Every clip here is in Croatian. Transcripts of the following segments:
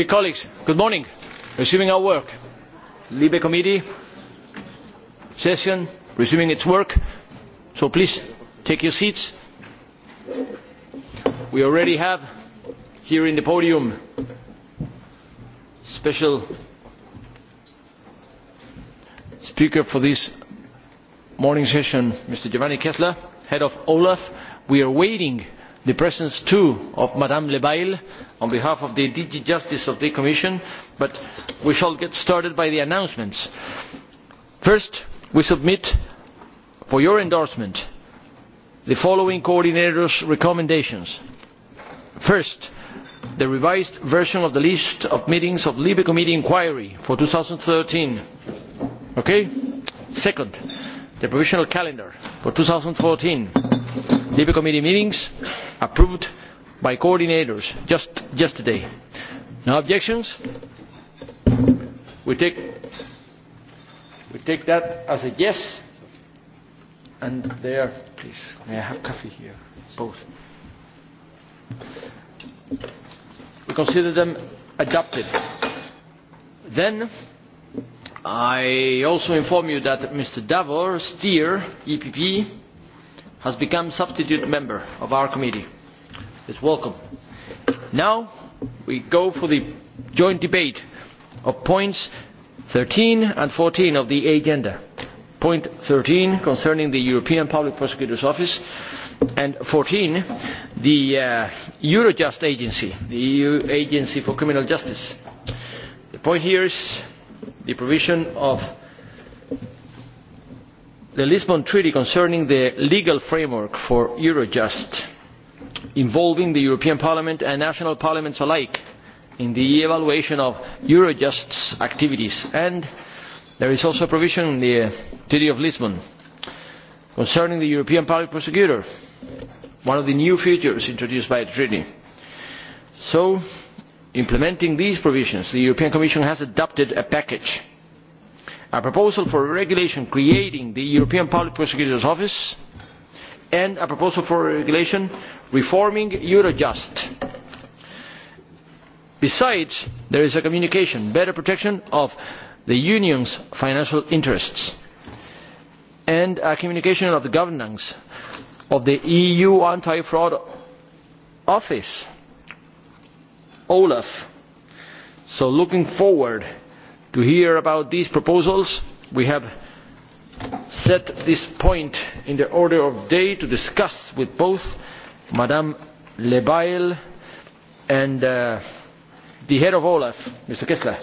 Dear colleagues, good morning. Resuming our work. LIBE Committee session, resuming its work. So please take your seats. We already have here in the podium special speaker for this morning session, Mr. Giovanni Kessler, head of OLAF. We are waiting the presence too of Madame Lebail on behalf of the DG Justice of the Commission, but we shall get started by the announcements. First, we submit for your endorsement the following coordinators' recommendations. First, the revised version of the list of meetings of the Libe Committee Inquiry for 2013. thirteen. Second, the provisional calendar for 2014. Libe Committee meetings approved by coordinators just yesterday. no objections? we take, that as a yes. and there, please, may i have coffee here? both. we consider them adopted. then, i also inform you that mr davor Steer, epp has become substitute member of our committee. is welcome. Now we go for the joint debate of points 13 and 14 of the agenda. Point 13 concerning the European Public Prosecutor's Office and 14 the uh, Eurojust Agency, the EU Agency for Criminal Justice. The point here is the provision of the lisbon treaty concerning the legal framework for eurojust involving the european parliament and national parliaments alike in the evaluation of eurojust's activities and there is also a provision in the uh, treaty of lisbon concerning the european public prosecutor one of the new features introduced by the treaty. so implementing these provisions the european commission has adopted a package a proposal for a regulation creating the european public prosecutor's office and a proposal for a regulation reforming eurojust. besides there is a communication better protection of the union's financial interests' and a communication of the governance of the eu anti fraud office olaf. so looking forward to hear about these proposals. we have set this point in the order of the day to discuss with both ms lebail and uh, the head of olaf mr kessler.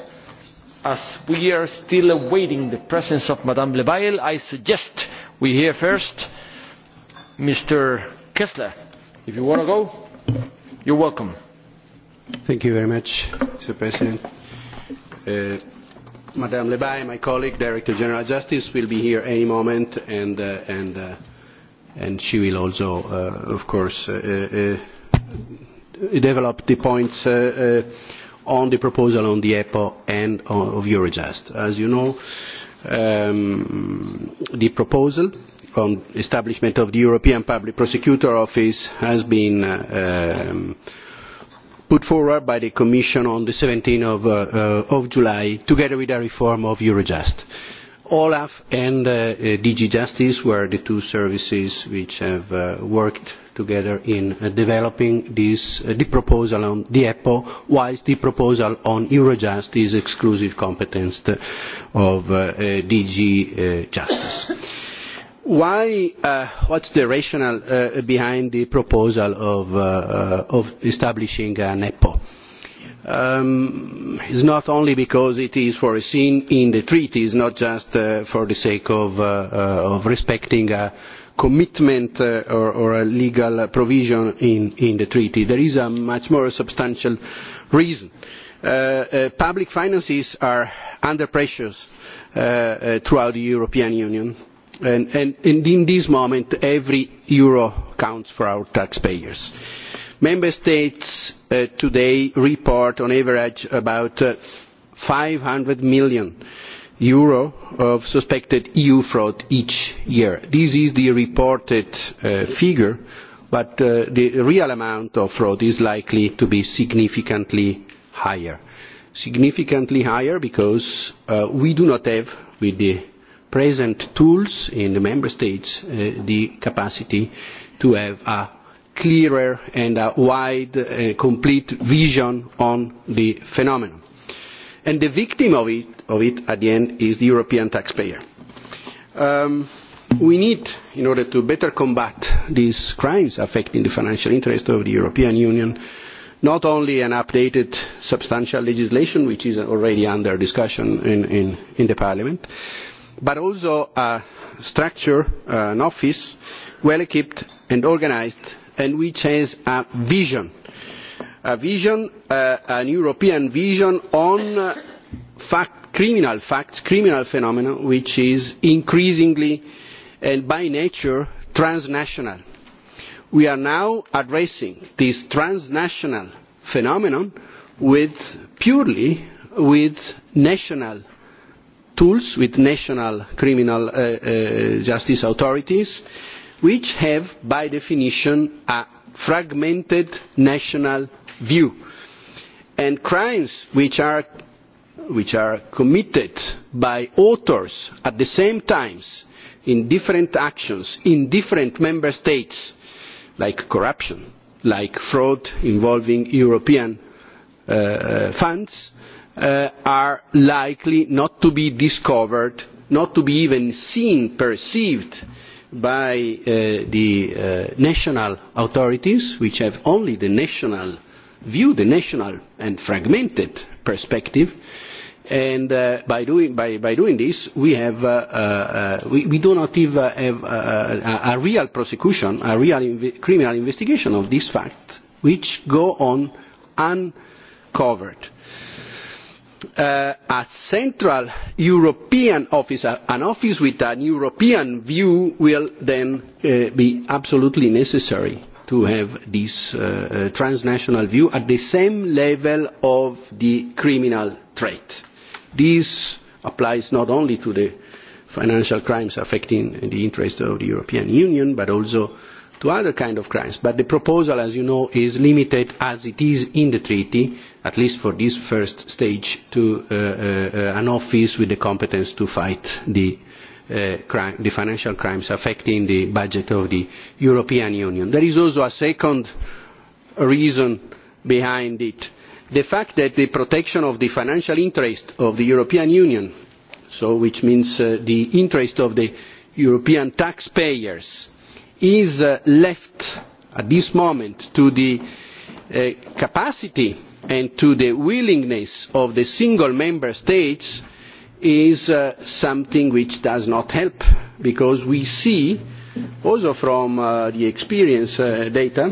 as we are still awaiting the presence of ms lebail i suggest we hear first mr kessler. if you want to go you are welcome. thank you very much mr president. Uh, Madame Lebay, my colleague, Director General Justice, will be here any moment and, uh, and, uh, and she will also, uh, of course, uh, uh, develop the points uh, uh, on the proposal on the EPO and on, of Eurojust. As you know, um, the proposal on establishment of the European Public Prosecutor Office has been uh, um, put forward by the Commission on the uh, uh, of July, together with a reform of Eurojust. Olaf and uh, DG Justice were the two services which have worked together in developing the proposal on the EPO, whilst the proposal on Eurojust is exclusive competence of DG Justice why is uh, what's the rationale uh, behind the proposal of, uh, of establishing an EPO? Um, it is not only because it is foreseen in the treaty, it's not just for the sake of, of respecting a commitment or, or a legal provision in, in the treaty. There is a much more substantial reason. Public finances are under pressure throughout the European Union and, in this moment every euro counts for our taxpayers. member states uh, today report on average about eur uh, five hundred million of suspected eu fraud each year. this is the reported uh, figure but the real amount of fraud is likely to be significantly higher significantly higher because we do not have with the present tools in the member states uh, the capacity to have a clearer and a wide uh, complete vision on the phenomenon and the victim of it, at the end is the european taxpayer. Um, we need in order to better combat these crimes affecting the financial interest of the european union not only an updated substantial legislation which is already under discussion in, the parliament but also a structure uh, an office well equipped and organised and which has a vision a vision uh, an european vision on uh, criminal facts criminal phenomena which is increasingly and by nature transnational. we are now addressing this transnational phenomenon with purely with national tools with national criminal uh, uh, justice authorities which have by definition a fragmented national view and crimes which are, which are committed by authors at the same time in different actions in different member states like corruption like fraud involving european uh, funds Uh, are likely not to be discovered not to be even seen perceived by uh, the uh, national authorities which have only the national view the national and fragmented perspective and by doing this we do not even have a, real prosecution a real criminal investigation of this fact which go on uncovered Uh, a central european office an office with a european view will then uh, be absolutely necessary to have this uh, transnational view at the same level of the criminal trade. this applies not only to the financial crimes affecting the interests of the european union but also to other kinds of crimes but the proposal as you know is limited as it is in the treaty at least for this first stage to uh, uh, uh, an office with the competence to fight the, the financial crimes affecting the budget of the european union. there is also a second reason behind it the fact that the protection of the financial interest of the european union so which means the interest of the european taxpayers is uh, left at this moment to the uh, capacity and to the willingness of the single member states is uh, something which does not help because we see also from the experience data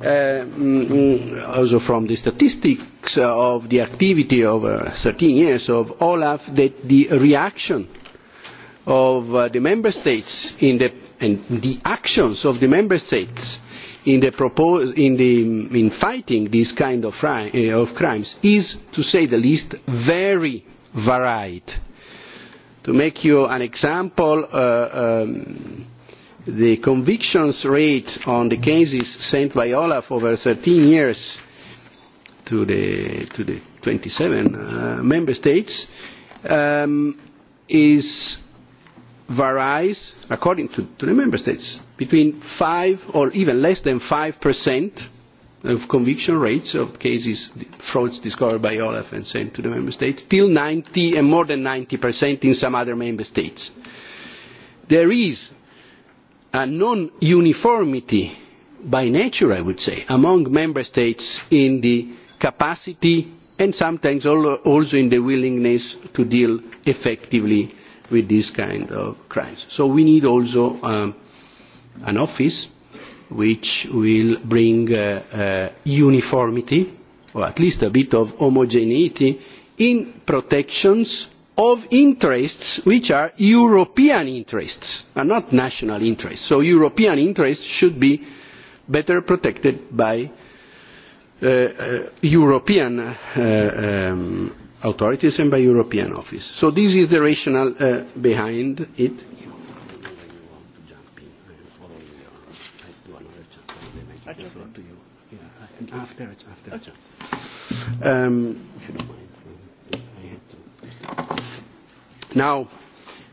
mm, also from the statistics of the activity of 13 years of olaf that the reaction of the member states in the and the actions of the member states in, the in, in fighting these kind eh, of, crimes is, to say the least, very varied. To make you an example, uh, um, the convictions rate on the cases sent by Olaf over 13 years to the, to the 27 uh, member states um, is varies according to, the member states between 5 or even less than 5% of conviction rates of cases frauds discovered by olaf and sent to the member states till 90 and more than 90% in some other member states there is a non uniformity by nature i would say among member states in the capacity and sometimes also in the willingness to deal effectively with this kind of crimes. So we need also um, an office which will bring uh, uh, uniformity or at least a bit of homogeneity in protections of interests which are European interests and not national interests. So European interests should be better protected by uh, uh, European um, authorities and by European office. So this is the rationale uh, behind it. Um, now,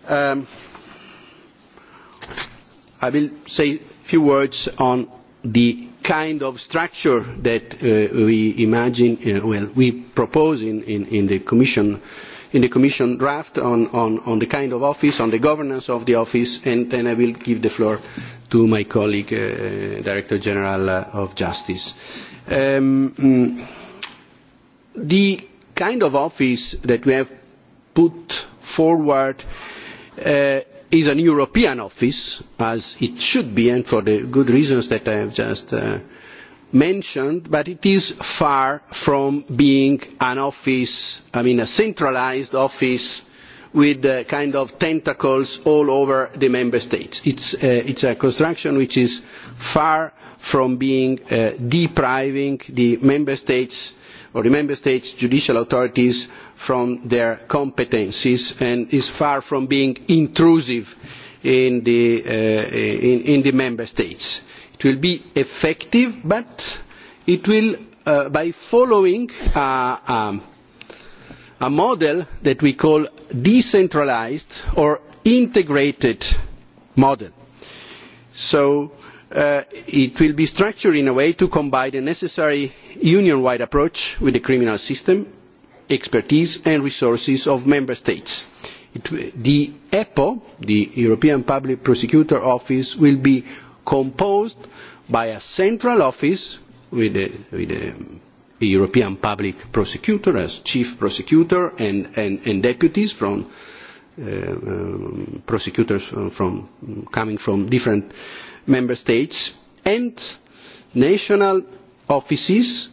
um, I will say a few words on the kind of structure that uh, we imagine uh, well we propose in, in, the Commission in the Commission draft on, on, on the kind of office, on the governance of the office, and then I will give the floor to my colleague, uh, Director General of Justice. Um, mm, the kind of office that we have put forward is a European office, as it should be, and for the good reasons that I have just uh, mentioned, but it is far from being an office, I mean a centralised office with uh, kind of tentacles all over the Member States. It's, uh, it's a construction which is far from being depriving the Member States or the member states' judicial authorities from their competences and is far from being intrusive uh, in the, member states. It will be effective, but it will, uh, by following a model that we call decentralized or integrated model. So Uh, it will be structured in a way to combine the necessary union wide approach with the criminal system expertise and resources of member states. the epo the european public prosecutor office will be composed by a central office with the european public prosecutor as chief prosecutor and, deputies from uh, um, prosecutors from, coming from different member states and national offices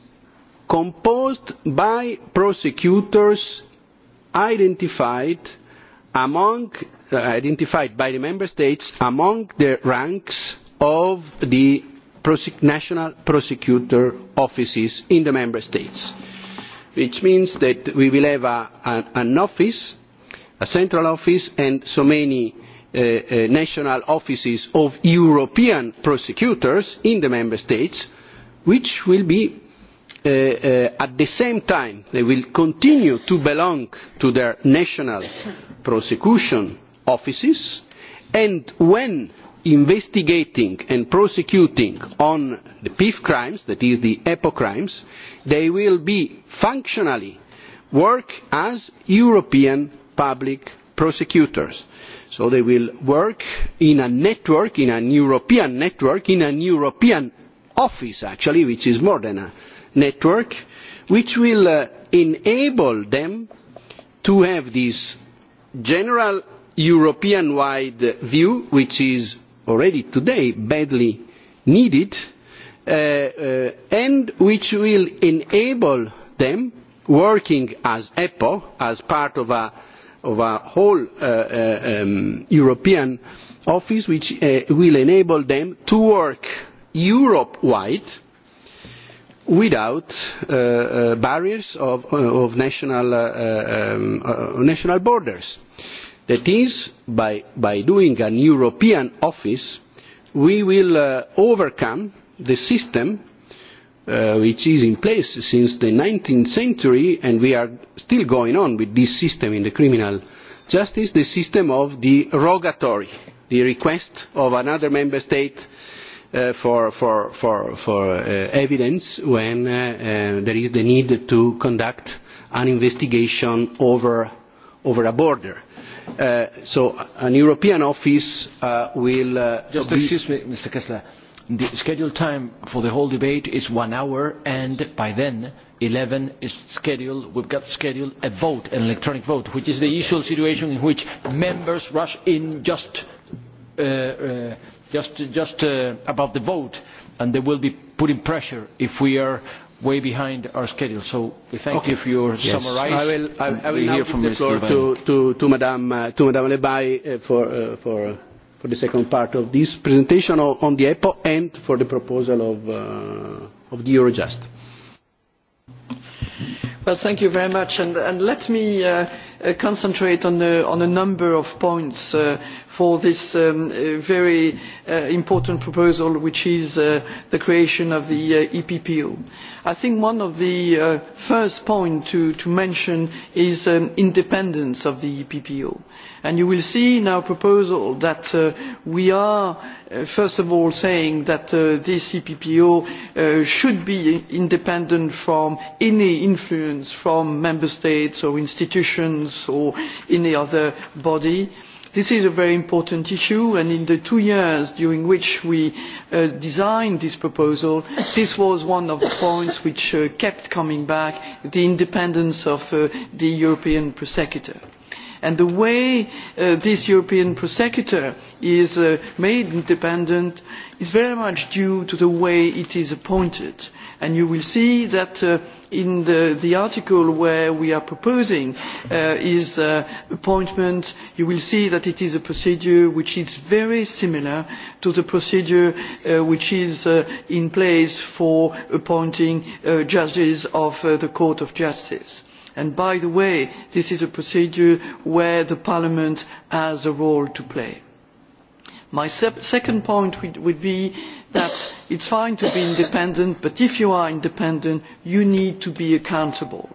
composed by prosecutors identified among uh, identified by the member states among the ranks of the national prosecutor offices in the member states which means that we will have an office a central office and so many Uh, uh, national offices of european prosecutors in the member states which will be uh, at the same time they will continue to belong to their national prosecution offices and when investigating and prosecuting on the pif crimes that is the epo crimes they will be functionally work as european public prosecutors so they will work in a network in a european network in a european office actually which is more than a network which will uh, enable them to have this general european wide view which is already today badly needed uh, uh, and which will enable them working as epo as part of a of a whole uh, uh, um, European office which uh, will enable them to work Europe wide without barriers of, of national, um, national borders. That is, by, by doing an European office, we will overcome the system Uh, which is in place since the 19th century and we are still going on with this system in the criminal justice, the system of the rogatory, the request of another member state uh, for, for, for, for uh, evidence when there is the need to conduct an investigation over, over a border. so an European office will... Just excuse me, Mr. Kessler The scheduled time for the whole debate is one hour and by then 11 is scheduled, we've got scheduled a vote, an electronic vote, which is the usual situation in which members rush in just, uh, uh, just, just uh, about the vote and they will be putting pressure if we are way behind our schedule. So we thank you for your summary I will, now give the floor to, to, to Madame, Lebai for for the second part of this presentation on the EPO and for the proposal of, uh, of the Eurojust. Well, thank you very much. And, let me uh, uh, concentrate on, on a number of points for this um, uh, very uh, important proposal which is uh, the creation of the eppo. i think one of the first points to, mention is um, independence of the eppo and you will see in our proposal that we are first of all saying that this eppo should be independent from any influence from member states or institutions or any other body this is a very important issue and in the two years during which we uh, designed this proposal this was one of the points which uh, kept coming back the independence of uh, the european prosecutor and the way this european prosecutor is made independent is very much due to the way it is appointed and you will see that in the, the article where we are proposing uh, is uh, appointment you will see that it is a procedure which is very similar to the procedure uh, which is uh, in place for appointing uh, judges of uh, the court of justice and by the way this is a procedure where the parliament has a role to play my second point would be that it is fine to be independent but if you are independent you need to be accountable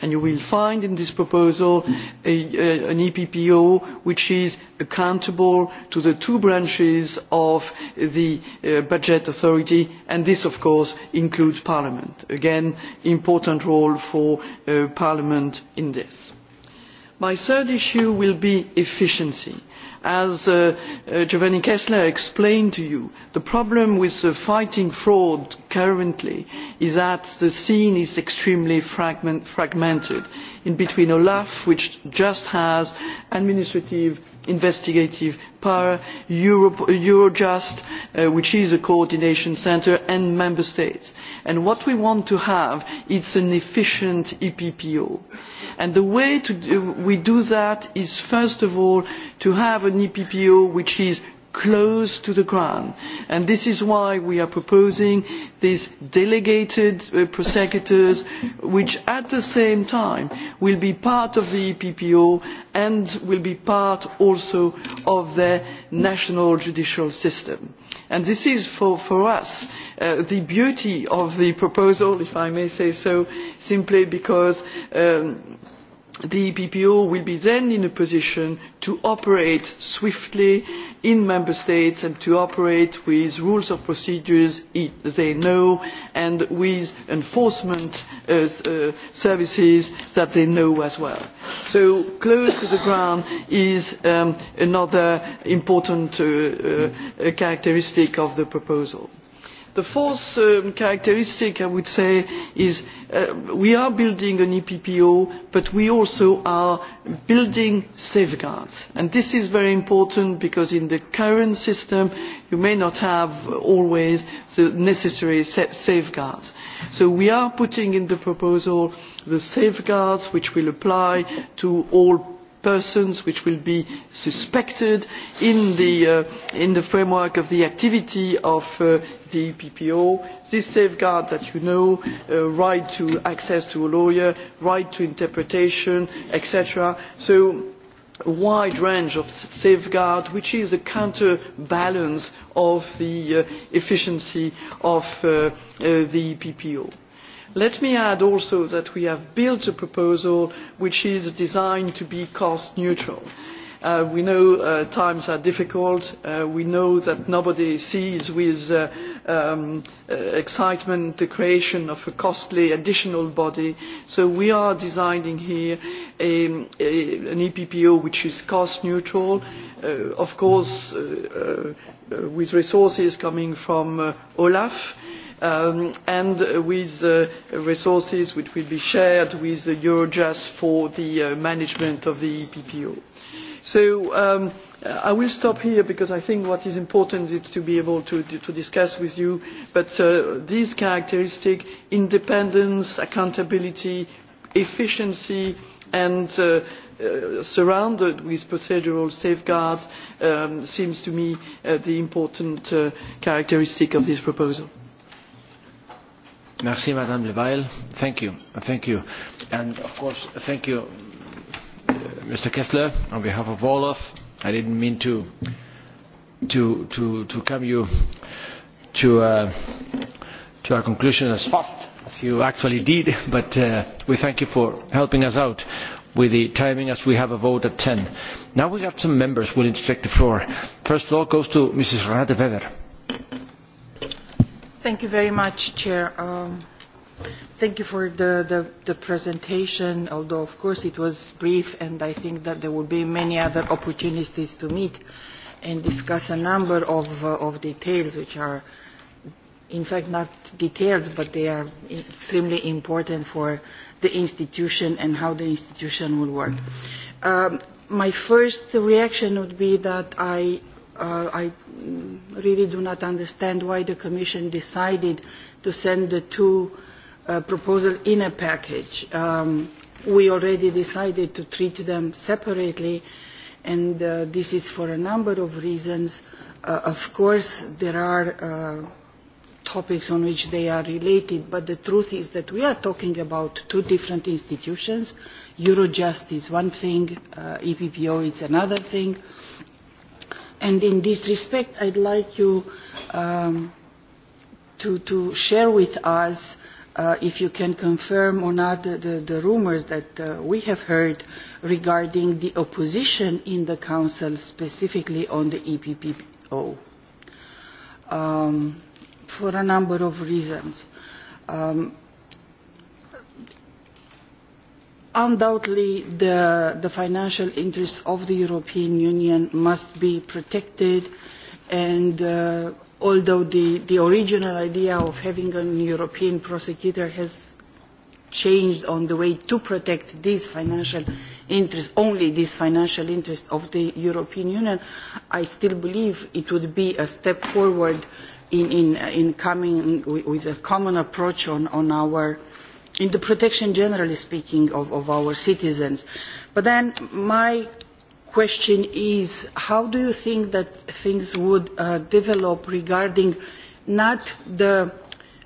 and you will find in this proposal an eppo which is accountable to the two branches of the uh, budget authority and this of course includes parliament again an important role for uh, parliament in this. my third issue will be efficiency as uh, uh, giovanni kessler explained to you the problem with uh, fighting fraud currently is that the scene is extremely fragmented in between olaf which just has administrative investigative power eurojust which is a coordination centre and member states. what we want to have is an efficient eppo the way we do that is first of all to have an eppo which is close to the ground and this is why we are proposing these delegated uh, prosecutors which at the same time will be part of the eppo and will be part also of the national judicial system. this is for, us uh, the beauty of the proposal if i may say so simply because um, the eppo will be then in a position to operate swiftly in member states and to operate with rules of procedure e, they know and with enforcement uh, uh, services that they know as well. so close to the ground is um, another important uh, characteristic of the proposal the fourth um, characteristic i would say is that uh, we are building an eppo but we also are building safeguards and this is very important because in the current system you may not have always the necessary safeguards. so we are putting in the proposal the safeguards which will apply to all persons which will be suspected in the, uh, framework of the activity of uh, the eppo this safeguards that you know uh, right to access to a lawyer right to interpretation etc. so a wide range of safeguards which is a counterbalance of the uh, efficiency of uh, the eppo let me add also that we have built a proposal which is designed to be cost neutral. Uh, we know uh, times are difficult. Uh, we know that nobody sees with um, excitement the creation of a costly additional body. So we are designing here an EPPO which is cost neutral, of course with resources coming from OLAF. Um, and with resources which will be shared with eurojust for the management of the eppo. So um, I will stop here because I think what is important is to be able to, discuss with you, but uh, these characteristics, independence, accountability, efficiency, and uh, uh, surrounded with procedural safeguards um, seems to me the important characteristic of this proposal. of course, thank you Mr. Kessler, on behalf of Olaf. I didn't mean to to to to come you to uh, to our conclusion as fast as you actually did, but uh, we thank you for helping us out with the timing as we have a vote at 10. Now we have some members willing to take the floor. First floor goes to Mrs. Renate Weber. Thank you very much, Chair. Um, Thank you for the, the, the presentation, although of course it was brief and I think that there will be many other opportunities to meet and discuss a number of, uh, of details which are in fact not details but they are extremely important for the institution and how the institution will work. Um, my first reaction would be that I, uh, I really do not understand why the Commission decided to send the two Uh, proposal in a package. Um, we already decided to treat them separately and uh, this is for a number of reasons. Uh, of course there are topics on which they are related but the truth is that we are talking about two different institutions. Eurojust is one thing, EPPO is another thing and in this respect I'd like you um, to, to share with us Uh, if you can confirm or not the, rumours that uh, we have heard regarding the opposition in the Council, specifically on the EPPO, um, for a number of reasons. Um, undoubtedly the, financial interests of the European Union must be protected and uh, although the, the original idea of having a European prosecutor has changed on the way to protect these financial interests, only these financial interests of the European Union, I still believe it would be a step forward in, in, in coming with a common approach on, on our in the protection generally speaking of, of our citizens. But then my question is how do you think that things would uh, develop regarding not the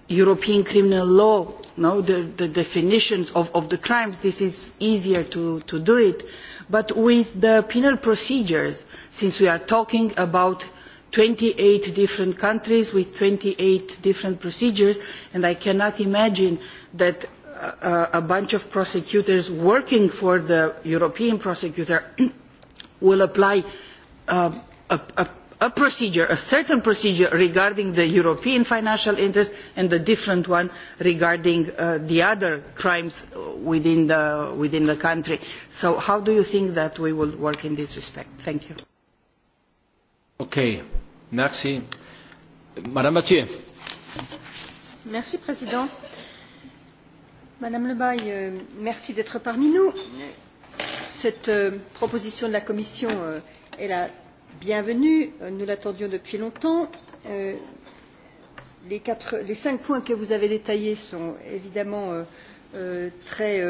European criminal law, no, the, the definitions of, of the crimes, this is easier to, to do it, but with the penal procedures, since we are talking about twenty eight different countries with twenty eight different procedures and i cannot imagine that uh, uh, a bunch of prosecutors working for the european prosecutor will apply um, a, procedure a certain procedure regarding the european financial interest and a different one regarding uh, the other crimes within the, country. so how do you think that we will work in this respect? thank you. Madame Merci, Président. Madame euh, merci d'être parmi nous cette euh, proposition de la commission euh, est la bienvenue euh, nous l'attendions depuis longtemps. Les, quatre, les cinq points que vous avez détaillés sont évidemment très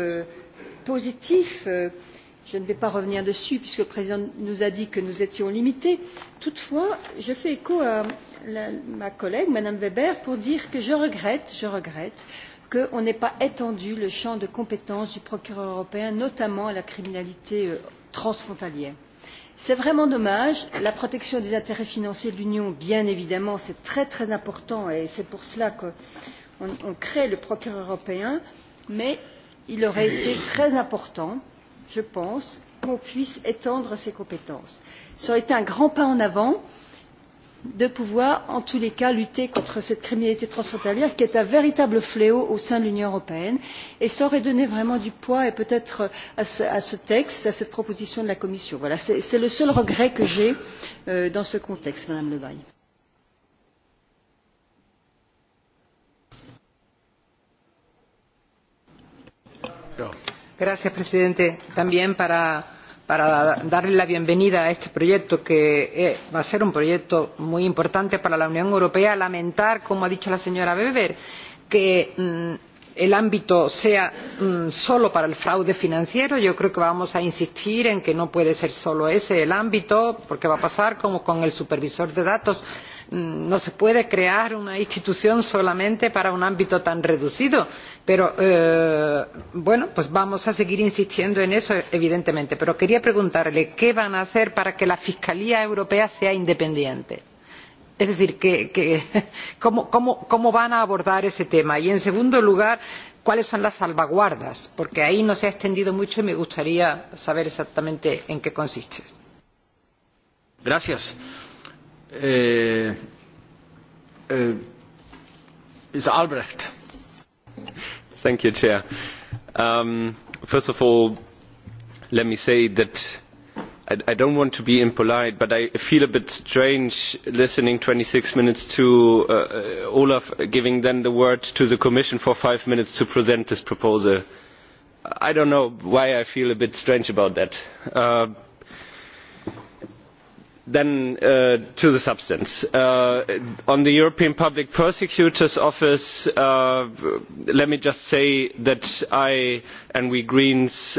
positifs je ne vais pas revenir dessus puisque le président nous a dit que nous étions limités. toutefois je fais écho à ma collègue mme weber pour dire que je regrette, je regrette qu'on n'ait pas étendu le champ de compétences du procureur européen notamment à la criminalité euh, transfrontalière. c'est vraiment dommage. la protection des intérêts financiers de l'union bien évidemment c'est très très important et c'est pour cela qu'on crée le procureur européen mais il aurait été très important je pense qu'on puisse étendre ses compétences. cela aurait été un grand pas en avant de pouvoir en tous les cas lutter contre cette criminalité transfrontalière qui est un véritable fléau au sein de l'union européenne et cela aurait donné vraiment du poids et peut être euh, à ce texte à cette proposition de la commission. voilà c'est le seul regret que j'ai euh, dans ce contexte madame le señor para darle la bienvenida a este proyecto que eh, va a ser un proyecto muy importante para la Unión Europea lamentar como ha dicho la señora Weber que mm, el ámbito sea mm, solo para el fraude financiero yo creo que vamos a insistir en que no puede ser solo ese el ámbito porque va a pasar como con el supervisor de datos Mm, no se puede crear una institución solamente para un ámbito tan reducido pero eh, bueno pues vamos a seguir insistiendo en eso evidentemente pero quería preguntarle qué van a hacer para que la fiscalía europea sea independiente es decir ¿cómo, cómo, cómo van a abordar ese tema y en segundo lugar cuáles son las salvaguardas porque ahí no se ha extendido mucho y me gustaría saber exactamente en qué consiste. Gracias. Eh, eh, Albrecht. Thank you, Chair. Um, first of all, let me say that I, I don't want to be impolite, but I feel a bit strange listening 26 minutes to uh, uh, Olaf giving then the word to the Commission for five minutes to present this proposal. I don't know why I feel a bit strange about that. Uh, then uh, to the substance uh, on the european public prosecutor's office uh, let me just say that i and we greens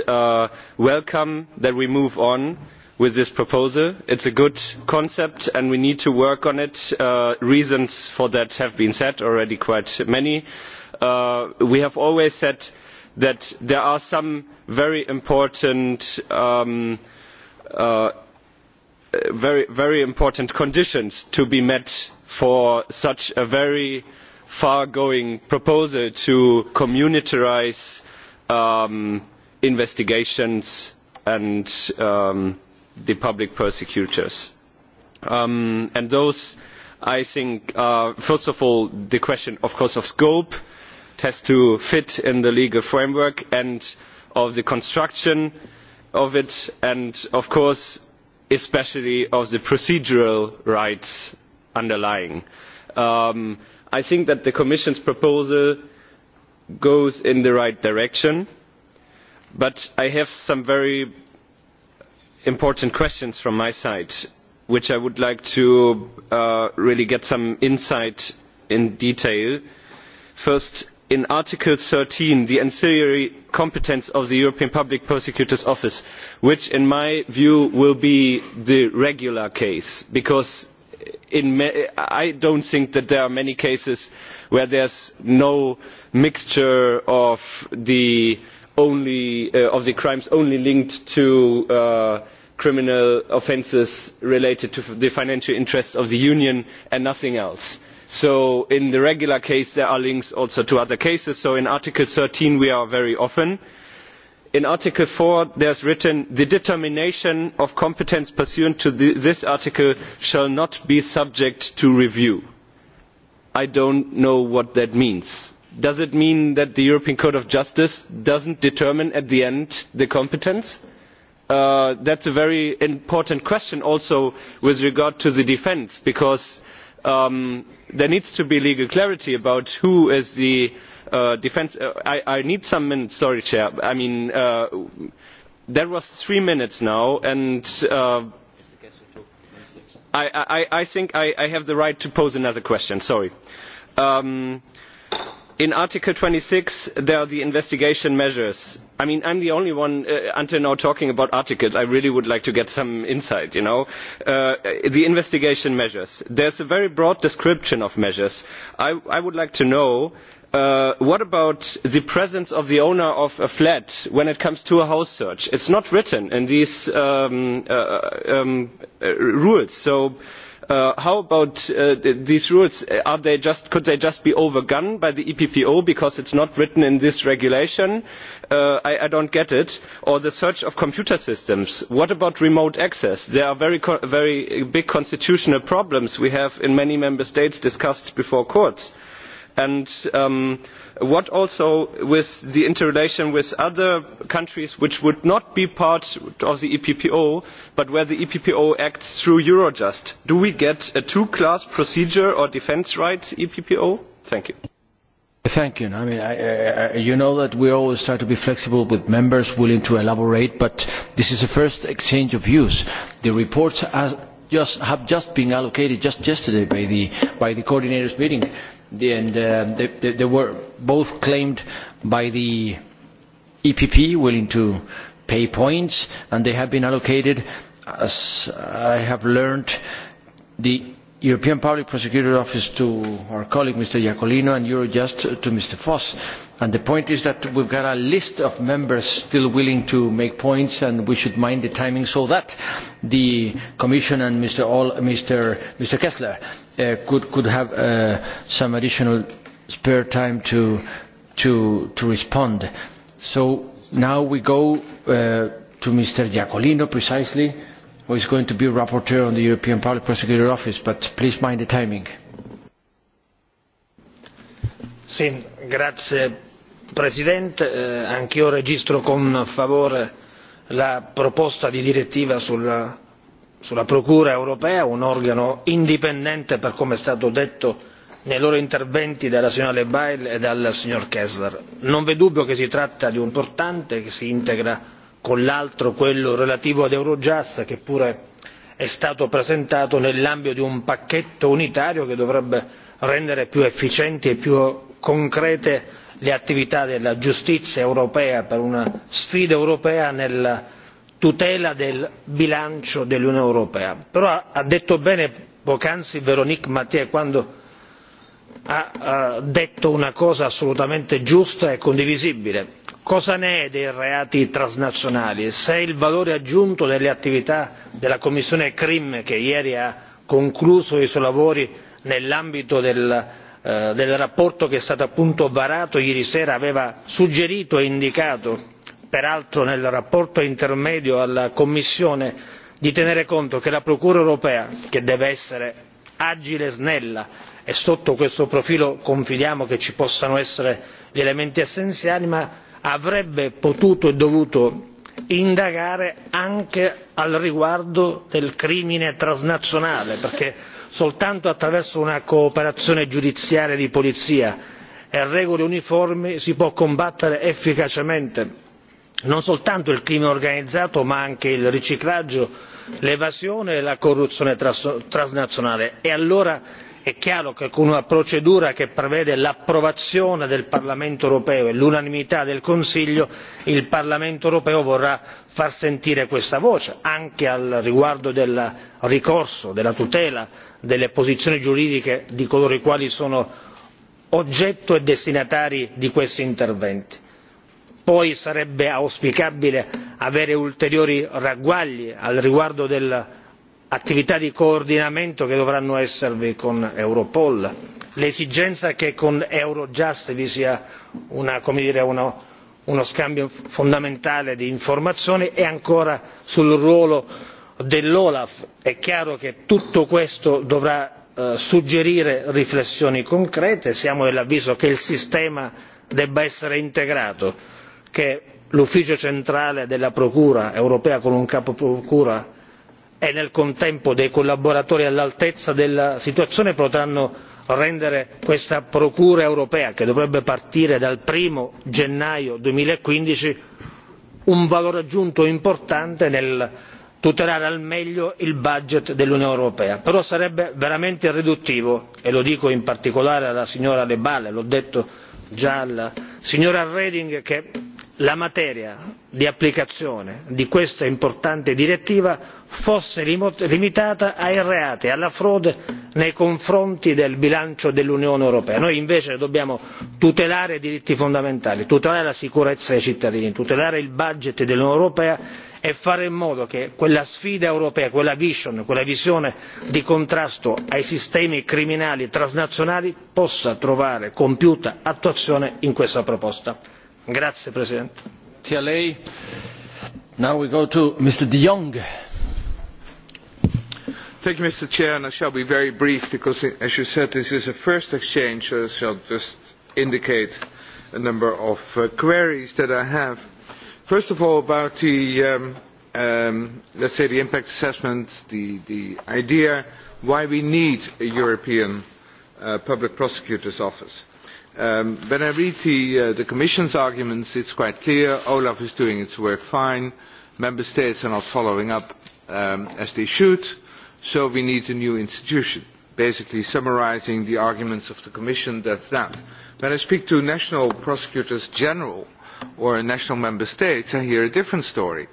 welcome that we move on with this proposal it's a good concept and we need to work on it reasons for that have been said already quite many we have always said that there are some very important um, very, important conditions to be met for such a very far going proposal to communitarise um, investigations and um, the public prosecutors. Um, and those i think are first of all the question of course of scope it has to fit in the legal framework and of the construction of it and of course especially of the procedural rights underlying. Um, I think that the Commission's proposal goes in the right direction, but I have some very important questions from my side, which I would like to uh, really get some insight in detail. First, in article thirteen the ancillary competence of the european public prosecutor's office which in my view will be the regular case because i do not think that there are many cases where there is no mixture of the, uh, of the crimes only linked to uh, criminal offences related to the financial interests of the union and nothing else so in the regular case there are links also to other cases so in article thirteen we are very often in article four there is written the determination of competence pursuant to this article shall not be subject to review'. i do not know what that means. does it mean that the european court of justice does not determine at the end the competence? Uh, that is a very important question also with regard to the defence because Um, there needs to be legal clarity about who is the uh, defence uh, I, i need some minutes sorry chair i mean uh, there was three minutes now and uh, I, I, i think i have the right to pose another question sorry. Um, in article twenty six there are the investigation measures i mean i'm the only one uh, until now talking about articles i really would like to get some insight you know uh, the investigation measures there's a very broad description of measures i, I would like to know uh, what about the presence of the owner of a flat when it comes to a house search? it is not written in these um, um, rules so how about these rules Are they just, could they just be overgun by the eppo because it is not written in this regulation? Uh, I, i don't get it or the search of computer systems what about remote access there are very big constitutional problems we have in many member states discussed before courts and um, what also with the interrelation with other countries which would not be part of the eppo but where the eppo acts through eurojust do we get a two class procedure or defence rights eppo thank you Thank you. I mean, I, you know that we always try to be flexible with members willing to elaborate, but this is the first exchange of views. The reports has just, have just been allocated just yesterday by the, by the coordinators' meeting, and um, they, they, they were both claimed by the EPP willing to pay points, and they have been allocated, as I have learned, the European Public Prosecutor Office to our colleague Mr. Iacolino and Eurojust to Mr. Foss. And the point is that we've got a list of members still willing to make points and we should mind the timing so that the Commission and Mr. Mr. Mr. Kessler uh, could, could have uh, some additional spare time to, to, respond. So now we go uh, to Mr. Iacolino precisely who is going to be rapporteur on the European Public Prosecutor Office, but please mind the timing. Sì, grazie Presidente, eh, anch'io registro con favore la proposta di direttiva sulla, sulla Procura europea, un organo indipendente per come è stato detto nei loro interventi dalla signora Bail e dal signor Kessler. Non v'è dubbio che si tratta di un portante che si integra con l'altro quello relativo ad eurojust che pure è stato presentato nell'ambito di un pacchetto unitario che dovrebbe rendere più efficienti e più concrete le attività della giustizia europea per una sfida europea nella tutela del bilancio dell'unione europea. però ha detto bene poc'anzi véronique mathieu quando ha detto una cosa assolutamente giusta e condivisibile cosa ne è dei reati transnazionali se il valore aggiunto delle attività della commissione crim che ieri ha concluso i suoi lavori nell'ambito del, relazione eh, del rapporto che è stato appunto varato ieri sera aveva suggerito e indicato peraltro nel rapporto intermedio alla commissione di tenere conto che la procura europea che deve essere agile e snella e sotto questo profilo confidiamo che ci possano essere gli elementi essenziali ma avrebbe potuto e dovuto indagare anche al riguardo del crimine transnazionale perché soltanto attraverso una cooperazione giudiziaria di polizia e regole uniformi si può combattere efficacemente non soltanto il crimine organizzato ma anche il riciclaggio l'evasione e la corruzione transnazionale e allora è chiaro che con una procedura che prevede l'approvazione del parlamento europeo e l'unanimità del consiglio il parlamento europeo vorrà far sentire questa voce anche al riguardo del ricorso della tutela delle posizioni giuridiche di coloro i quali sono oggetto e destinatari di questi interventi. poi sarebbe auspicabile avere ulteriori ragguagli al riguardo del attività di coordinamento che dovranno esservi con europol l'esigenza che con eurojust vi sia uno, scambio fondamentale di informazioni e ancora sul ruolo dell'olaf è chiaro che tutto questo dovrà eh, suggerire riflessioni concrete siamo dell'avviso che il sistema debba essere integrato che l'ufficio centrale della procura europea con un capo procura e nel contempo dei collaboratori all'altezza della situazione potranno rendere questa procura europea che dovrebbe partire dal uno gennaio duemilaquindici e un valore aggiunto importante nel tutelare al meglio il budget dell'unione europea però sarebbe veramente riduttivo e lo dico in particolare alla signora de l'ho detto già alla signora reding che la materia di applicazione di questa importante direttiva fosse limitata ai reati e alla frode nei confronti del bilancio dell'unione europea. noi invece dobbiamo tutelare i diritti fondamentali tutelare la sicurezza dei cittadini tutelare il budget dell'unione europea e fare in modo che quella sfida europea quella vision quella visione di contrasto ai sistemi criminali transnazionali possa trovare compiuta attuazione in questa proposta. Grazie, Now we go to Mr. De Jong. Mr. Chair, I shall be very brief because, as you said, this is a first exchange, so I shall just indicate a number of uh, queries that I have. First of all, about the, um, um, let's say, the impact assessment, the, idea why we need a European uh, Public Prosecutor's Office Um, when I read uh, the, Commission's arguments, it's quite clear Olaf is doing its work fine. Member States are not following up um, as they should, so we need a new institution. Basically summarising the arguments of the Commission, that's that. When I speak to national prosecutors general or national member states, I hear a different story.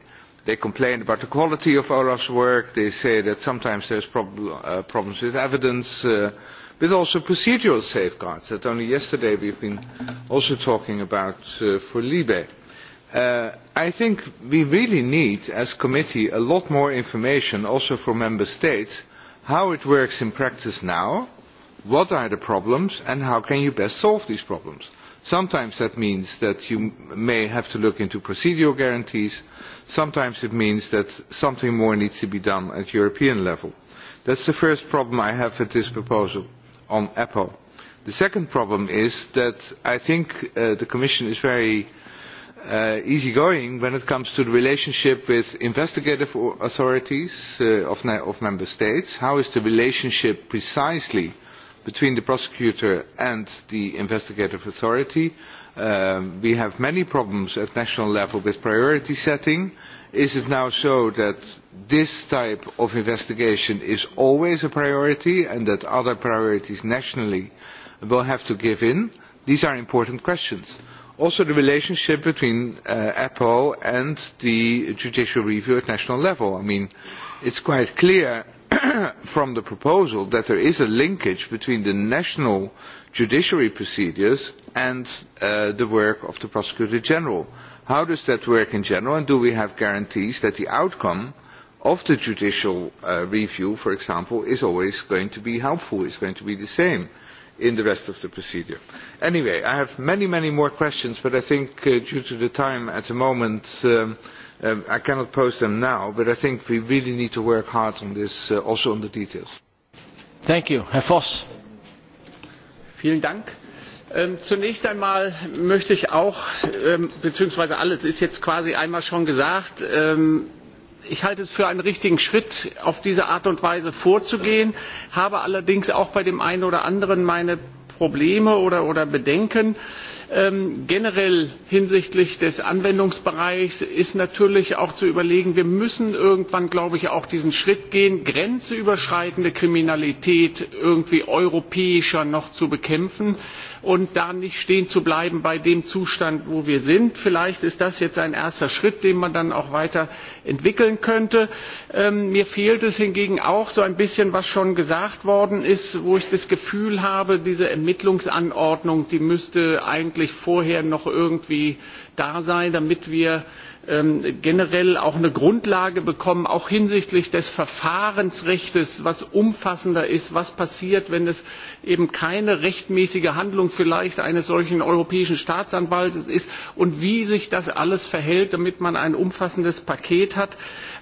They complain about the quality of Olaf's work. They say that sometimes there are uh, problems with evidence. Uh, But also procedural safeguards that only yesterday we have been also talking about uh, for libe. Uh, i think we really need as a committee a lot more information also from member states how it works in practice now what are the problems and how can you best solve these problems. sometimes that means that you may have to look into procedural guarantees sometimes it means that something more needs to be done at european level. that is the first problem i have with this proposal on apple. the second problem is that i think uh, the commission is very uh, easy going when it comes to the relationship with investigative authorities uh, of, member states. how is the relationship precisely between the prosecutor and the investigative authority? Um, we have many problems at national level with priority setting is it now so that this type of investigation is always a priority and that other priorities nationally will have to give in? These are important questions. Also the relationship between uh, EPO and the judicial review at national level. I mean, it's quite clear from the proposal that there is a linkage between the national judiciary procedures and uh, the work of the Prosecutor General how does that work in general and do we have guarantees that the outcome of the judicial uh, review for example is always going to be helpful is going to be the same in the rest of the procedure. anyway i have many many more questions but i think uh, due to the time at the moment um, um, i cannot pose them now but i think we really need to work hard on this uh, also on the details. thank you herr vielen dank. Ähm, zunächst einmal möchte ich auch, ähm, beziehungsweise alles ist jetzt quasi einmal schon gesagt, ähm, ich halte es für einen richtigen schritt auf diese art und weise vorzugehen habe allerdings auch bei dem einen oder anderen meine probleme oder, oder bedenken Ähm, generell hinsichtlich des anwendungsbereichs ist natürlich auch zu überlegen wir müssen irgendwann glaube ich auch diesen schritt gehen grenzüberschreitende kriminalität irgendwie europäischer noch zu bekämpfen und da nicht stehen zu bleiben bei dem zustand wo wir sind. vielleicht ist das jetzt ein erster schritt den man dann auch weiter entwickeln könnte. Ähm, mir fehlt es hingegen auch so ein bisschen was schon gesagt worden ist wo ich das gefühl habe diese ermittlungsanordnung die müsste wirklich vorher noch irgendwie da sei damit wir ähm, generell auch eine grundlage bekommen auch hinsichtlich des verfahrensrechts was umfassender ist was passiert wenn es eben keine rechtmäßige handlung vielleicht eines solchen europäischen staatsanwalts ist und wie sich das alles verhält damit man ein umfassendes paket hat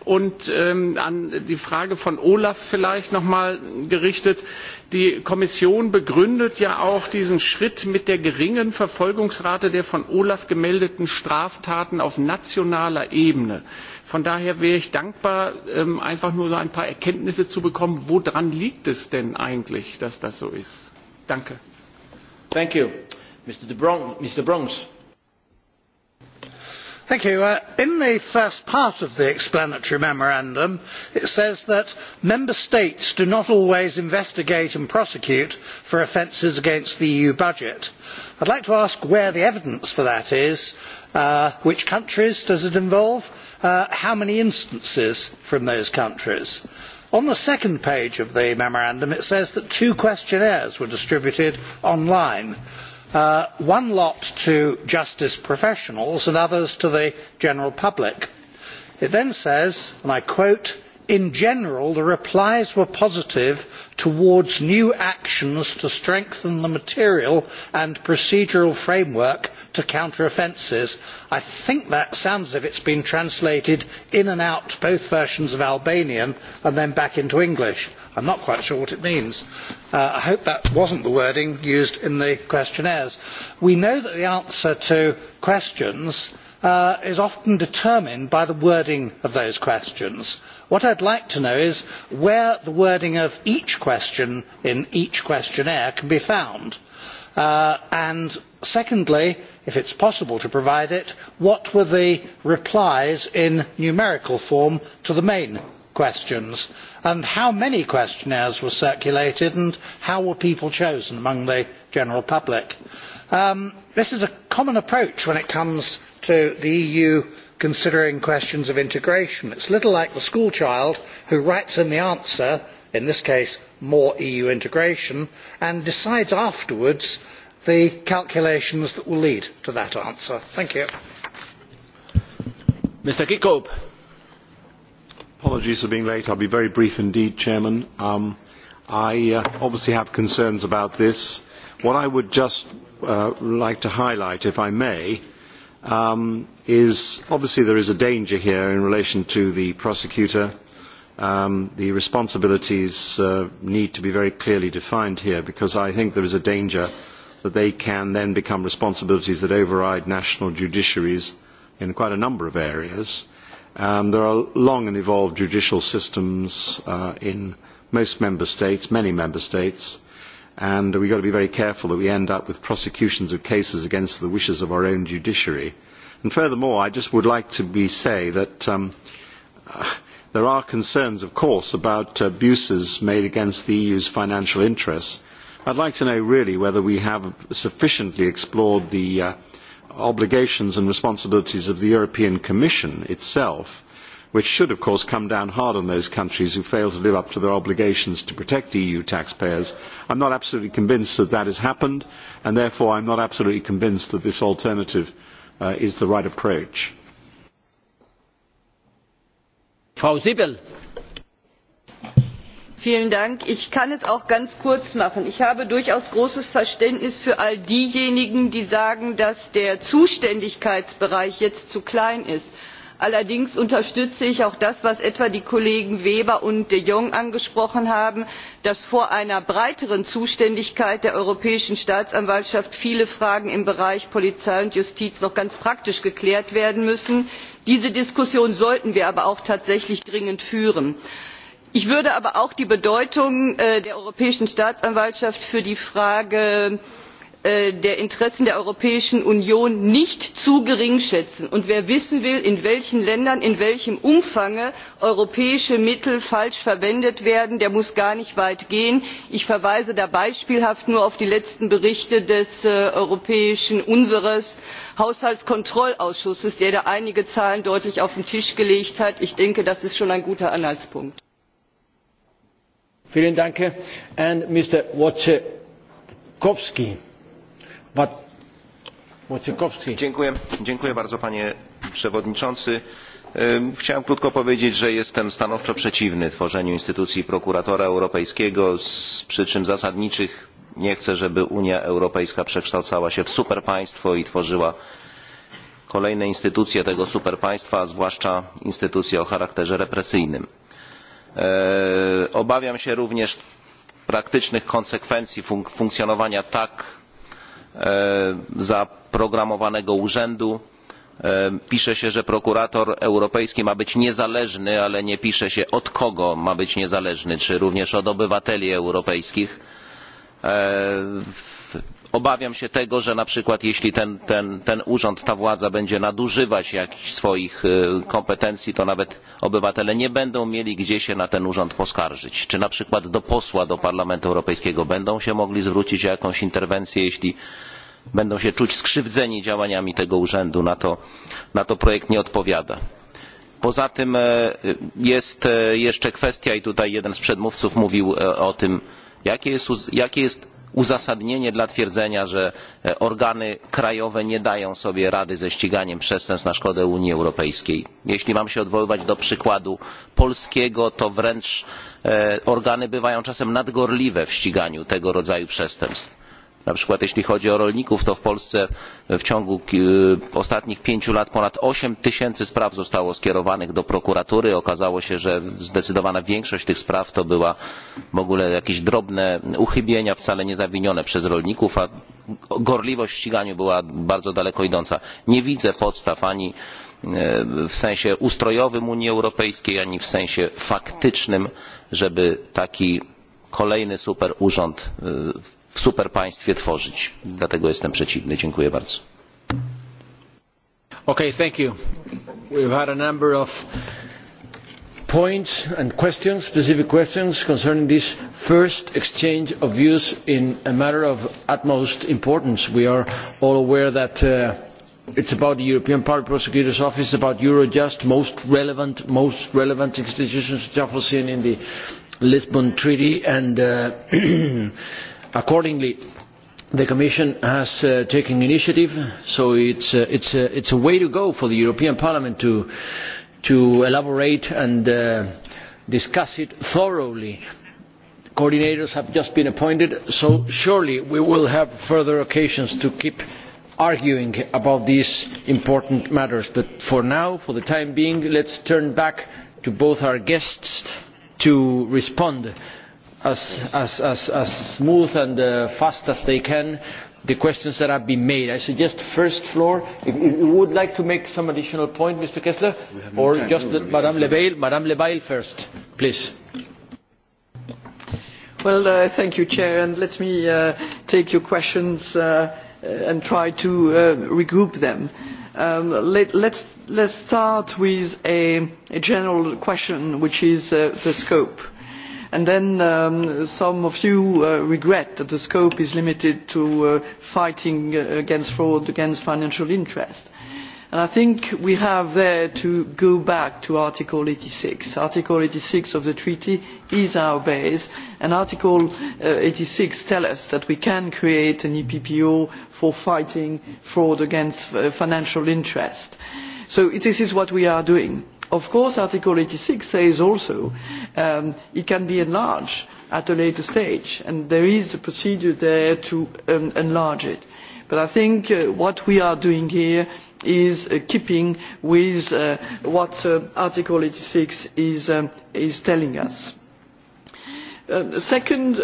und ähm, an die frage von olaf vielleicht noch einmal gerichtet die kommission begründet ja auch diesen schritt mit der geringen verfolgungsrate der von olaf gemeldeten straftaten auf nationaler ebene. von daher wäre ich dankbar ähm, einfach nur so ein paar erkenntnisse zu bekommen woran liegt es denn eigentlich dass das so ist? danke. Mr. President, uh, in the first part of the explanatory memorandum it says that member states do not always investigate and prosecute for offences against the eu budget. i would like to ask where the evidence for that is uh, which countries does it involve uh, how many instances from those countries? on the second page of the memorandum it says that two questionnaires were distributed online. Uh, one lot to justice professionals and others to the general public. it then says and i quote in general the replies were positive towards new actions to strengthen the material and procedural framework to counter offences. i think that sounds as if it has been translated in and out both versions of albanian and then back into english. i am not quite sure what it means. Uh, i hope that was not the wording used in the questionnaires. we know that the answer to questions uh, is often determined by the wording of those questions what i would like to know is where the wording of each question in each questionnaire can be found uh, and secondly if it is possible to provide it what were the replies in numerical form to the main questions and how many questionnaires were circulated and how were people chosen among the general public? Um, this is a common approach when it comes to the eu considering questions of integration. it is a little like the schoolchild who writes in the answer in this case more eu integration' and decides afterwards the calculations that will lead to that answer. mr kirkhope apologies for being late i will be very brief indeed. Um, i uh, obviously have concerns about this. what i would just uh, like to highlight if i may Um, is obviously there is a danger here in relation to the prosecutor. Um, the responsibilities uh, need to be very clearly defined here because I think there is a danger that they can then become responsibilities that override national judiciaries in quite a number of areas. Um, there are long and evolved judicial systems uh, in most member states, many member states, and we've got to be very careful that we end up with prosecutions of cases against the wishes of our own judiciary. And furthermore, I just would like to be say that um, uh, there are concerns, of course, about abuses made against the EU's financial interests. I'd like to know really whether we have sufficiently explored the uh, obligations and responsibilities of the European Commission itself which should of course come down hard on those countries who fail to live up to their obligations to protect eu taxpayers. i am not absolutely convinced that that has happened and therefore i am not absolutely convinced that this alternative uh, is the right approach. frau sippel Vielen Dank. ich kann es auch ganz kurz machen ich habe durchaus großes verständnis für all diejenigen die sagen dass der zuständigkeitsbereich jetzt zu klein ist allerdings unterstütze ich auch das was etwa die kollegen weber und de jong angesprochen haben dass vor einer breiteren zuständigkeit der europäischen staatsanwaltschaft viele fragen im bereich polizei und justiz noch ganz praktisch geklärt werden müssen. diese diskussion sollten wir aber auch tatsächlich dringend führen. ich würde aber auch die bedeutung äh, der europäischen staatsanwaltschaft für die frage Äh, der interessen der europäischen union nicht zu gering schätzen und wer wissen will in welchen ländern in welchem umfang europäische mittel falsch verwendet werden der muss gar nicht weit gehen ich verweise da beispielhaft nur auf die letzten berichte des äh, europäischen unseres haushaltskontrollausschusses der da einige zahlen deutlich auf den tisch gelegt hat. ich denke das ist schon ein guter anhaltspunkt. Dziękuję, bardzo panie przewodniczący! chciałem krótko powiedzieć że jestem stanowczo przeciwny tworzeniu instytucji prokuratora europejskiego z przyczyn zasadniczych nie chcę żeby unia europejska przekształcała się w superpaństwo i tworzyła kolejne instytucje tego superpaństwa a zwłaszcza instytucje o charakterze represyjnym. E, obawiam się również praktycznych konsekwencji funkcjonowania tak E, zaprogramowanego urzędu e, pisze się że prokurator europejski ma być niezależny ale nie pisze się od kogo ma być niezależny czy również od obywateli europejskich. E, obawiam się tego że na przykład jeśli ten, urząd ta władza będzie nadużywać jakichś swoich kompetencji to nawet obywatele nie będą mieli gdzie się na ten urząd poskarżyć czy na przykład do posła do parlamentu europejskiego będą się mogli zwrócić o jakąś interwencję jeśli będą się czuć skrzywdzeni działaniami tego urzędu na to, projekt nie odpowiada. poza tym e, jest e, jeszcze kwestia i tutaj jeden z przedmówców mówił e, o tym jakie jest, jakie jest uzasadnienie dla twierdzenia że e, organy krajowe nie dają sobie rady ze ściganiem przestępstw na szkodę unii europejskiej. jeśli mam się odwoływać do przykładu polskiego to wręcz e, organy bywają czasem nadgorliwe w ściganiu tego rodzaju przestępstw na przykład jeśli chodzi o rolników to w polsce w ciągu e, ostatnich pięciu lat ponad osiem tysięcy spraw zostało skierowanych do prokuratury okazało się że zdecydowana większość tych spraw to była w ogóle jakieś drobne uchybienia wcale nie zawinione przez rolników a gorliwość w ściganiu była bardzo daleko idąca. nie widzę podstaw ani e, w sensie ustrojowym unii europejskiej ani w sensie faktycznym żeby taki kolejny super superurząd e, w superpaństwie tworzyć. Dlatego jestem przeciwny. Dziękuję bardzo. Okay, thank you. We've had a number of points and questions, specific questions concerning this first exchange of views in a matter of utmost importance. We are all aware that uh, it's about the European Public Prosecutor's Office, about Eurojust, most relevant, most relevant institutions which are foreseen in the Lisbon Treaty and uh, accordingly the commission has uh, taken initiative so it uh, is uh, a way to go for the european parliament to, to elaborate and discuss it thoroughly. coordinators have just been appointed so surely we will have further occasions to keep arguing about these important matters but for now for the time being let us turn back to both our guests to respond to as, as, as, as smooth and uh, fast as they can the questions that have been made. I suggest first floor. If you would like to make some additional point, Mr. Kessler, or time, just no, Madame Lebail, Madame Lebail first, please. Well, uh, thank you, Chair, and let me uh, take your questions uh, uh and try to uh, regroup them. Um, let, let's, let's start with a, a general question, which is uh, the scope and then um, some of you uh, regret that the scope is limited to uh, fighting uh, against fraud against financial interest i think we have there to go back to article eighty six article eighty six of the treaty is our base and article eighty six tells us that we can create an eppo for fighting fraud against financial interest so this is what we are doing of course article eighty six says also that um, it can be enlarged at a later stage and there is a procedure there to um, enlarge it but i think uh, what we are doing here is uh, keeping with uh, what article eighty six is, um, is telling us. the second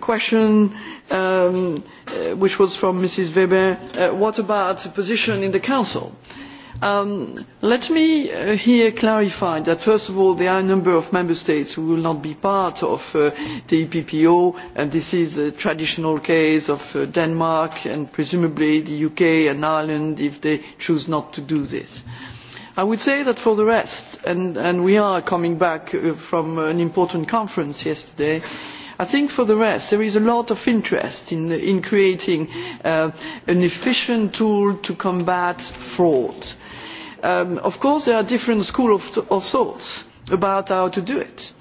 question which was from mrs weber what about the position in the council? Um, let me uh, here clarify that first of all there are a number of member states who will not be part of uh, the eppo and this is a traditional case of uh, denmark and presumably the uk and ireland if they choose not to do this. i would say that for the rest and, we are coming back from an important conference yesterday i think for the rest there is a lot of interest in creating an efficient tool to combat fraud Um, of course there are different schools of, thoughts about how to do it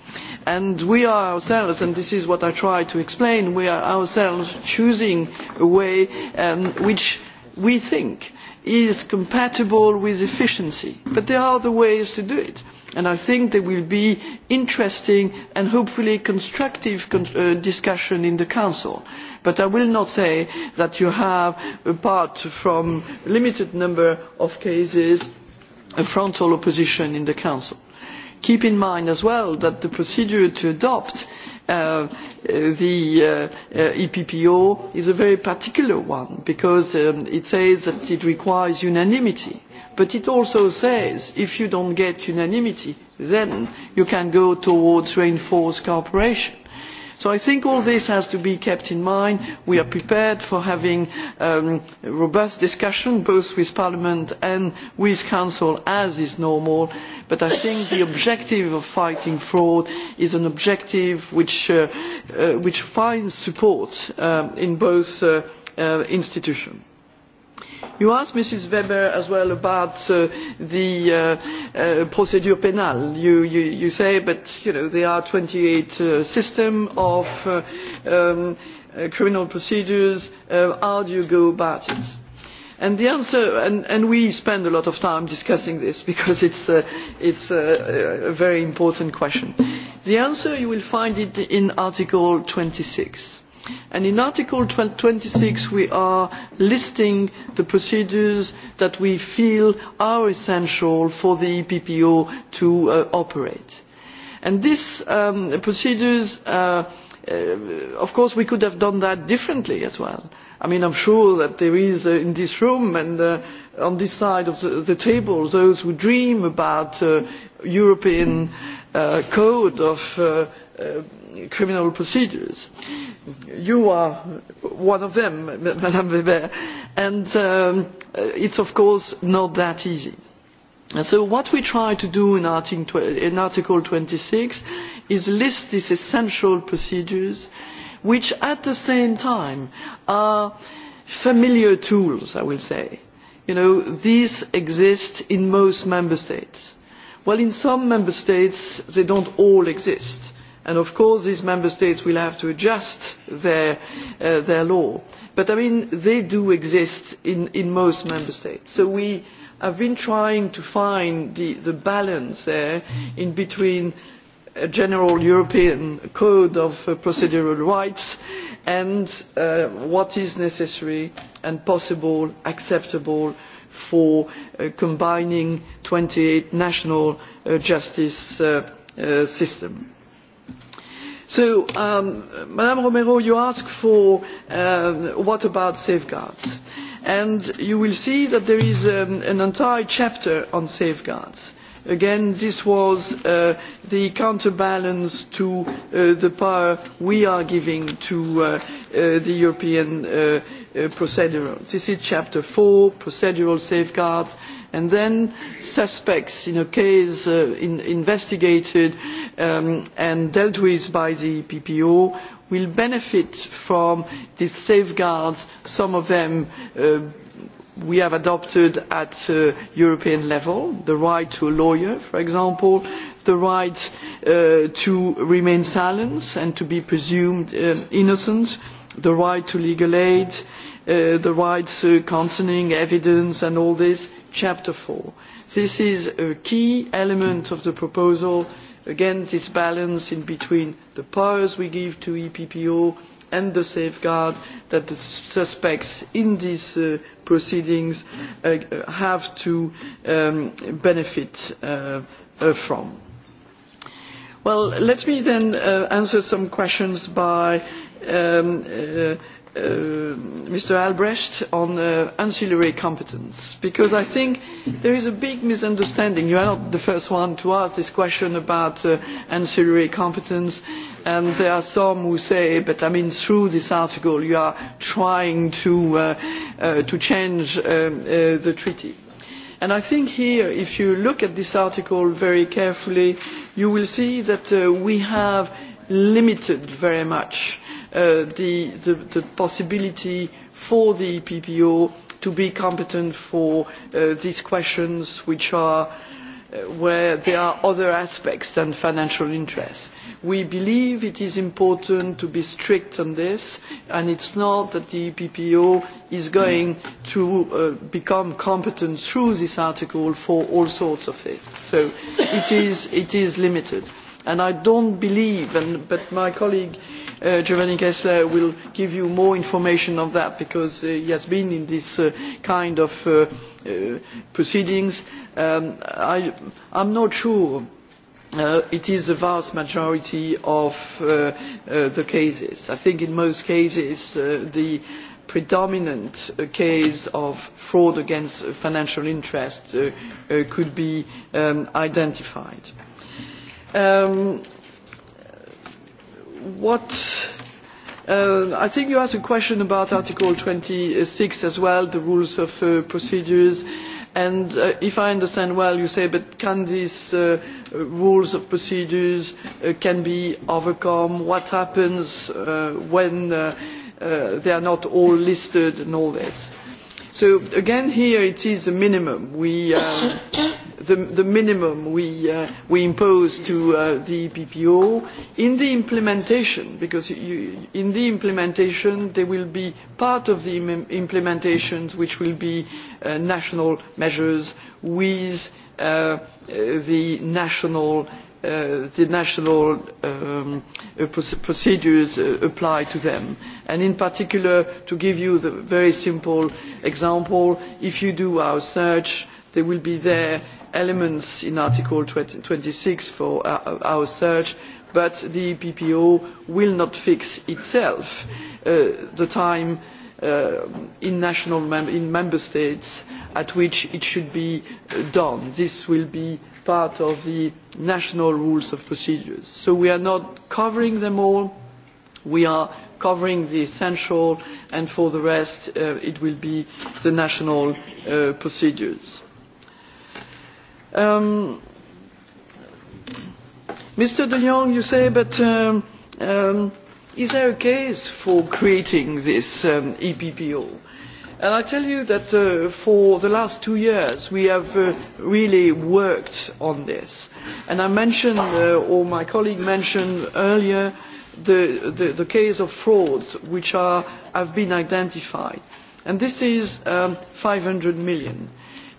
and we are ourselves and this is what i try to explain we are ourselves choosing a way um, which we think is compatible with efficiency but there are other ways to do it and i think there will be interesting and hopefully constructive uh, discussion in the council but i will not say that you have apart from a limited number of cases a frontal opposition in the Council. Keep in mind as well that the procedure to adopt uh, uh, the uh, EPPO is a very particular one because um, it says that it requires unanimity, but it also says if you don't get unanimity, then you can go towards reinforced cooperation so i think all this has to be kept in mind. we are prepared for having a um, robust discussion both with parliament and with council as is normal but i think the objective of fighting fraud is an objective which, uh, uh, which finds support um, in both uh, institutions. You asked Mrs Weber as well about uh, the uh, uh, procedure penale. You, say, but there are twenty eight systems of um, criminal procedures. how do you go about it? And the answer, and, we spend a lot of time discussing this because it is a, very important question. The answer, you will find it in Article twenty six and in article twenty six we are listing the procedures that we feel are essential for the eppo to uh, operate. and these um, procedures uh, uh, of course we could have done that differently as well. i mean am sure that there is in this room and on this side of the, table those who dream about european code of criminal procedures. You are one of them, Madame Weber, and um, uh, it's of course not that easy. And so what we try to do in Article 26 is list these essential procedures which at the same time are familiar tools, I will say. You know, these exist in most member states. Well, in some member states, they don't all exist and of course these member states will have to adjust their, uh, law but they do exist in, most member states so we have been trying to find the, balance there between a general european code of uh, procedural rights and uh, what is necessary and possible acceptable for combining twenty eight national justice systems So, um, Madame Romero, you ask for uh, what about safeguards? And you will see that there is um, an entire chapter on safeguards. Again, this was uh, the counterbalance to uh, the power we are giving to uh, uh, the European uh, procedural. This is chapter four, procedural safeguards and then suspects uh, in a case investigated um, and dealt with by the ppo will benefit from these safeguards some of them uh, we have adopted at uh, european level the right to a lawyer for example the right to remain silent and to be presumed um, innocent the right to legal aid Uh, the rights uh, concerning evidence and all this, chapter 4. This is a key element of the proposal, again, this balance in between the powers we give to EPPO and the safeguard that the suspects in these uh, proceedings have to um, benefit from. Well, let me then answer some questions by um, Uh, Mr Albrecht on uh, ancillary competence, because I think there is a big misunderstanding. You are not the first one to ask this question about uh, ancillary competence, and there are some who say, but I mean through this article you are trying to, to change um, the treaty. And I think here, if you look at this article very carefully, you will see that we have limited very much Uh, the, the, possibility for the EPPO to be competent for uh, these questions which are uh, where there are other aspects than financial interests. We believe it is important to be strict on this and it is not that the EPPO is going to become competent through this article for all sorts of things. So it is, it is limited. And I don't believe, and, but my colleague Uh, Giovanni Kessler will give you more information on that because uh, he has been in this uh, kind of proceedings. Um, I am not sure it is a vast majority of the cases. i think in most cases the predominant case of fraud against financial interests could be um, identified. Um, what uh, I think you asked a question about Article 26 as well, the rules of uh, procedures. And uh, if I understand well, you say, but can these rules of procedures can be overcome? What happens when they are not all listed and all this? So again, here it is a minimum. We, uh, the, the minimum we, uh, we impose to uh, the e PPO in the implementation, because you, in the implementation there will be part of the im implementations which will be uh, national measures with uh, the national Uh, the national um, uh, procedures uh, apply to them. And in particular, to give you a very simple example, if you do our search, there will be there elements in Article twenty six for our, search, but the EPPO will not fix itself the time in national in member states at which it should be done. this will be part of the national rules of procedures. So we are not covering them all. We are covering the essential and for the rest uh, it will be the national uh, procedures. Um, Mr De Jong, you say, but um, um, is there a case for creating this um, EPPO? And I tell you that uh, for the last two years we have uh, really worked on this. And I mentioned, uh, or my colleague mentioned earlier, the, the, the case of frauds which are, have been identified. And this is um, 500 million.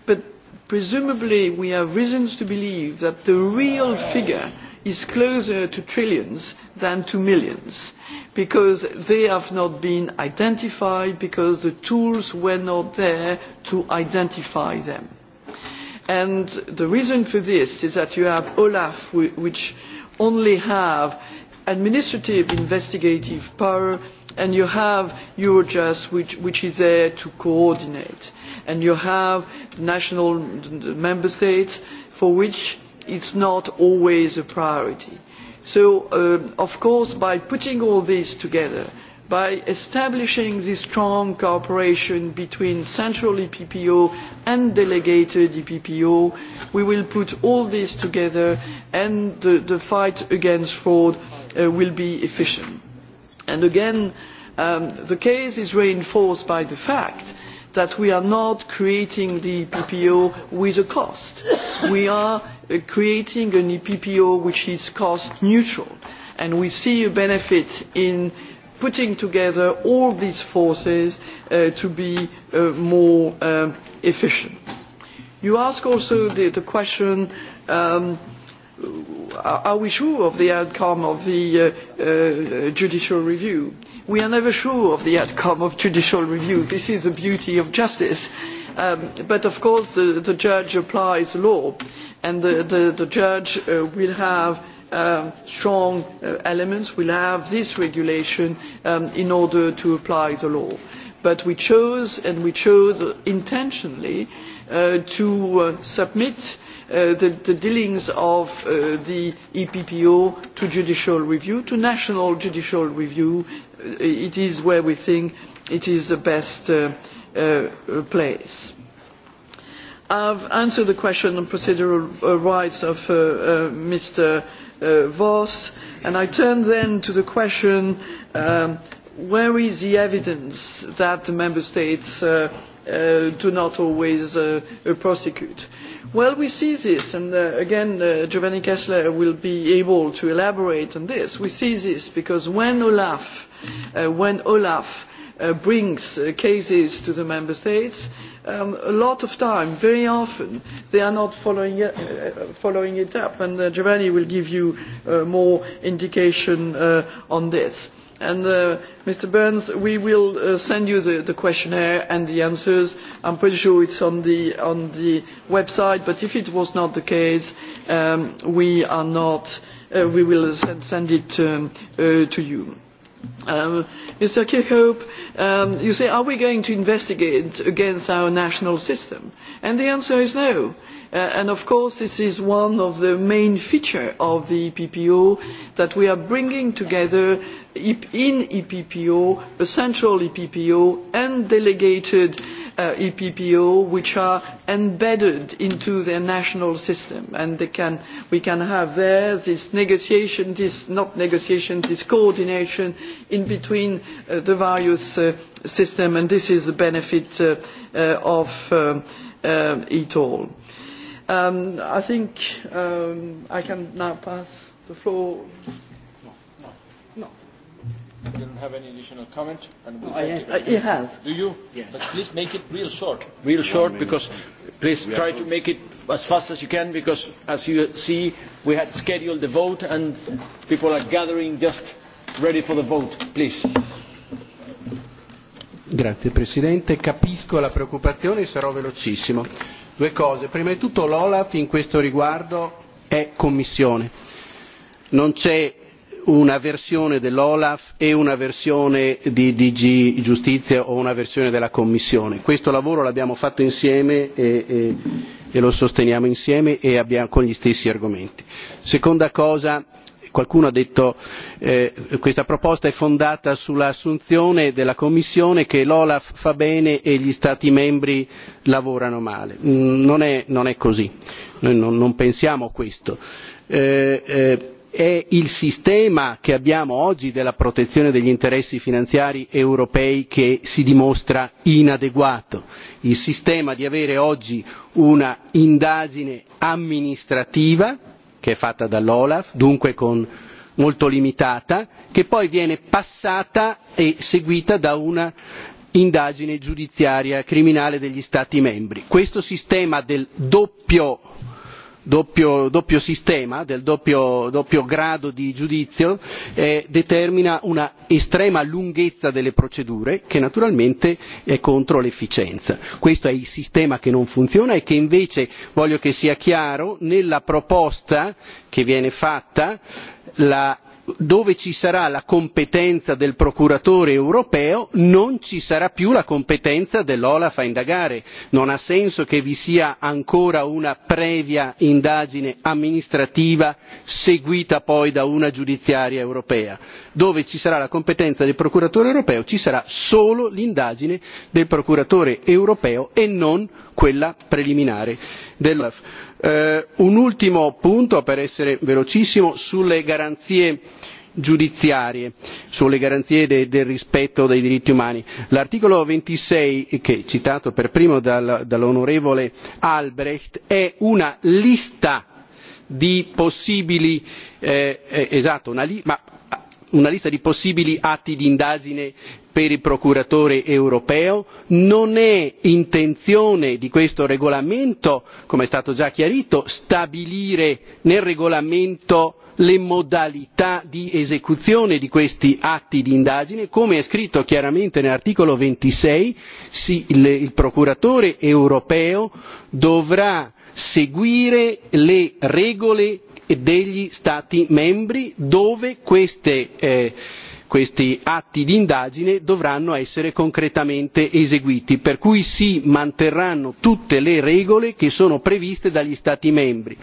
But presumably we have reasons to believe that the real figure is closer to trillions than to millions because they have not been identified because the tools were not there to identify them. And the reason for this is that you have olaf which only have administrative investigative power and you have eurojust which, which is there to coordinate and you have national member states for which is not always a priority. so um, of course by putting all this together by establishing this strong cooperation between central eppo and delegated eppo we will put all this together and the, fight against fraud uh, will be efficient. and again um, the case is reinforced by the fact that we are not creating the eppo with a cost. we are Uh, creating an EPPO which is cost neutral. And we see a benefit in putting together all these forces uh, to be uh, more efficient. You ask also the, question, um, are we sure of the outcome of the judicial review? We are never sure of the outcome of judicial review. This is the beauty of justice Um, but of course the, judge applies the law and the, the, judge uh, will have um, strong uh, elements will have this regulation um, in order to apply the law. but we chose and we chose intentionally uh, to submit the dealings of the eppo to judicial review to national judicial review. it is where we think it is the best Uh, place. I have answered the question on procedural uh, rights of uh, Mr Voss and I turn then to the question um, where is the evidence that the Member States do not always prosecute. Well, we see this, and again, Giovanni Kessler will be able to elaborate on this. We see this because when Olaf, when Olaf Uh, brings uh, cases to the member states um, a lot of time very often they are not following, uh, following it up and giovanni will give you more indication on this. And, mr burns we will send you the, questionnaire and the answers i am pretty sure it is on the, on the website but if it was not the case um, we, not, we will send, send it um, to you. Um, Mr Kirkhope, um, you say, are we going to investigate against our national system? And the answer is no. Uh, and of course, this is one of the main features of the e PPO that we are bringing together E in EPPO, a central EPPO and delegated uh, EPPO which are embedded into their national system and we can have there this negotiation, this not negotiation, this coordination in between uh, the various uh, systems and this is the benefit of um, it all. Um, I think um, I can now pass the floor You don't have any additional comment? And we'll oh, yes, it, it uh, has. Do you? Yes. But please make it real short. Real short, because please try to make it as fast as you can, because as you see, we had scheduled the vote, and people are gathering just ready for the vote. Please. Grazie Presidente, capisco la preoccupazione e sarò velocissimo. Due cose. Prima di tutto l'Olaf in questo riguardo è Commissione. Non c'è una versione dell'olaf e una versione di dg giustizia o una versione della commissione. questo lavoro l'abbiamo fatto insieme e, e, e, lo sosteniamo insieme e abbiamo, con gli stessi argomenti. seconda cosa qualcuno ha detto che eh, questa proposta è fondata sull'assunzione della commissione che l'olaf fa bene e gli stati membri lavorano male. Mm, non è, così noi non, pensiamo questo. Eh, eh, È il sistema che abbiamo oggi della protezione degli interessi finanziari europei che si dimostra inadeguato il sistema di avere oggi un'indagine amministrativa che è fatta dall'olaf dunque con molto limitata che poi viene passata e seguita da un'indagine giudiziaria criminale degli stati membri. questo sistema del doppio doppio, sistema del doppio, grado di giudizio eh, determina una estrema lunghezza delle procedure che naturalmente è contro l'efficienza. questo è il sistema che non funziona e che invece voglio che sia chiaro nella proposta che viene fatta la dove ci sarà la competenza del procuratore europeo non ci sarà più la competenza dell'olaf a indagare non ha senso che vi sia ancora una previa indagine amministrativa seguita poi da una giudiziaria europea dove ci sarà la competenza del procuratore europeo ci sarà solo l'indagine del procuratore europeo e non quella preliminare. Eh, un ultimo punto per essere velocissimo sulle garanzie giudiziarie sulle garanzie del rispetto dei diritti umani l'articolo ventisei che citato per primo dall'onorevole albrecht è una lista di possibili eh, eh, esatto una ma una lista di possibili atti di indagine per il procuratore europeo non è intenzione di questo regolamento come è stato già chiarito stabilire nel regolamento le modalità di esecuzione di questi atti di indagine come è scritto chiaramente nell'articolo ventisei il procuratore europeo dovrà seguire le regole Eh, degli stati membri dove queste, eh, questi atti di indagine dovranno essere concretamente eseguiti per cui si manterranno tutte le regole che sono previste dagli stati membri.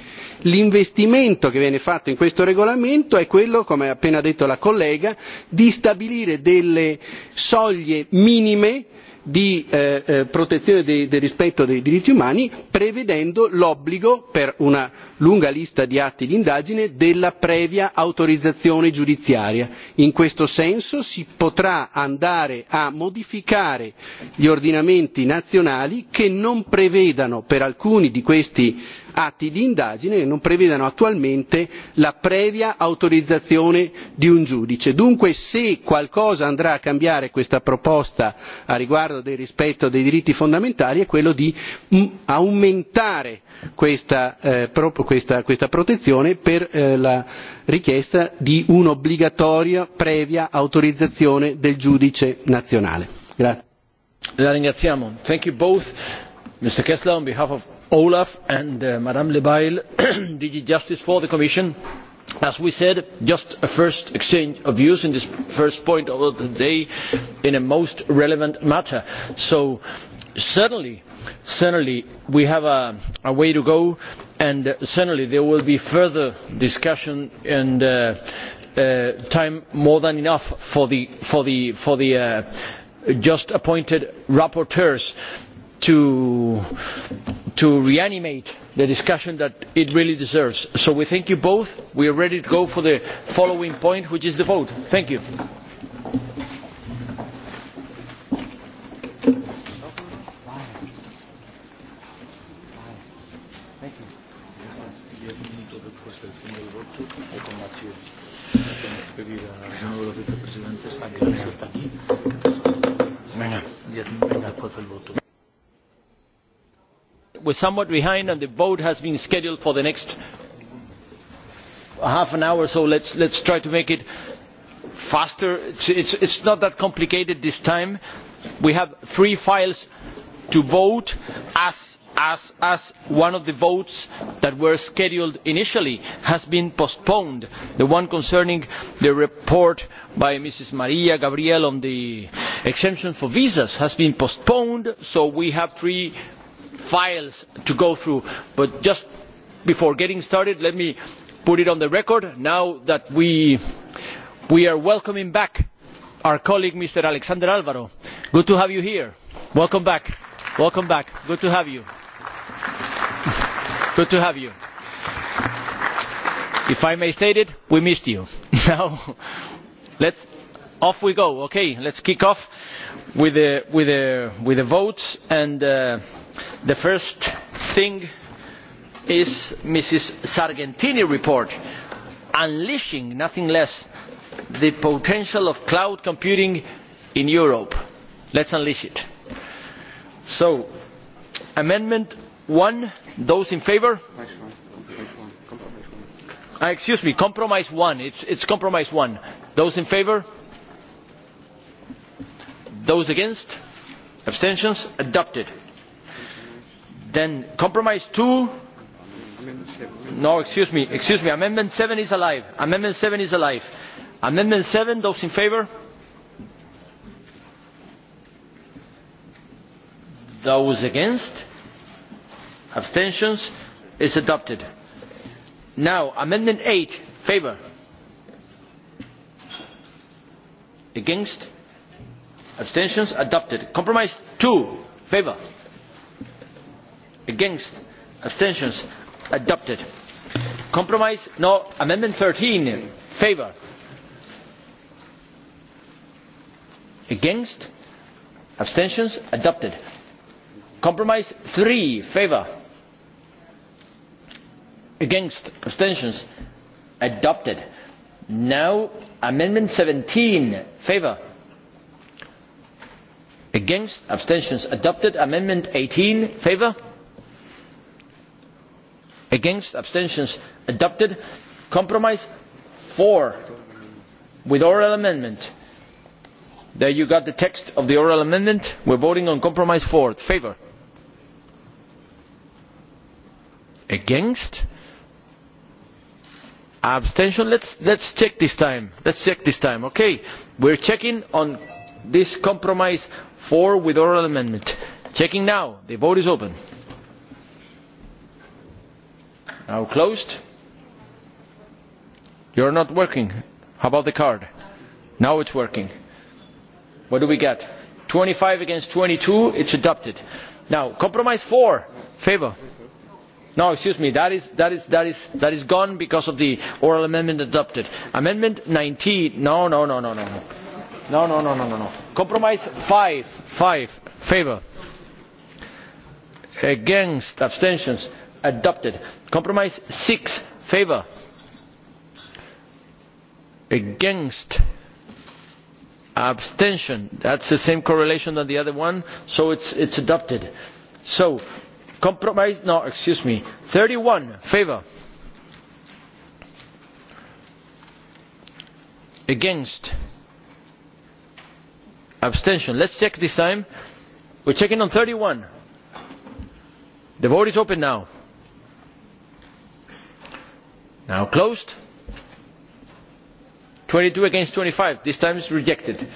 l'investimento che viene fatto in questo regolamento è quello come ha appena detto la collega di stabilire delle soglie minime di eh, eh, protezione del rispetto dei diritti umani prevedendo l'obbligo per una lunga lista di atti di indagine della previa autorizzazione giudiziaria. in questo senso si potrà andare a modificare gli ordinamenti nazionali che non prevedano per alcuni di questi atti di indagine che non prevedano attualmente la previa autorizzazione di un giudice. dunque se qualcosa andrà a cambiare questa proposta a riguardo del rispetto dei diritti fondamentali è quello di mm, aumentare eh, questa protezione per eh, la richiesta di un'obbligatoria previa autorizzazione del giudice nazionale olaf and ms Le Bail dg justice for the commission as we said just a first exchange of views on this first point of the day in a most relevant matter so certainly, certainly we have a, way to go and uh, certainly there will be further discussion and uh, uh, time more than enough for the, just appointed rapporteurs to, to reanimate the discussion that it really deserves. so we thank you both. we are ready to go for the following point which is the vote. thank you we are somewhat behind and the vote has been scheduled for the next half an hour so let us try to make it faster. it is not that complicated this time. we have three files to vote as As, as one of the votes that were scheduled initially has been postponed the one concerning the report by mrs maria gabriel on the exemption for visas has been postponed so we have three files to go through but just before getting started let me put it on the record now that we, are welcoming back our colleague mr alexander alvaro. good to have you here. welcome back. welcome back. good to have you. good to have you. if i may state it we missed you. now let's off we go. Okay, let's kick off with the, with the, with the votes. And uh, the first thing is Mrs. Sargentini report, unleashing nothing less the potential of cloud computing in Europe. Let's unleash it. So, amendment one, those in favour? Ah, excuse me, compromise one. It's, it's compromise one. Those in favour? those against abstentions adopted then compromise two no excuse me excuse me amendment seven is alive amendment seven is alive amendment seven those in favor? those against abstentions is adopted now amendment eight favor? against abstentions adopted compromise two favour against abstentions adopted compromise no amendment 13, favour against abstentions adopted compromise three favour against abstentions adopted now amendment seventeen favour against abstentions adopted amendment 18 favor against abstentions adopted compromise four. with oral amendment there you got the text of the oral amendment we're voting on compromise 4 favor against abstention let's let's check this time let's check this time okay we're checking on this compromise four with oral amendment. Checking now. The vote is open. Now closed. You're not working. How about the card? Now it's working. What do we get? 25 against 22. It's adopted. Now, compromise four. Favor. No, excuse me. That is, that, is, that, is, that is gone because of the oral amendment adopted. Amendment 19. No, no, no, no, no. No, no, no, no, no, no. Compromise five, five, favor. Against, abstentions, adopted. Compromise six, favor. Against, abstention. That's the same correlation than the other one, so it's, it's adopted. So, compromise, no, excuse me, 31, favor. Against, abstention let's check this time we're checking on 31 the vote is open now now closed 22 against 25 this time is rejected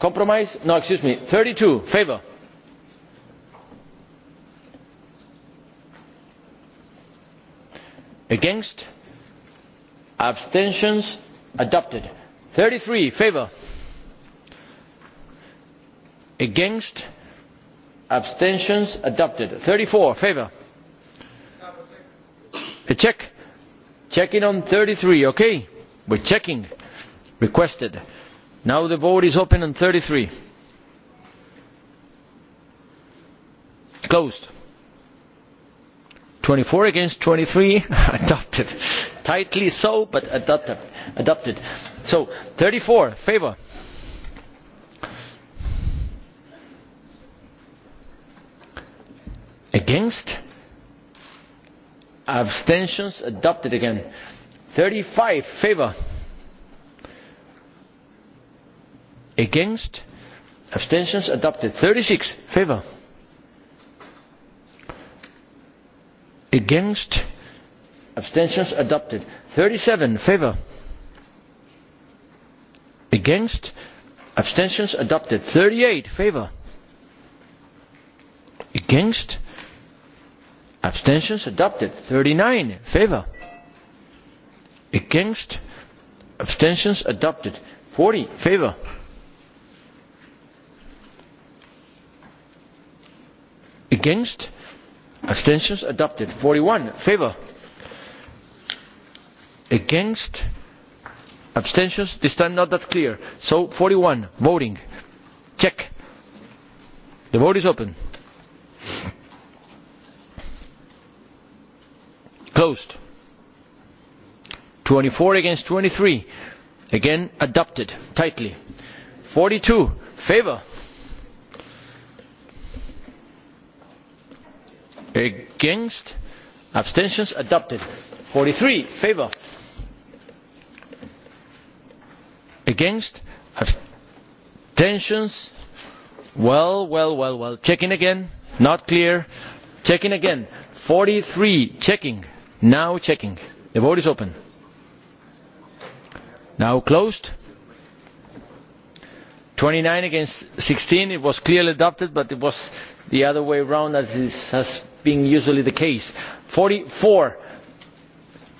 compromise no excuse me 32 favor against abstentions adopted 33 favor against abstentions adopted thirty four favour a check checking on thirty three okay we're checking requested now the vote is open on thirty three closed twenty four against twenty three adopted tightly so but adopted so thirty four favour against abstentions adopted again 35, five against abstentions adopted 36, favor. against abstentions adopted 37, favor. against abstentions adopted thirty eight against abstentions adopted 39 favor against abstentions adopted 40 favor against abstentions adopted 41 favor against abstentions this time not that clear so 41 voting check the vote is open closed 24 against 23. again adopted tightly 42. two favour against abstentions adopted 43. Favor. against abstentions well well well well checking again not clear checking again 43. checking now checking the vote is open now closed twenty nine against sixteen it was clearly adopted but it was the other way round as is, has been usually the case forty four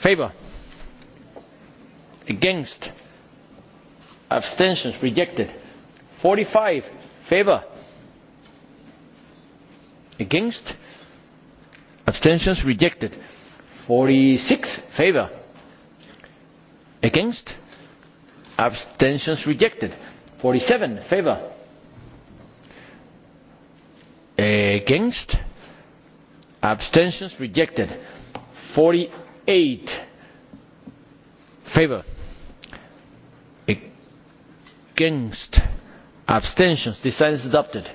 favour against abstentions rejected forty five favour against abstentions rejected 46 favor against abstentions rejected 47 favor against abstentions rejected 48 favor against abstentions This is adopted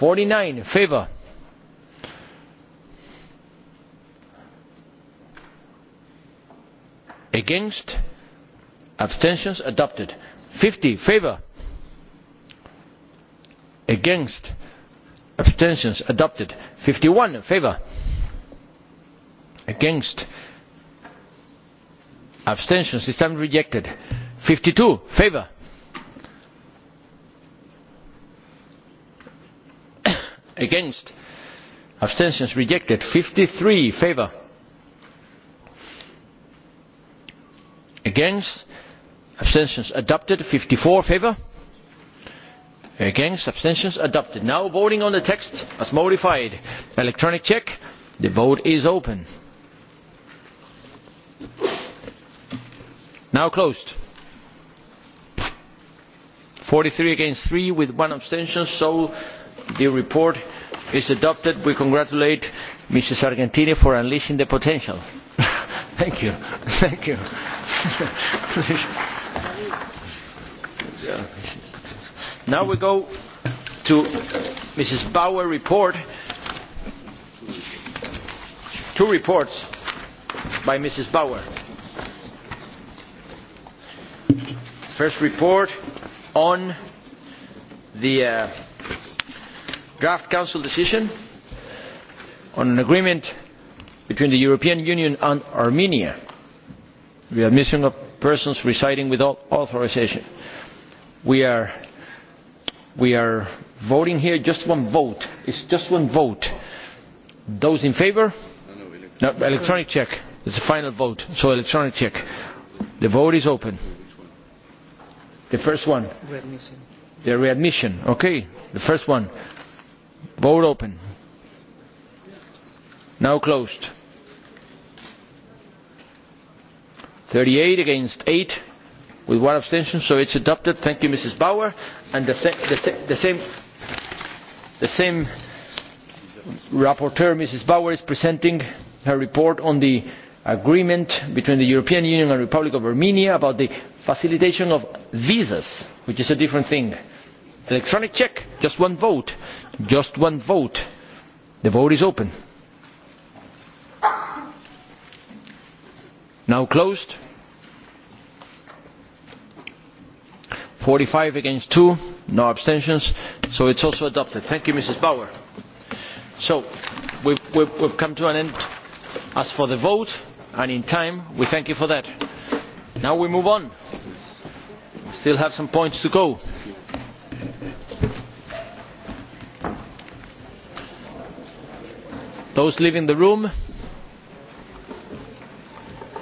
49 favor against abstentions adopted fifty favour against abstentions adopted fifty one favour against abstentions this time rejected fifty two favour against abstentions rejected fifty three favour against abstentions adopted fifty four favour against abstentions adopted. now voting on the text as modified electronic check the vote is open now closed forty three against three with one abstention so the report is adopted. we congratulate mrs sargentini for unleashing the potential. Thank you. Thank you. Now we go to Mrs. Bauer report. Two reports by Mrs. Bauer. First report on the uh, draft council decision on an agreement between the European Union and Armenia, the admission of persons residing without authorisation. We are, we are voting here just one vote. is just one vote. Those in favour? No, electronic check. It's a final vote, so electronic check. The vote is open. The first one. Readmission. The readmission. Okay, the first one. Vote open. Now closed 38 against 8 with one abstention so it's adopted thank you mrs bauer and the, the, same rapporteur mrs bauer is presenting her report on the agreement between the european union and republic of armenia about the facilitation of visas which is a different thing. electronic check just one vote just one vote. the vote is open. now closed forty five against two no abstentions so it's also adopted thank you mrs bauer so we've, we've, come to an end as for the vote and in time we thank you for that now we move on we still have some points to go those leaving the room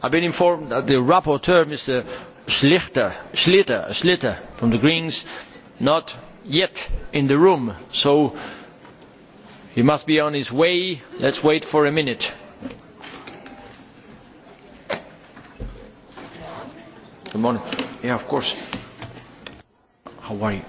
i have been informed that the rapporteur mr schlyter from the greens is not yet in the room so he must be on his way. let us wait for a minute. good morning. of course. how are you?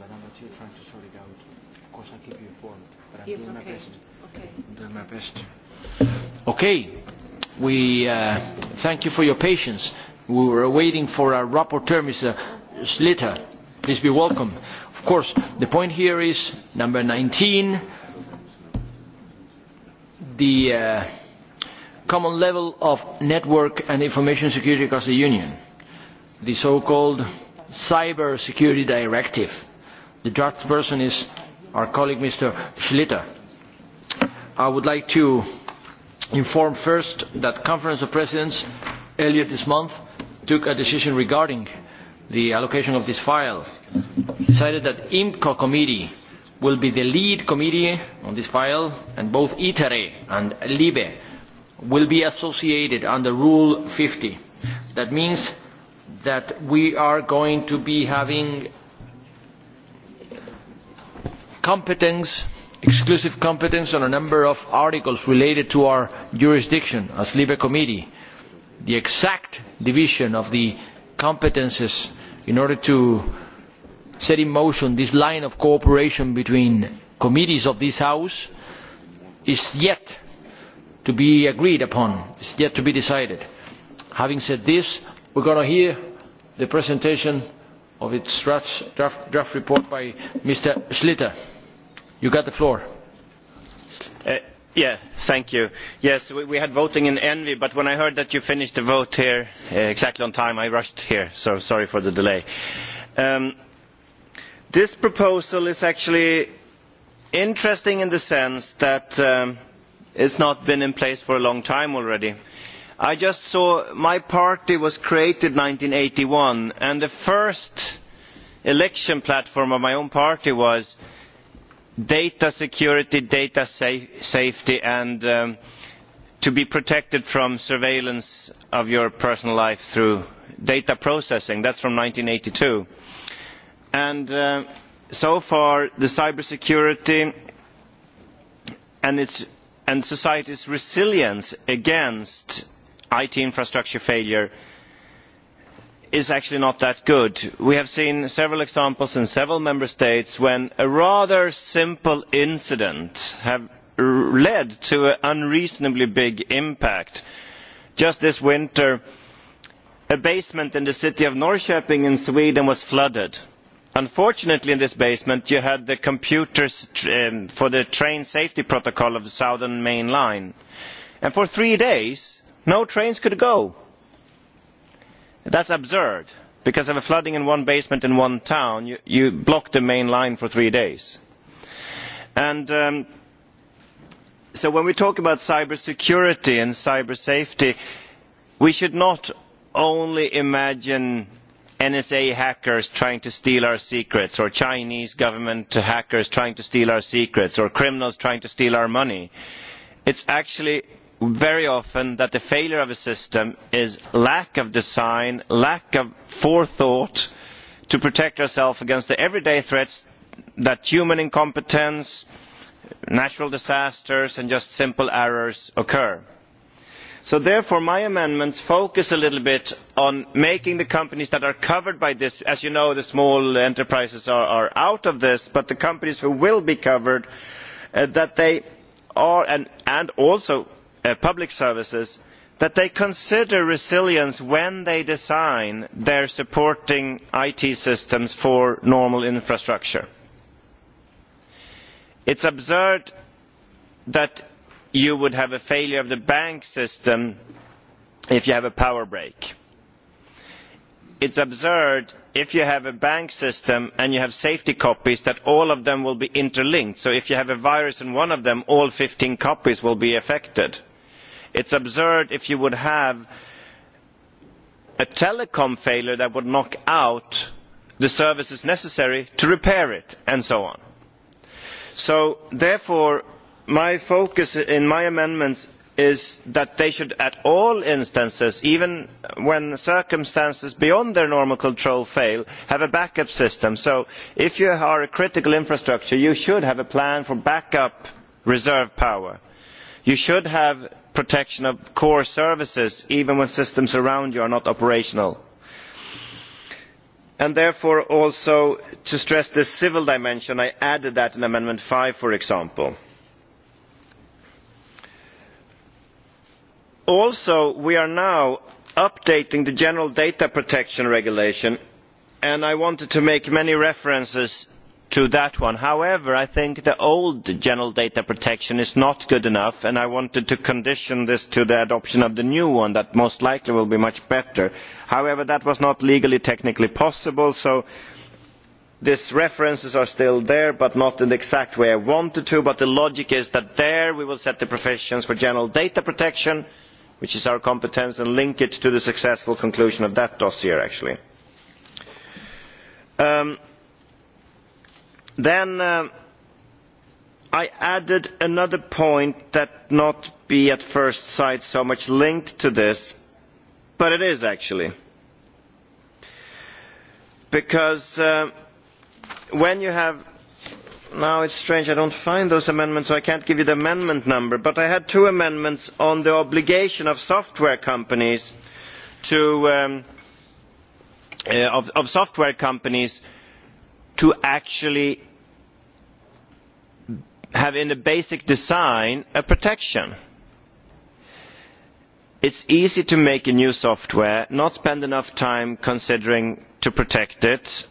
But not here trying to sort it out. Of course, I keep you informed, but I'm yes, doing okay. my best. Okay. I'm doing my best. Okay. We uh, thank you for your patience. We were waiting for our rapporteur, Mr. Slitter. Please be welcome. Of course, the point here is number 19, the uh, common level of network and information security across the Union, the so-called Cyber Security Directive The draft person is our colleague Mr. Schlitter. I would like to inform first that Conference of Presidents earlier this month took a decision regarding the allocation of this file. decided that IMCO committee will be the lead committee on this file and both ITERE and LIBE will be associated under Rule 50. That means that we are going to be having competence exclusive competence on a number of articles related to our jurisdiction as libe committee the exact division of the competences in order to set in motion this line of cooperation between committees of this house is yet to be agreed upon is yet to be decided. having said this we are going to hear the presentation of its draft, draft report by mr schlyter. Uh, yes, we, had voting in envy, but when I heard that you finished the vote here uh, exactly on time, I rushed here, so sorry for the delay. Um, this proposal is actually interesting in the sense that um, it has not been in place for a long time already. I just saw my party was created in and eighty one and the first election platform of my own party was data security data safety and um, to be protected from surveillance of your personal life through data processing that is from one thousand nine hundred and eighty uh, two and so far the cyber security and, its, and society's resilience against it infrastructure failure is actually not that good. we have seen several examples in several member states when a rather simple incident has led to an unreasonably big impact. just this winter a basement in the city of norrköping in sweden was flooded. unfortunately in this basement you had the computers um, for the train safety protocol of the southern main line and for three days no trains could go that is absurd because of a flooding in one basement in one town you, block the main line for three days. Um, so when we talk about cyber security and cyber safety we should not only imagine nsa hackers trying to steal our secrets or chinese government hackers trying to steal our secrets or criminals trying to steal our money. it is actually very often that the failure of a system is lack of design lack of forethought to protect ourselves against the everyday threats that human incompetence natural disasters and just simple errors occur. So therefore my amendments focus a little bit on making the companies that are covered by this as you know the small enterprises are, out of this but the companies who will be covered uh, that they are and also Uh, public services that they consider resilience when they design their supporting it systems for normal infrastructure. it is absurd that you would have a failure of the bank system if you have a power break. it is absurd if you have a bank system and you have safety copies that all of them will be interlinked so if you have a virus in one of them all fifteen copies will be affected it is absurd if you would have a telecom failure that would knock out the services necessary to repair it and so on. So, therefore my focus in my amendments is that they should at all instances even when circumstances beyond their normal control fail have a backup system. so if you are a critical infrastructure you should have a plan for backup reserve power. you should have protection of core services even when systems around you are not operational and therefore also to stress the civil dimension i added that in amendment five for example. also we are now updating the general data protection regulation and i wanted to make many references to that one. however i think the old general data protection is not good enough and i wanted to condition this to the adoption of the new one that most likely will be much better. however that was not legally technically possible so these references are still there but not in the exact way i wanted to but the logic is that there we will set the provisions for general data protection which is our competence and link it to the successful conclusion of that dossier actually. Um, then uh, i added another point that not be at first sight so much linked to this but it is actually because uh, when you have now it's strange i don't find those amendments so i can't give you the amendment number but i had two amendments on the obligation of software companies to um, uh, of, of software companies to actually have in the basic design a protection. It is easy to make a new software, not spend enough time considering to protect it,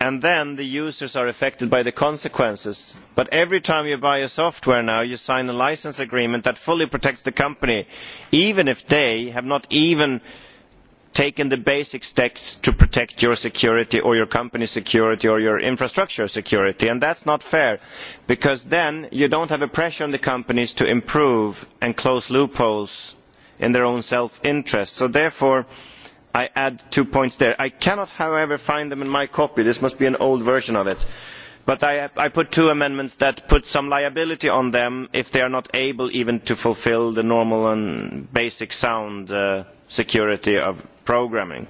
and then the users are affected by the consequences. But every time you buy a software now you sign a license agreement that fully protects the company, even if they have not even taken the basic steps to protect your security or your company's security or your infrastructure security and that is not fair because then you do not have a pressure on the companies to improve and close loopholes in their own self interest. so therefore i add two points there. i cannot however find them in my copy this must be an old version of it but i, I put two amendments that put some liability on them if they are not able even to fulfil the normal and basic sound uh, security of programming.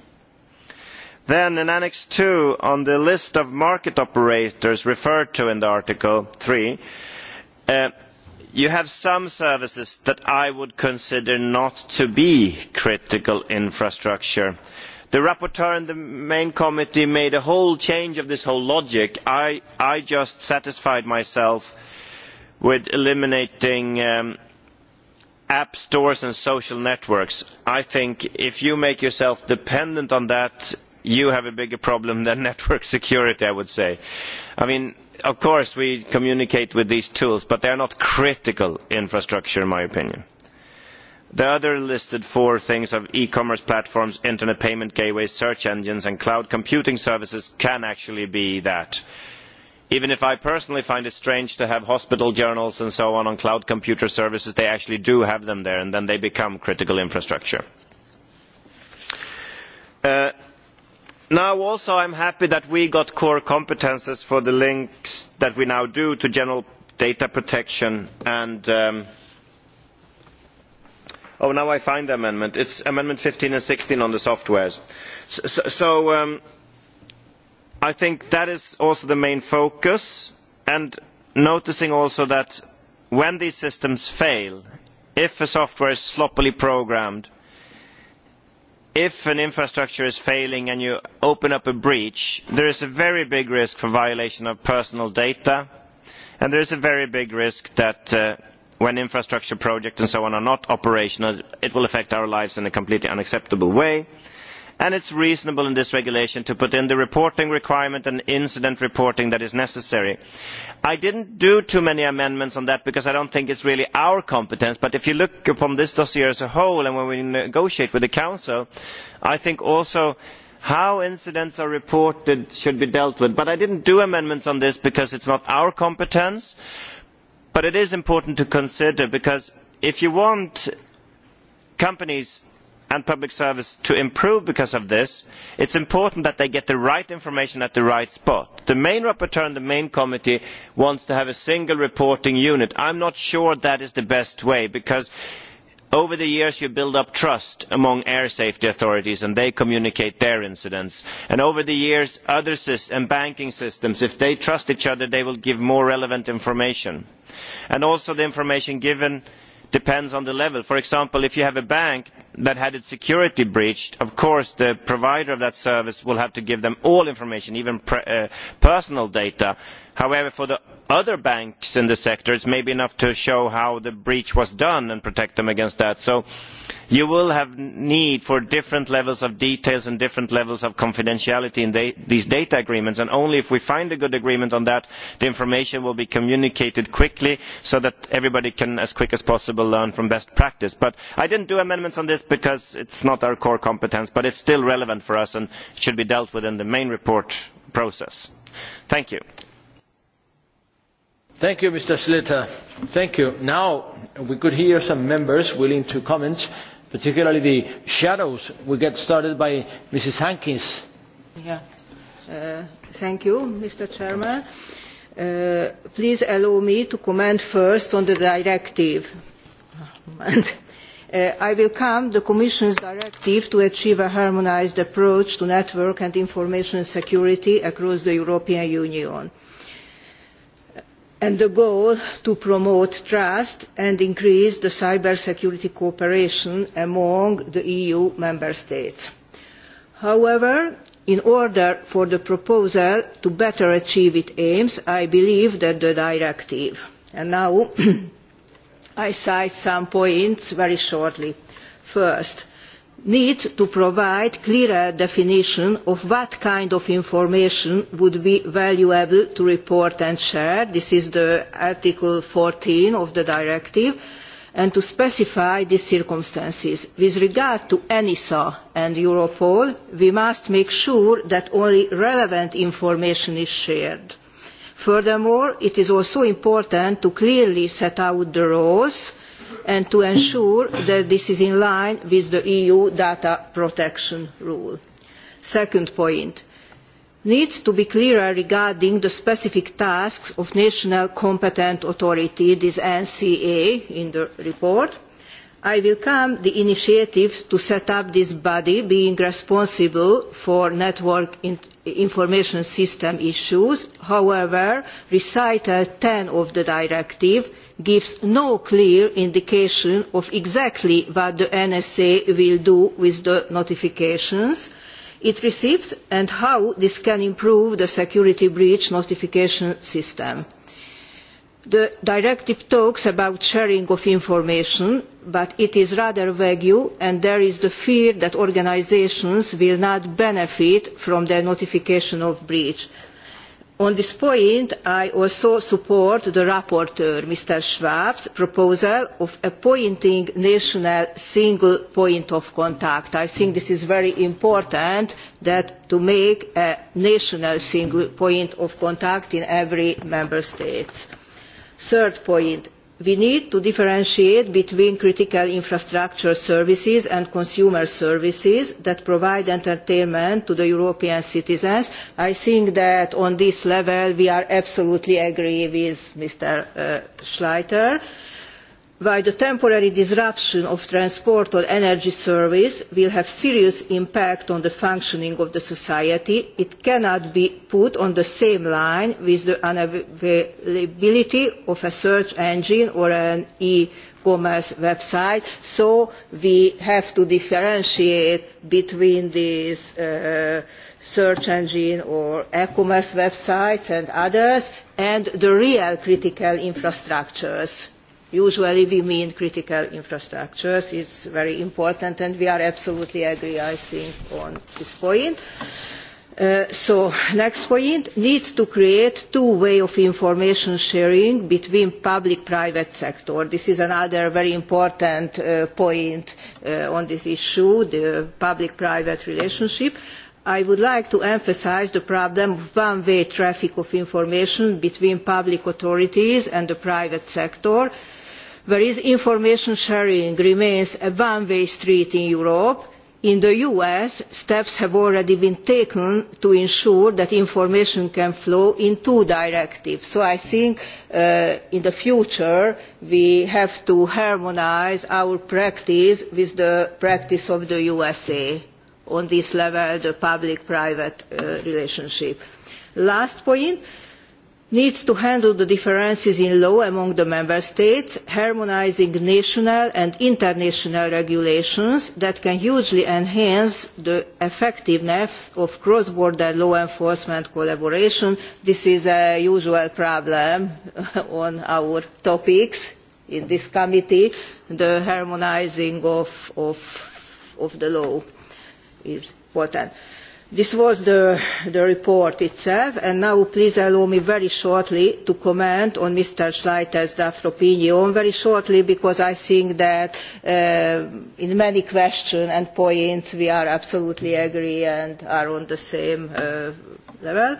Then in Annex 2, on the list of market operators referred to in Article 3, uh, you have some services that I would consider not to be critical infrastructure. The rapporteur and the main committee made a whole change of this whole logic. I, I just satisfied myself with eliminating um, app stores and social networks i think if you make yourself dependent on that you have a bigger problem than network security i would say. i mean of course we communicate with these tools but they are not critical infrastructure in my opinion. the other listed four things of e commerce platforms internet payment gateways search engines and cloud computing services can actually be that even if i personally find it strange to have hospital journals and so on on cloud computer services they actually do have them there and then they become critical infrastructure. Uh, now also i am happy that we got core competences for the links that we now do to general data protection and um, oh now i find the amendment it is amendment fifteen and sixteen on the softwares. so, um, i think that is also the main focus and noticing also that when these systems fail if a software is sloppily programmed if an infrastructure is failing and you open up a breach there is a very big risk for violation of personal data and there is a very big risk that uh, when infrastructure projects and so on are not operational it will affect our lives in a completely unacceptable way and it is reasonable in this regulation to put in the reporting requirement and incident reporting that is necessary. i did not do too many amendments on that because i do not think it is really our competence but if you look upon this dossier as a whole and when we negotiate with the council i think also how incidents are reported should be dealt with. but i did not do amendments on this because it is not our competence but it is important to consider because if you want companies and public service to improve because of this it is important that they get the right information at the right spot. the main rapporteur and the main committee wants to have a single reporting unit. i am not sure that is the best way because over the years you build up trust among air safety authorities and they communicate their incidents and over the years other and banking systems if they trust each other they will give more relevant information. and also the information given depends on the level. for example if you have a bank that had its security breached of course the provider of that service will have to give them all information even uh, personal data. however for the other banks in the sector it may be enough to show how the breach was done and protect them against that. so you will have need for different levels of details and different levels of confidentiality in these data agreements and only if we find a good agreement on that the information will be communicated quickly so that everybody can as quick as possible learn from best practice. but i did not do amendments on this because it is not our core competence but it is still relevant for us and it should be dealt with in the main report process. thank you. thank you mr Sliter. thank you. now we could hear some members willing to comment particularly the shadows. we get started by mrs hankins. Yeah. Uh, thank you mr president. Uh, please allow me to comment first on the directive. Uh, i will come the commission's directive to achieve a harmonised approach to network and information security across the european union and the goal to promote trust and increase the cyber security cooperation among the eu member states. however in order for the proposal to better achieve its aims i believe that the directive and now i cite some points very shortly. first need to provide clearer definition of what kind of information would be valuable to report and share this is the article 14 of the directive and to specify the circumstances. with regard to enisa and europol we must make sure that only relevant information is shared furthermore it is also important to clearly set out the roles and to ensure that this is in line with the eu data protection rule. second point needs to be clearer regarding the specific tasks of national competent authority this nca in the report i welcome the initiatives to set up this body being responsible for network information system issues. however recital 10 of the directive gives no clear indication of exactly what the nsa will do with the notifications it receives and how this can improve the security breach notification system the directive talks about sharing of information but it is rather vague and there is the fear that organisations will not benefit from the notification of breach. on this point i also support the rapporteur mr schwab's proposal of appointing a national single point of contact. i think this is very important that to make a national single point of contact in every member state third point we need to differentiate between critical infrastructure services and consumer services that provide entertainment to the european citizens. i think that on this level we are absolutely agree with mr uh, schlyter while the temporary disruption of transport or energy service will have serious impact on the functioning of the society it cannot be put on the same line with the unavailability of a search engine or an e commerce website so we have to differentiate between these uh, search engine or e commerce websites and others and the real critical infrastructures usually we mean critical infrastructures. it is very important and we are absolutely agree i think on this point. Uh, so next point needs to create two way of information sharing between public private sector this is another very important uh, point uh, on this issue the public private relationship i would like to emphasise the problem of one way traffic of information between public authorities and the private sector whereas information sharing remains a one way street in europe in the us steps have already been taken to ensure that information can flow in two directives so i think uh, in the future we have to harmonise our practice with the practice of the usa on this level the public private uh, relationship. last point needs to handle the differences in law among the member states harmonising national and international regulations that can hugely enhance the effectiveness of cross border law enforcement collaboration. this is a usual problem on our topics in this committee the harmonising of, the law is important this was the, the report itself and now please allow me very shortly to comment on mr schleiter's draft opinion very shortly because i think that uh, in many questions and points we are absolutely agree and are on the same uh, level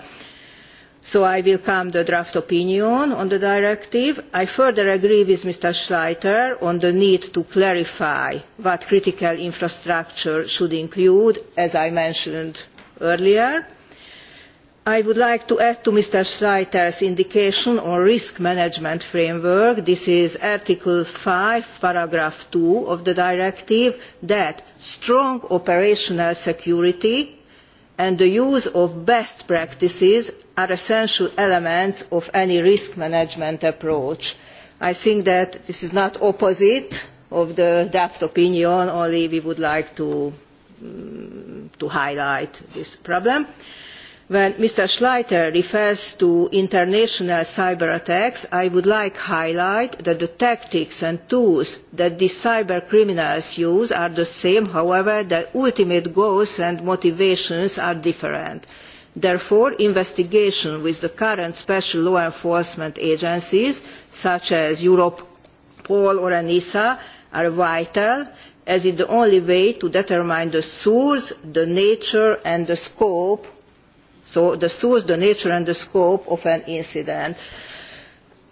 so i welcome the draft opinion on the directive. i further agree with mr schleiter on the need to clarify what critical infrastructure should include as i mentioned earlier. I would like to add to Mr Schleiter's indication on risk management framework, this is Article 5, paragraph 2 of the directive, that strong operational security and the use of best practices are essential elements of any risk management approach. I think that this is not opposite of the draft opinion, only we would like to to highlight this problem. When Mr Schleiter refers to international cyber attacks, I would like to highlight that the tactics and tools that these cyber criminals use are the same, however, their ultimate goals and motivations are different. Therefore, investigation with the current special law enforcement agencies, such as Europol or ENISA, are vital as is the only way to determine the source, the nature and the scope so the source, the nature and the scope of an incident.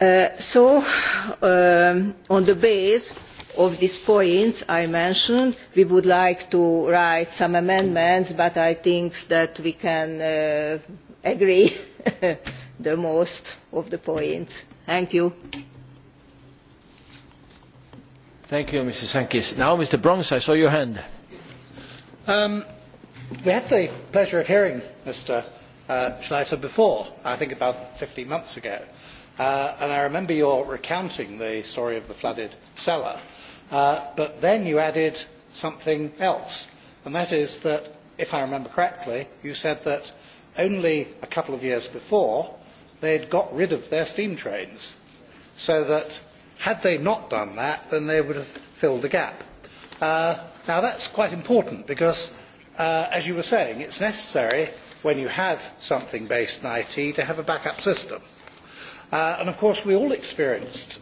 Uh, so um, on the base of these points I mentioned, we would like to write some amendments, but I think that we can uh, agree the most of the points. Thank you. Thank you, Mr. Sankis. Now, Mr. I saw your hand. Um, we had the pleasure of hearing Mr. Uh, before, I think about fifteen months ago. Uh, and I remember your recounting the story of the flooded cellar. Uh, but then you added something else, and that is that, if I remember correctly, you said that only a couple of years before they had got rid of their steam trains, so that had they not done that then they would have filled the gap. Uh, now that's quite important because uh, as you were saying it's necessary when you have something based on it to have a backup system uh, and of course we all experienced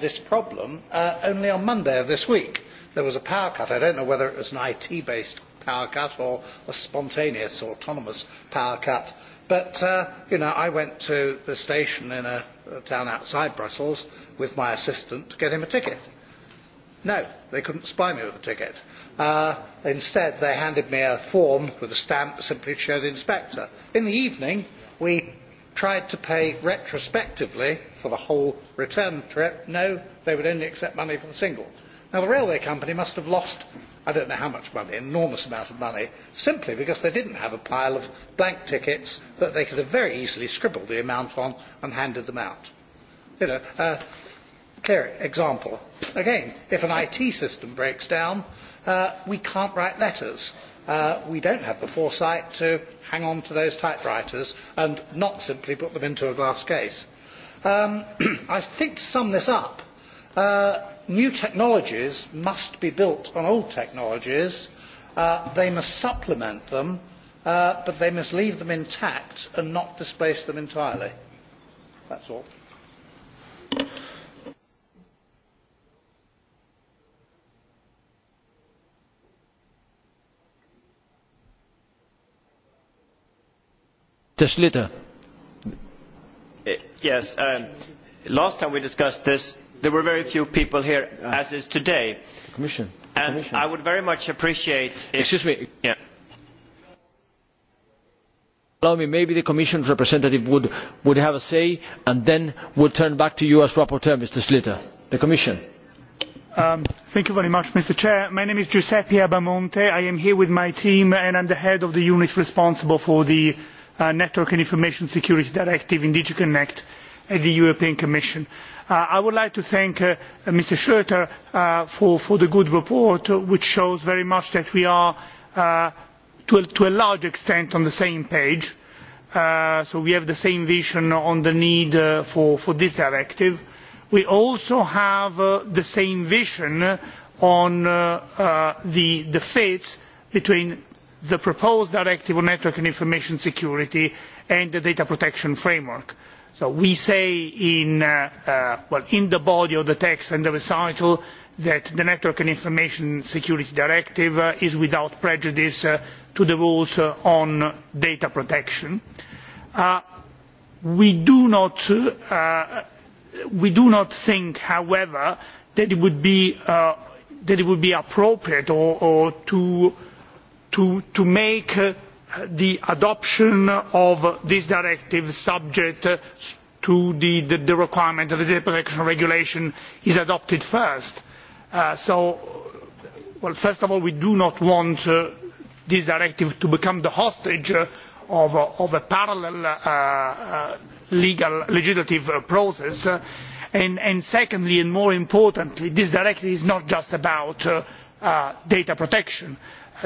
this problem only on monday of this week. there was a power cut i do not know whether it was an it based power cut or a spontaneous autonomous power cut but you know i went to the station in a town uh, outside Brussels with my assistant to get him a ticket. No, they couldn't spy me with a ticket. Uh, instead, they handed me a form with a stamp simply to show the inspector. In the evening, we tried to pay retrospectively for the whole return trip. No, they would only accept money for the single. Now, the railway company must have lost i don't know how much money, an enormous amount of money, simply because they didn't have a pile of blank tickets that they could have very easily scribbled the amount on and handed them out. You know, uh, clear example. Again, if an IT system breaks down, uh, we can't write letters. Uh, we don't have the foresight to hang on to those typewriters and not simply put them into a glass case. Um, I think to sum this up, uh, new technologies must be built on old technologies uh, they must supplement them uh, but they must leave them intact and not displace them entirely that's all uh, Yes, um, last time we discussed this there were very few people here ah. as is today and i would very much appreciate if maybe the commission representative would have a say and then would turn back to you as rapporteur mr Slitter, the commission. Um, thank you very much, mr Chair. my name is giuseppe abamonte i am here with my team and i am the head of the unit responsible for the uh, network and information security directive in DigiConnect at the european commission. Uh, i would like to thank uh, mr schroeter uh, for, the good report which shows very much that we are to a, large extent on the same page so we have the same vision on the need for, this directive. we also have the same vision on the, the fit between the proposed directive on network and information security and the data protection framework so we say uh, uh, in, the body of the text and the recital that the network and information security directive uh, is without prejudice to the rules on data protection. We do, not, think however that it would be, appropriate to make the adoption of this directive subject to the, requirement of the data protection regulation is adopted first. Uh, so first of all we do not want uh, this directive to become the hostage of, a parallel uh, legal legislative process and secondly and more importantly this directive is not just about data protection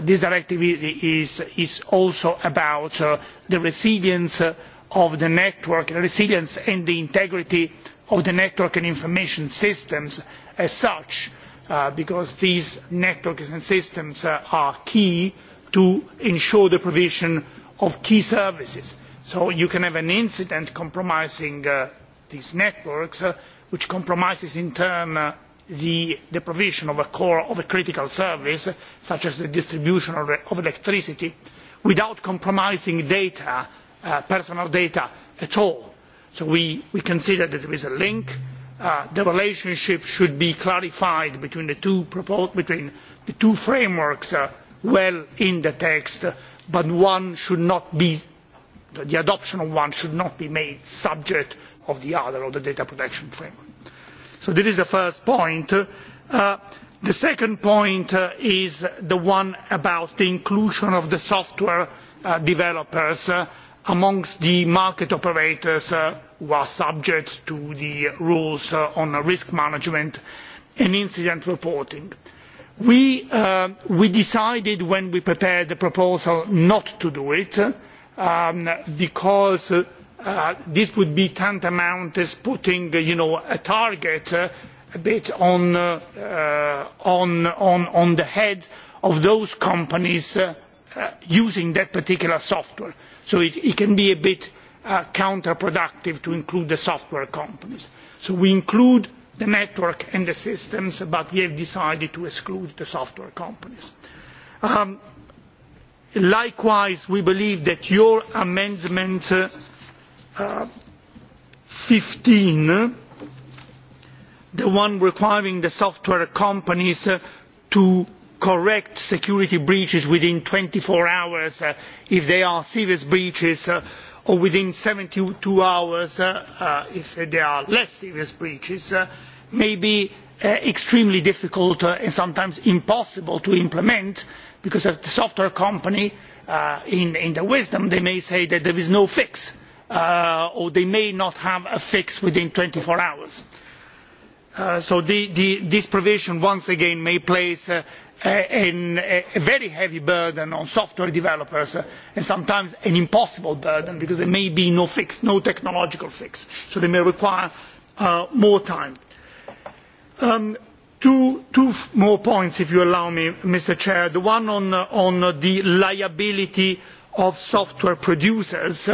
this directive is, also about uh, the resilience uh, of the network the resilience and the integrity of the network and information systems as such uh, because these networks and systems are key to ensure the provision of key services. so you can have an incident compromising these networks which compromises in turn the, provision of a core of a critical service such as the distribution of, electricity without compromising data uh, personal data at all. so we, consider that there is a link. Uh, the relationship should be clarified between the two, between the two frameworks uh, well in the text but one should not be the adoption of one should not be made subject of the other or the data protection framework so this is the first point. Uh, the second point uh, is the one about the inclusion of the software uh, developers amongst the market operators who are subject to the rules on risk management and incident reporting. We, decided when we prepared the proposal not to do it um, because Uh, this would be tantamount as putting uh, a target uh, a bit on, the head of those companies using that particular software. So it, can be a bit counterproductive to include the software companies. So we include the network and the systems, but we have decided to exclude the software companies. Um, likewise, we believe that your amendment fifteen the one requiring the software companies uh, to correct security breaches within twenty four hours uh, if they are serious breaches uh, or within seventy two hours if there are less serious breaches may be extremely difficult and sometimes impossible to implement because of the software company in their wisdom they may say that there is no fix Uh, or they may not have a fix within twenty four hours. Uh, so this provision once again may place uh, a, very heavy burden on software developers and sometimes an impossible burden because there may be no fix no technological fix so they may require more time. Um, two, more points if you allow me mr chair the one on, on the liability of software producers.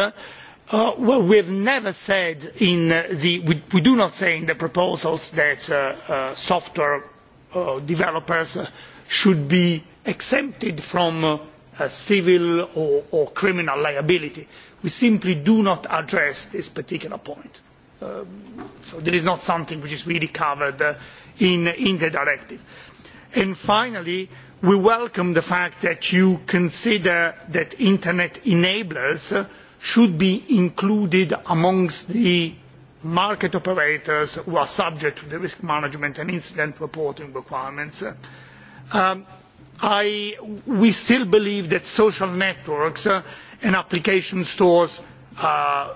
Uh, well, we have never said in uh, the we, do not say in the proposals that uh, software developers should be exempted from civil or, criminal liability. we simply do not address this particular point. Um, so this is not something which is really covered in, the directive. finally we welcome the fact that you consider that internet enablers should be included amongst the market operators who are subject to the risk management and incident reporting requirements. Um, we still believe that social networks uh, and application stores uh,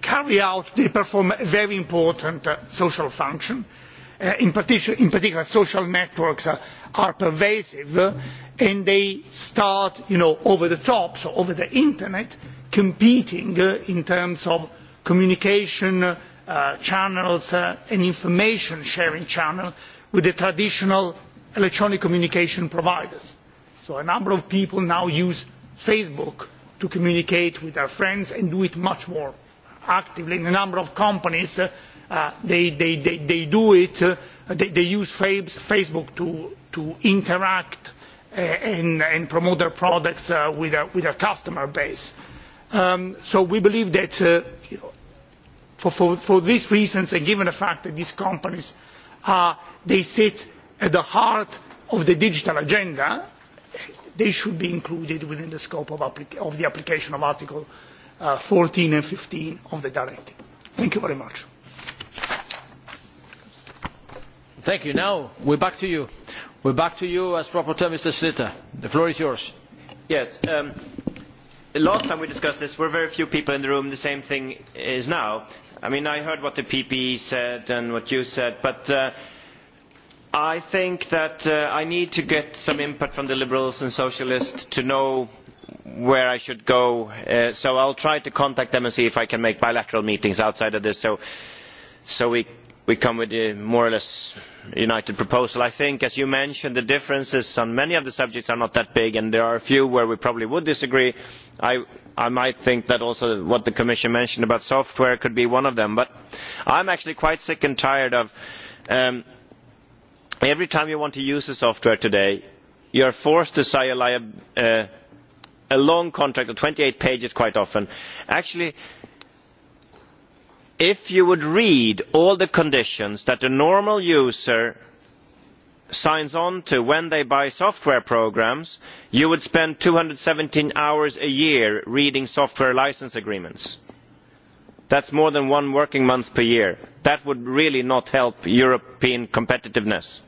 carry out they perform a very important uh, social function Uh, in particular, social networks are pervasive and they start over the top so over the internet competing uh, in terms of communication uh, channels and information sharing channels with the traditional electronic communication providers. so a number of people now use facebook to communicate with their friends and do it much more actively and a number of companies Uh, they, do it uh, they, use facebook to, interact uh, and, promote their products with their, customer base. Um, so we believe that for, these reasons and given the fact that these companies sit at the heart of the digital agenda they should be included within the scope of, the application of article fourteen 14 and 15 of the directive. Thank you very much. back you. you Mr. The floor is yours. Um, last time we discussed this, there were very few people in the room. The same thing is now. I mean, I heard what the PPE said and what you said, but uh, I think that uh, I need to get some input from the Liberals and Socialists to know where I should go. Uh, so so will try to contact them and see if I can make bilateral meetings outside of this so, so we we come with a more or less united proposal. i think as you mentioned the differences on many of the subjects are not that big and there are a few where we probably would disagree. i, might think that also what the commission mentioned about software could be one of them but i am actually quite sick and tired of um, every time you want to use the software today you are forced to sign a, uh, a long contract of twenty eight pages quite often. actually if you would read all the conditions that a normal user signs on to when they buy software programmes you would spend two hundred and seventeen hours a year reading software licence agreements. that is more than one working month per year. that would really not help european competitiveness.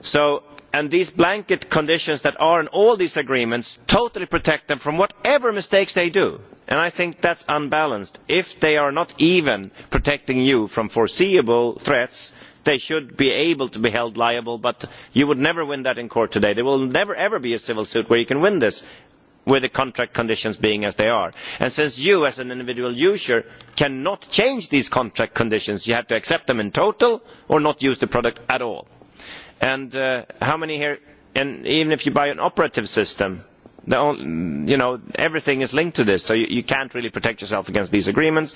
so and these blanket conditions that are in all these agreements totally protect them from whatever mistakes they do and i think that is unbalanced. if they are not even protecting you from foreseeable threats they should be able to be held liable but you would never win that in court today. there will never ever be a civil suit where you can win this with the contract conditions being as they are. And since you as an individual user cannot change these contract conditions you have to accept them in total or not use the product at all and uh, how many here and even if you buy an operative system the you know everything is linked to this so you, you can't really protect yourself against these agreements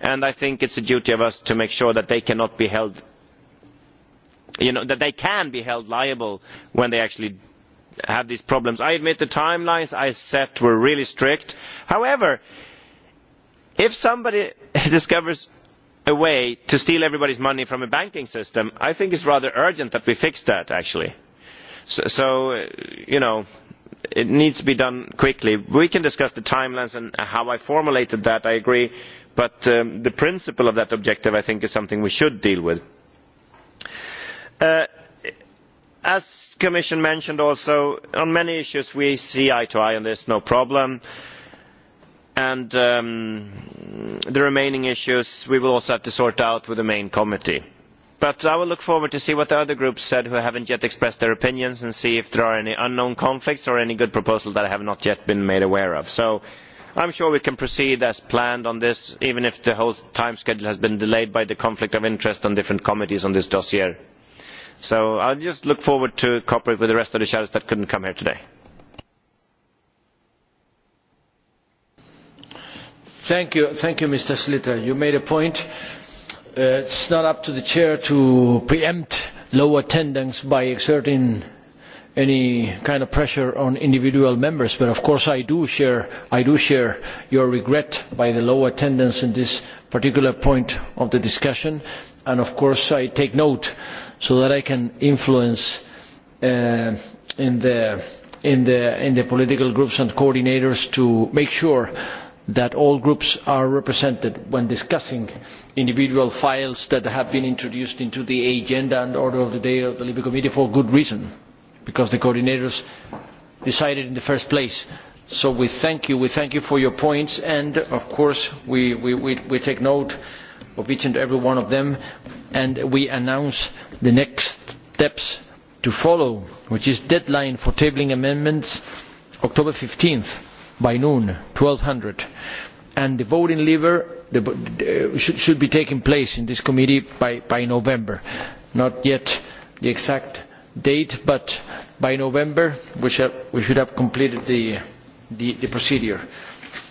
and i think it's a duty of us to make sure that they cannot be held you know that they can be held liable when they actually have these problems i admit the timelines i set were really strict however if somebody discovers a way to steal everybody's money from a banking system i think it is rather urgent that we fix that actually. So, uh, you know it needs to be done quickly. we can discuss the timelines and how i formulated that i agree but um, the principle of that objective i think is something we should deal with. Uh, as the commission mentioned also on many issues we see eye to eye on this no problem and um, the remaining issues we will also have to sort out with the main committee. But I will look forward to see what the other groups said who haven't yet expressed their opinions and see if there are any unknown conflicts or any good proposals that have not yet been made aware of. So I am sure we can proceed as planned on this, even if the whole time schedule has been delayed by the conflict of interest on different committees on this dossier. So I just look forward to cooperating with the rest of the shadows that not come here today. Thank you, thank you, Mr. Slitter. You made a point. Uh, It is not up to the chair to preempt low attendance by exerting any kind of pressure on individual members but of course i do share your regret by the low attendance in this particular point of the discussion and of course i take note so that i can influence uh, in the in the in the political groups and coordinators to make sure that all groups are represented when discussing individual files that have been introduced into the agenda and order of the day of the libe committee for good reason because the coordinators decided in the first place. so we thank you we thank you for your points and of course we, we, take note of each and every one of them and we announce the next steps to follow which is the deadline for tabling amendments october 15 by noon, 1200. And the voting lever should, be taking place in this committee by, November. Not yet the exact date, but by November we, should have completed the, procedure.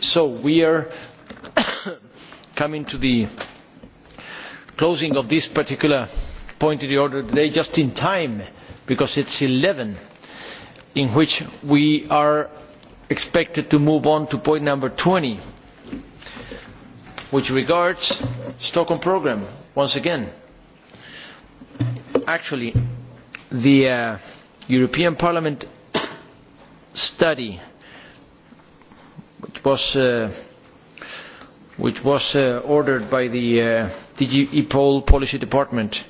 So we are coming to the closing of this particular point of the order today, just in time because it is eleven in which we are expected to move on to point number 20 which regards Stockholm Programme once again actually the uh, European Parliament study which was uh, which was uh, ordered by the DG EPOL policy department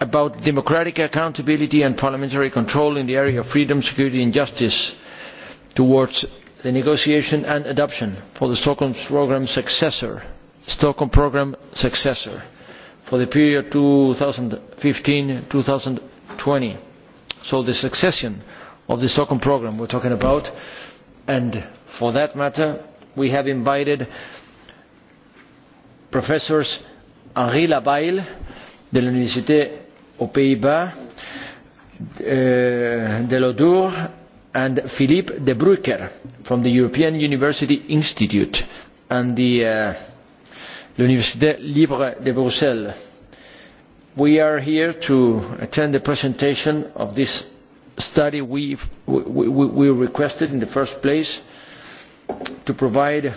about democratic accountability and parliamentary control in the area of freedom security and justice towards the negotiation and adoption for the stockholm programme successor stockholm programme successor for the period 2015 2020 so the succession of the stockholm programme are talking about and for that matter we have invited professors henri labaille de l'université aux Pays-Bas, euh, and Philippe de Brucker from the European University Institute and the uh, l'Université Libre de Bruxelles. We are here to attend the presentation of this study we, we, we requested in the first place to provide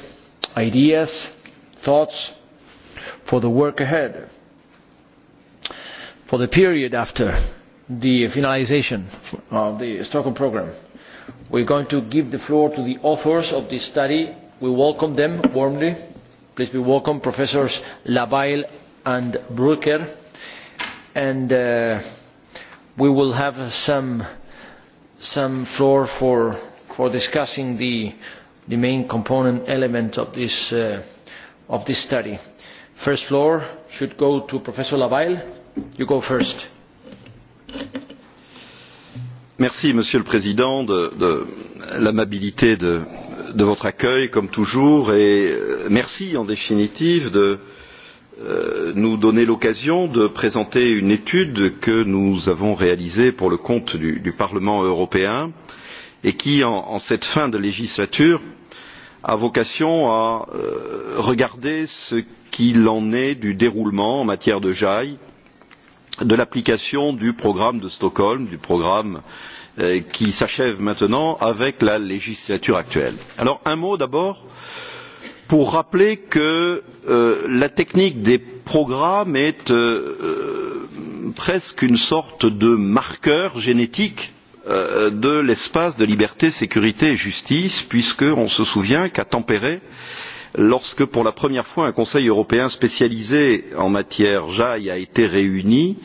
ideas, thoughts for the work ahead for the period after the finalisation of the Stockholm programme. We are going to give the floor to the authors of this study. We welcome them warmly. Please be welcome, Professors Labail and Brucker. And uh, we will have some, some floor for, for discussing the, the main component element of this, uh, of this study. First floor should go to Professor Labail Merci, Monsieur le Président, de, l'amabilité de, votre accueil, comme toujours, et euh, merci, en définitive, de euh, nous donner l'occasion de présenter une étude que nous avons réalisée pour le compte du, Parlement européen et qui, en, cette fin de législature, a vocation à euh, regarder ce qu'il en est du déroulement en matière de jail de l'application du programme de stockholm du programme euh, qui s'achève maintenant avec la législature actuelle. Alors, un mot d'abord pour rappeler que euh, la technique des programmes est euh, presque une sorte de marqueur génétique de l'espace de liberté sécurité et justice puisqu'on se souvient qu'à tampere lorsque pour la première fois un conseil européen spécialisé en matière jai a été réuni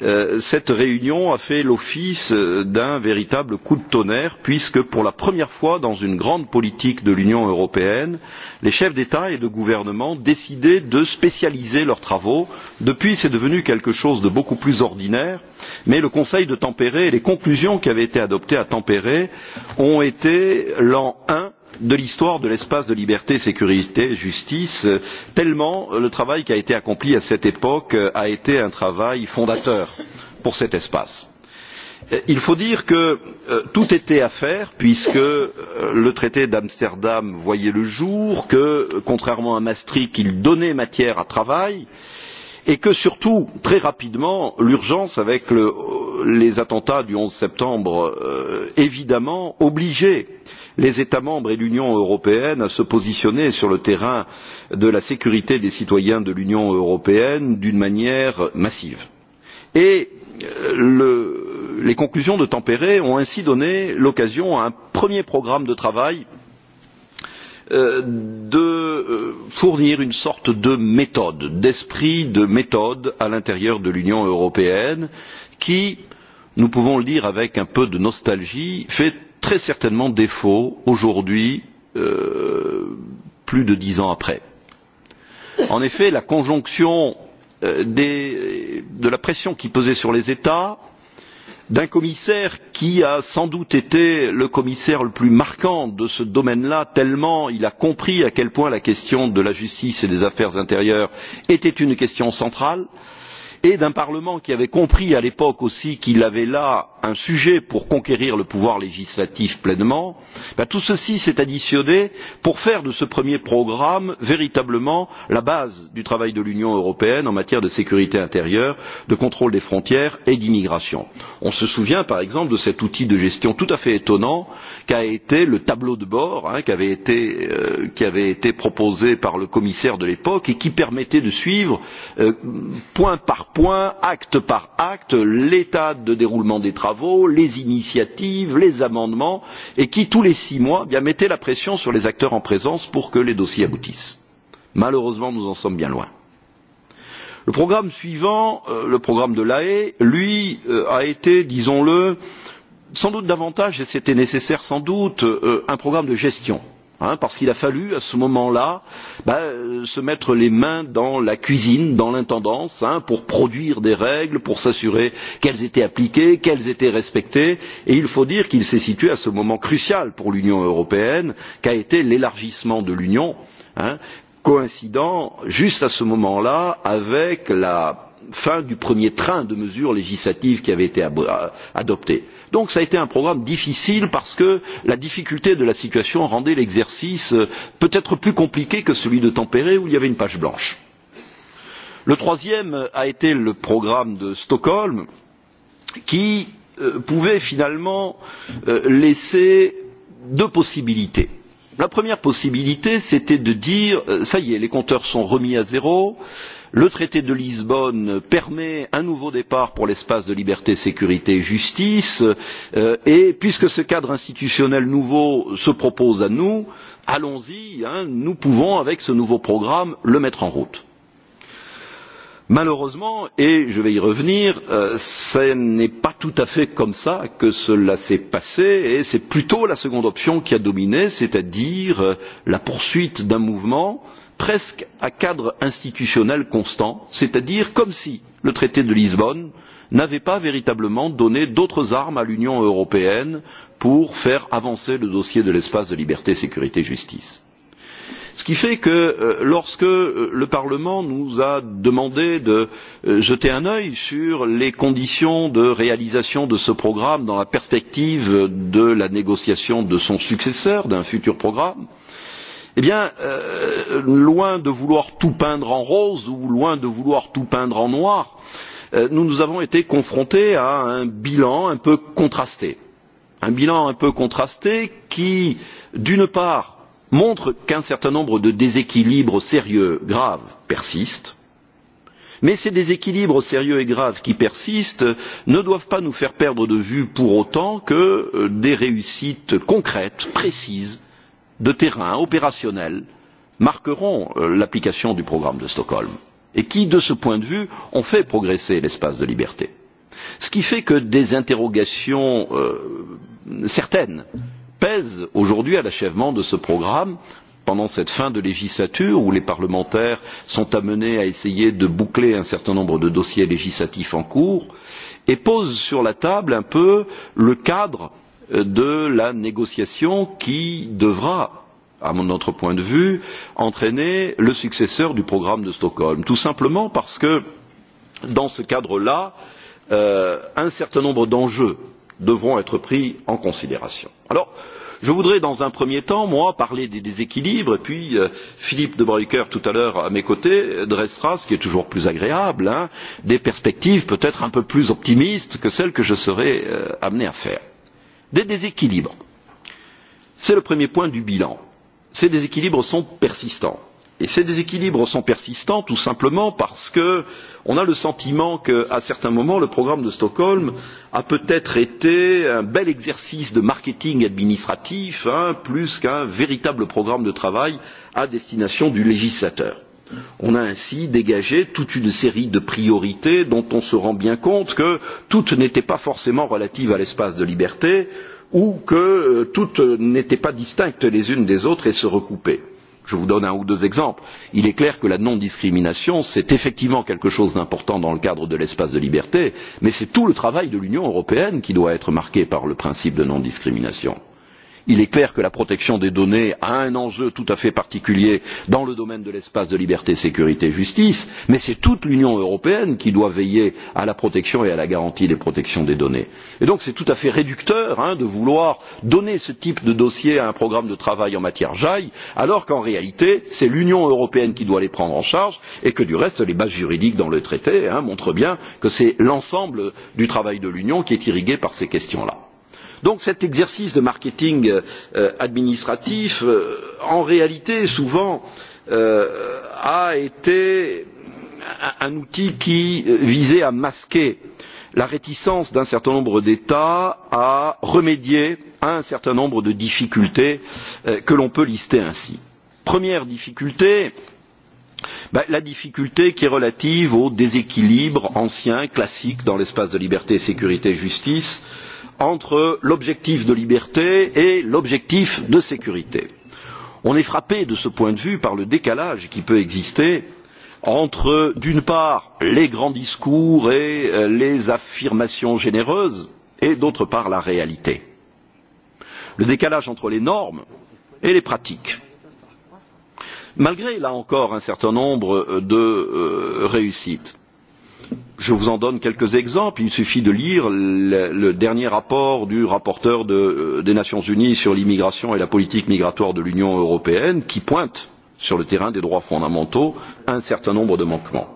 euh, cette réunion a fait l'office euh, d'un véritable coup de tonnerre puisque pour la première fois dans une grande politique de l'union européenne les chefs d'état et de gouvernement décidaient de spécialiser leurs travaux. depuis c'est devenu quelque chose de beaucoup plus ordinaire mais le conseil de tampere et les conclusions qui avaient été adoptées à tampere ont été l'an i de l'histoire de l'espace de liberté sécurité et justice tellement le travail qui a été accompli à cette époque euh, a été un travail fondateur pour cet espace. Euh, il faut dire que euh, tout était à faire puisque le traité d'amsterdam voyait le jour que contrairement à maastricht il donnait matière à travail et que surtout très rapidement l'urgence avec les attentats du onze septembre évidemment obligeait les états membres et l'union européenne à se positionner sur le terrain de la sécurité des citoyens de l'union européenne d'une manière massive. Euh, les conclusions de tampere ont ainsi donné l'occasion à un premier programme de travail euh, de euh, fournir une sorte de méthode d'esprit de méthode à l'intérieur de l'union européenne qui nous pouvons le dire avec un peu de nostalgie fait très certainement défaut aujourd'hui euh, plus de dix ans après. en effet la conjonction euh, des, de la pression qui pesait sur les états d'un commissaire qui a sans doute été le commissaire le plus marquant de ce domaine là tellement il a compris à quel point la question de la justice et des affaires intérieures était une question centrale et d'un parlement qui avait compris à l'époque aussi qu'il avait là un sujet pour conquérir le pouvoir législatif pleinement tout ceci s'est additionné pour faire de ce premier programme véritablement la base du travail de l'union européenne en matière de sécurité intérieure de contrôle des frontières et d'immigration. on se souvient par exemple de cet outil de gestion tout à fait étonnant qu'a été le tableau de bord hein, qui, avait été, euh, qui avait été proposé par le commissaire de l'époque et qui permettait de suivre euh, point par point acte par acte l'état de déroulement des travaux les initiatives les amendements et qui tous les six mois mettait la pression sur les acteurs en présence pour que les dossiers aboutissent. malheureusement nous en sommes bien loin. le programme suivant euh, le programme de la haye lui euh, a été disons le sans doute davantage et c'était nécessaire sans doute euh, un programme de gestion Hein, parce qu'il a fallu à ce moment là ben, euh, se mettre les mains dans la cuisine dans l'intendance pour produire des règles pour s'assurer qu'elles étaient appliquées qu'elles étaient respectées et il faut dire qu'il s'est situé à ce moment crucial pour l'union européenne qu'a été l'élargissement de l'union coïncidant juste à ce moment là avec la fin du premier train de mesures législatives qui avait été euh, adoptées donc cela a été un programme difficile parce que la difficulté de la situation rendait l'exercice euh, peut être plus compliqué que celui de tempéré où il y avait une page blanche. le troisième a été le programme de stockholm qui euh, pouvait finalement euh, laisser deux possibilités. la première possibilité c'était de dire ça y est les compteurs sont remis à zéro le traité de lisbonne permet un nouveau départ pour l'espace de liberté sécurité et justice euh, et puisque ce cadre institutionnel nouveau se propose à nous allons y hein, nous pouvons avec ce nouveau programme le mettre en route. malheureusement et je vais y revenir euh, ce n'est pas tout à fait comme cela que cela s'est passé et c'est plutôt la seconde option qui a dominé c'est à dire euh, la poursuite d'un mouvement presque à cadre institutionnel constant c'est à dire comme si le traité de lisbonne n'avait pas véritablement donné d'autres armes à l'union européenne pour faire avancer le dossier de l'espace de liberté sécurité et justice. ce qui fait que euh, lorsque euh, le parlement nous a demandé de euh, jeter un œil sur les conditions de réalisation de ce programme dans la perspective de la négociation de son successeur d'un futur programme eh bien euh, loin de vouloir tout peindre en rose ou loin de vouloir tout peindre en noir euh, nous nous avons été confrontés à un bilan un peu contrasté un bilan un peu contrasté qui d'une part montre qu'un certain nombre de déséquilibres sérieux graves persistent mais ces déséquilibres sérieux et graves qui persistent ne doivent pas nous faire perdre de vue pour autant que euh, des réussites concrètes précises de terrain opérationnels marqueront euh, l'application du programme de stockholm et qui de ce point de vue ont fait progresser l'espace de liberté ce qui fait que des interrogations euh, certaines pèsent aujourd'hui à l'achèvement de ce programme pendant cette fin de législature où les parlementaires sont amenés à essayer de boucler un certain nombre de dossiers législatifs en cours et posent sur la table un peu le cadre de la négociation qui devra à notre point de vue entraîner le successeur du programme de stockholm tout simplement parce que dans ce cadre là euh, un certain nombre d'enjeux devront être pris en considération. alors je voudrais dans un premier temps moi, parler des déséquilibres et puis euh, philippe de broeker tout à l'heure à mes côtés dressera ce qui est toujours plus agréable hein, des perspectives peut être un peu plus optimistes que celles que je serai euh, amené à faire des déséquilibres c'est le premier point du bilan ces déséquilibres sont persistants et ces déséquilibres sont persistants tout simplement parce qu'on a le sentiment qu'à certains moments le programme de stockholm a peut être été un bel exercice de marketing administratif hein, plus qu'un véritable programme de travail à destination du législateur on a ainsi dégagé toute une série de priorités dont on se rend bien compte que toutes n'étaient pas forcément relatives à l'espace de liberté ou que euh, toutes n'étaient pas distinctes les unes des autres et se recoupaient. je vous donne un ou deux exemples il est clair que la non discrimination c'est effectivement quelque chose d'important dans le cadre de l'espace de liberté mais c'est tout le travail de l'union européenne qui doit être marqué par le principe de non discrimination il est clair que la protection des données a un enjeu tout à fait particulier dans le domaine de l'espace de liberté sécurité et justice mais c'est toute l'union européenne qui doit veiller à la protection et à la garantie des protections des données. et donc c'est tout à fait réducteur hein, de vouloir donner ce type de dossier à un programme de travail en matière jai alors qu'en réalité c'est l'union européenne qui doit les prendre en charge et que du reste les bases juridiques dans le traité hein, montrent bien que c'est l'ensemble du travail de l'union qui est irrigué par ces questions là donc cet exercice de marketing euh, administratif euh, en réalité souvent euh, a été un outil qui visait à masquer la réticence d'un certain nombre d'états à remédier à un certain nombre de difficultés que l'on peut lister ainsi première difficulté la difficulté qui est relative au déséquilibre ancien classique dans l'espace de liberté sécurité et justice entre l'objectif de liberté et l'objectif de sécurité. on est frappé de ce point de vue par le décalage qui peut exister entre d'une part les grands discours et euh, les affirmations généreuses et d'autre part la réalité le décalage entre les normes et les pratiques malgré là encore un certain nombre euh, de euh, réussites je vous en donne quelques exemples il suffit de lire le, dernier rapport du rapporteur de, euh, des nations unies sur l'immigration et la politique migratoire de l'union européenne qui pointe sur le terrain des droits fondamentaux un certain nombre de manquements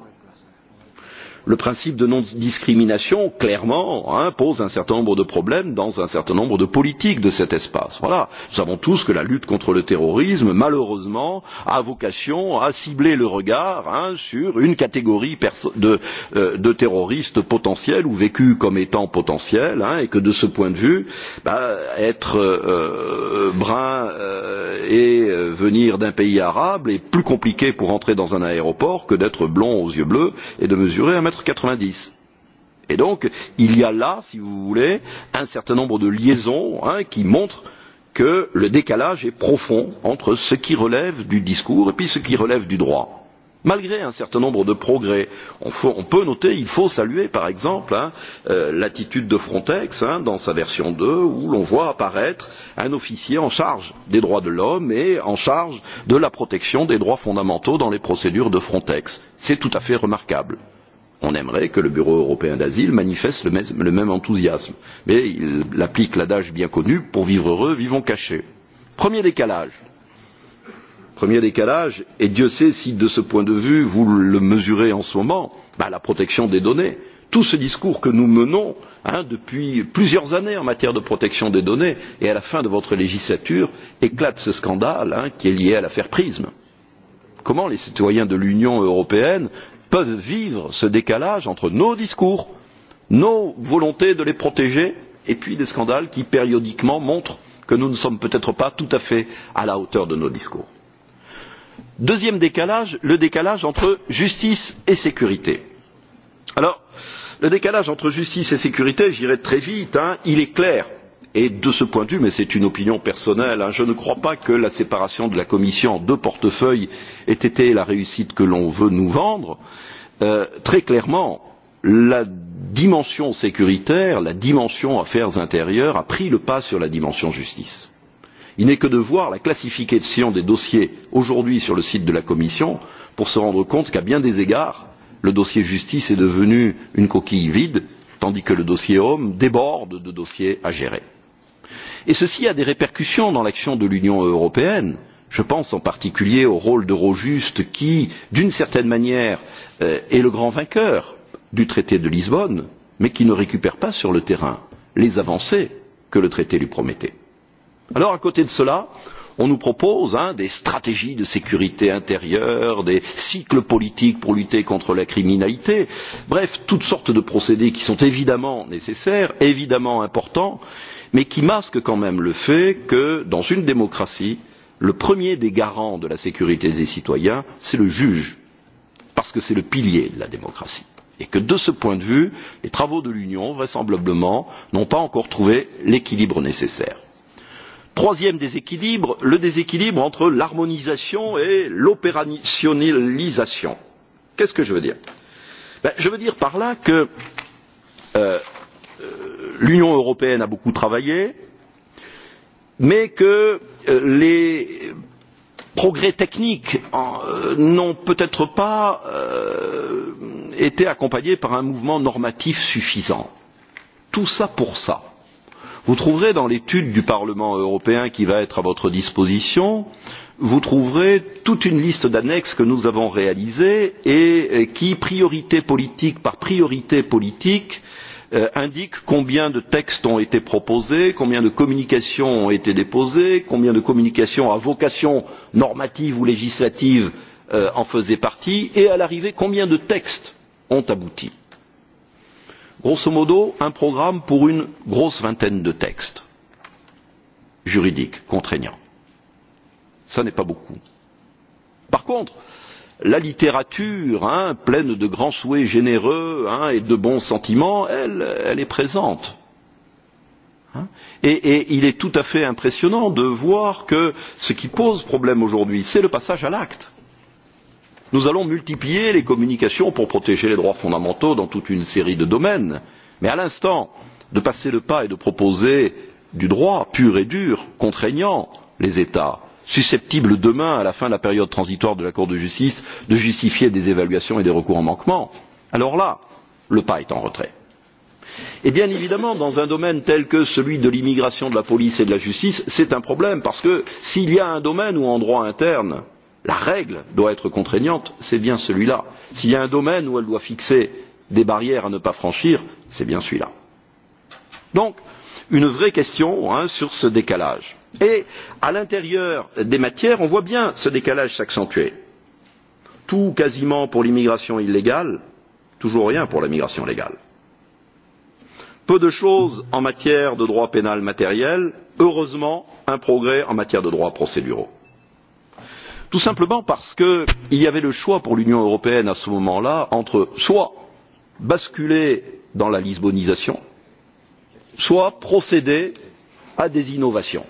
le principe de non discrimination clairement pose un certain nombre de problèmes dans un certain nombre de politiques de cet espace. Voilà. nous savons tous que la lutte contre le terrorisme malheureusement a vocation à cibler le regard hein, sur une catégorie euh, de, terroristes potentiels ou vécus comme étant potentiels hein, et que de ce point de vue bah, être euh, euh, brun et venir d'un pays arabe est plus compliqué pour entrer dans un aéroport que d'être blond aux yeux bleus et de mesurer kilomètre quatre-vingt dix. Et donc, il y a là, si vous voulez, un certain nombre de liaisons hein, qui montrent que le décalage est profond entre ce qui relève du discours et puis ce qui relève du droit malgré un certain nombre de progrès on, faut, on peut noter il faut saluer par exemple hein, euh, l'attitude de frontex hein, dans sa version 2 où l'on voit apparaître un officier en charge des droits de l'homme et en charge de la protection des droits fondamentaux dans les procédures de frontex c'est tout à fait remarquable on aimerait que le bureau européen d'asile manifeste le même, enthousiasme mais il applique l'adage bien connu pour vivre heureux vivons cachés. premier décalage premier décalage et dieu sait si de ce point de vue vous le mesurez en ce moment bah, la protection des données tout ce discours que nous menons hein, depuis plusieurs années en matière de protection des données et à la fin de votre législature éclate ce scandale hein, qui est lié à l'affaire Prisme. comment les citoyens de l'union européenne peuvent vivre ce décalage entre nos discours nos volontés de les protéger et puis des scandales qui périodiquement montrent que nous ne sommes peut être pas tout à fait à la hauteur de nos discours. deuxième décalage le décalage entre justice et sécurité. alors le décalage entre justice et sécurité j'irai très vite hein, il est clair et de ce point de vue mais c'est une opinion personnelle je ne crois pas que la séparation de la commission en deux portefeuilles ait été la réussite que l'on veut nous vendre euh, très clairement la dimension sécuritaire la dimension affaires intérieures a pris le pas sur la dimension justice il n'est que de voir la classification des dossiers aujourd'hui sur le site de la commission pour se rendre compte qu'à bien des égards le dossier justice est devenu une coquille vide tandis que le dossier homme déborde de dossiers à gérer et ceci a des répercussions dans l'action de l'union européenne je pense en particulier au rôle d'eurojust qui d'une certaine manière euh, est le grand vainqueur du traité de lisbonne mais qui ne récupère pas sur le terrain les avancées que le traité lui promettait. alors à côté de cela on nous propose hein, des stratégies de sécurité intérieure des cycles politiques pour lutter contre la criminalité bref toutes sortes de procédés qui sont évidemment nécessaires évidemment importants mais qui masque quand même le fait que dans une démocratie le premier des garants de la sécurité des citoyens c'est le juge parce que c'est le pilier de la démocratie et que de ce point de vue les travaux de l'union vraisemblablement n'ont pas encore trouvé l'équilibre nécessaire. troisième déséquilibre le déséquilibre entre l'harmonisation et l'opérationnalisation. qu'est ce que je veux dire? je veux dire par là que euh, l'union européenne a beaucoup travaillé mais que euh, les progrès techniques euh, n'ont peut être pas euh, été accompagnés par un mouvement normatif suffisant. tout cela pour cela. vous trouverez dans l'étude du parlement européen qui va être à votre disposition vous trouverez toute une liste d'annexes que nous avons réalisées et qui priorité politique par priorité politique Euh, indique combien de textes ont été proposés combien de communications ont été déposées combien de communications à vocation normative ou législative euh, en faisaient partie et à l'arrivée combien de textes ont abouti. grosso modo un programme pour une grosse vingtaine de textes juridiques contraignants. ce n'est pas beaucoup. par contre la littérature hein, pleine de grands souhaits généreux hein, et de bons sentiments elle, elle est présente et, et il est tout à fait impressionnant de voir que ce qui pose problème aujourd'hui c'est le passage à l'acte nous allons multiplier les communications pour protéger les droits fondamentaux dans toute une série de domaines mais à l'instant de passer le pas et de proposer du droit pur et dur contraignant les états susceptibles demain à la fin de la période transitoire de la cour de justice de justifier des évaluations et des recours en manquement alors là le pas est en retrait. et bien évidemment dans un domaine tel que celui de l'immigration de la police et de la justice c'est un problème parce que s'il y a un domaine où en droit interne la règle doit être contraignante c'est bien celui là. s'il y a un domaine où elle doit fixer des barrières à ne pas franchir c'est bien celui là. donc une vraie question sur ce décalage et à l'intérieur des matières on voit bien ce décalage s'accentuer tout quasiment pour l'immigration illégale toujours rien pour la migration légale peu de choses en matière de droit pénal matériel heureusement un progrès en matière de droits procéduraux tout simplement parce qu'il y avait le choix pour l'union européenne à ce moment là entre soit basculer dans la lisbonisation, soit procéder à des innovations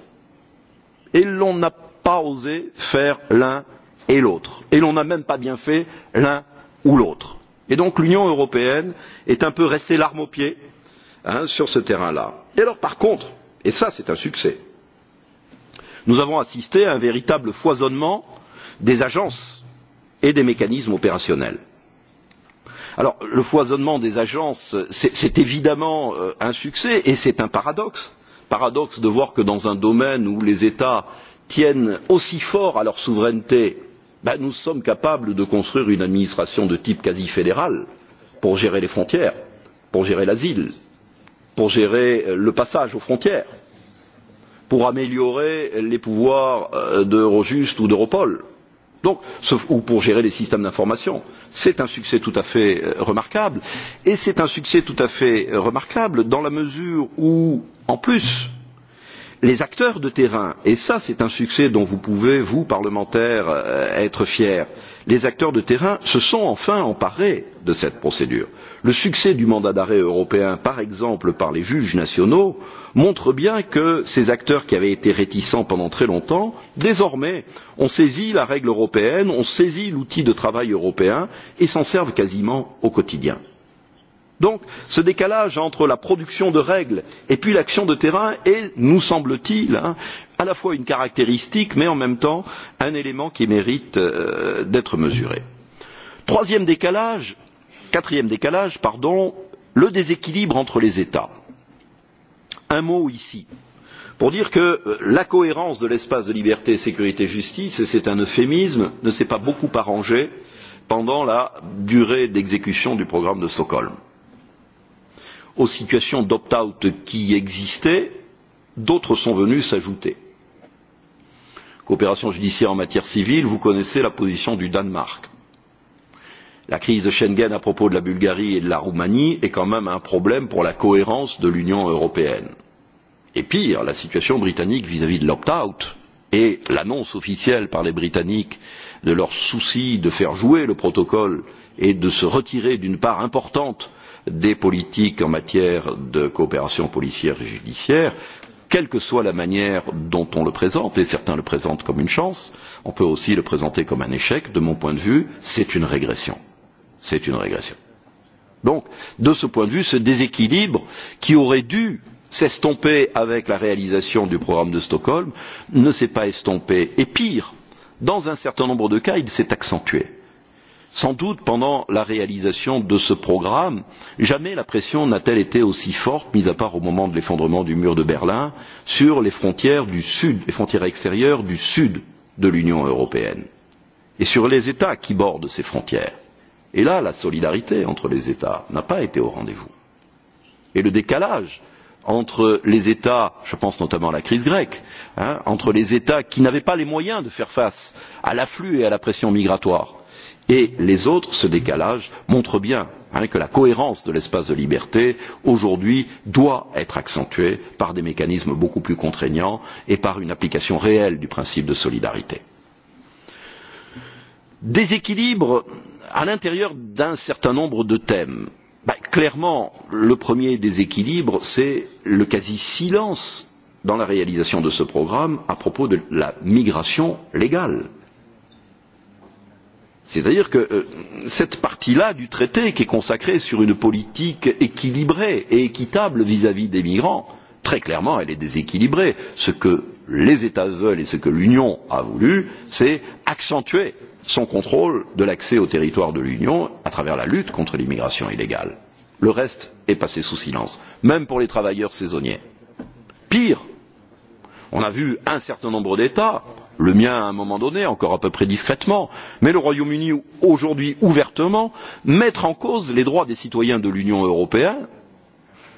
et l'on n'a pas osé faire l'un et l'autre et l'on n'a même pas bien fait l'un ou l'autre. et donc l'union européenne est un peu restée l'arme au pied hein, sur ce terrain là. Et alors par contre et ça c'est un succès nous avons assisté à un véritable foisonnement des agences et des mécanismes opérationnels. Alors, le foisonnement des agences, c'est évidemment euh, un succès et c'est un paradoxe paradoxe de voir que dans un domaine où les états tiennent aussi fort à leur souveraineté nous sommes capables de construire une administration de type quasi fédéral pour gérer les frontières pour gérer l'asile pour gérer euh, le passage aux frontières pour améliorer les pouvoirs euh, d'eurojust ou d'europol donc, ou pour gérer les systèmes d'information. c'est un succès tout à fait euh, remarquable et c'est un succès tout à fait remarquable dans la mesure où en plus les acteurs de terrain et ça c'est un succès dont vous pouvez vous parlementaires euh, être fiers les acteurs de terrain se sont enfin emparés de cette procédure. le succès du mandat d'arrêt européen par exemple par les juges nationaux montre bien que ces acteurs qui avaient été réticents pendant très longtemps désormais ont saisi la règle européenne ont saisi l'outil de travail européen et s'en servent quasiment au quotidien donc ce décalage entre la production de règles et puis l'action de terrain est nous semble t il à la fois une caractéristique mais en même temps un élément qui mérite euh, d'être mesuré. troisième décalage quatrième décalage pardon le déséquilibre entre les états. un mot ici pour dire que euh, la cohérence de l'espace de liberté sécurité justice et c'est un euphémisme ne s'est pas beaucoup arrangée pendant la durée d'exécution du programme de stockholm aux situations d'opt out qui existaient d'autres sont venus s'ajouter coopération judiciaire en matière civile vous connaissez la position du danemark la crise de schengen à propos de la bulgarie et de la roumanie est quand même un problème pour la cohérence de l'union européenne et pire la situation britannique vis à vis de l'opt out et l'annonce officielle par les britanniques de leur souci de faire jouer le protocole et de se retirer d'une part importante des politiques en matière de coopération policière et judiciaire quelle que soit la manière dont on le présente et certains le présentent comme une chance on peut aussi le présenter comme un échec de mon point de vue c'est une régression c'est une régression donc de ce point de vue ce déséquilibre qui aurait dû s'estomper avec la réalisation du programme de stockholm ne s'est pas estompé et pire dans un certain nombre de cas il s'est accentué sans doute pendant la réalisation de ce programme jamais la pression n'a t elle été aussi forte mis à part au moment de l'effondrement du mur de berlin sur les frontières du sud les frontières extérieures du sud de l'union européenne et sur les états qui bordent ces frontières et là la solidarité entre les états n'a pas été au rendez-vous et le décalage entre les états je pense notamment à la crise grecque hein entre les états qui n'avaient pas les moyens de faire face à l'afflux et à la pression migratoire et les autres ce décalage montre bien que la cohérence de l'espace de liberté aujourd'hui doit être accentuée par des mécanismes beaucoup plus contraignants et par une application réelle du principe de solidarité déséquilibre à l'intérieur d'un certain nombre de thèmes clairement le premier déséquilibre c'est le quasi silence dans la réalisation de ce programme à propos de la migration légale c'est à dire que euh, cette partie là du traité qui est consacrée sur une politique équilibrée et équitable vis à vis des migrants très clairement elle est déséquilibrée. ce que les états veulent et ce que l'union a voulu c'est accentuer son contrôle de l'accès au territoire de l'union à travers la lutte contre l'immigration illégale. le reste est passé sous silence même pour les travailleurs saisonniers. pire on a vu un certain nombre d'états le mien à un moment donné encore à peu près discrètement mais le royaume uni aujourd'hui ouvertement mettre en cause les droits des citoyens de l'union européenne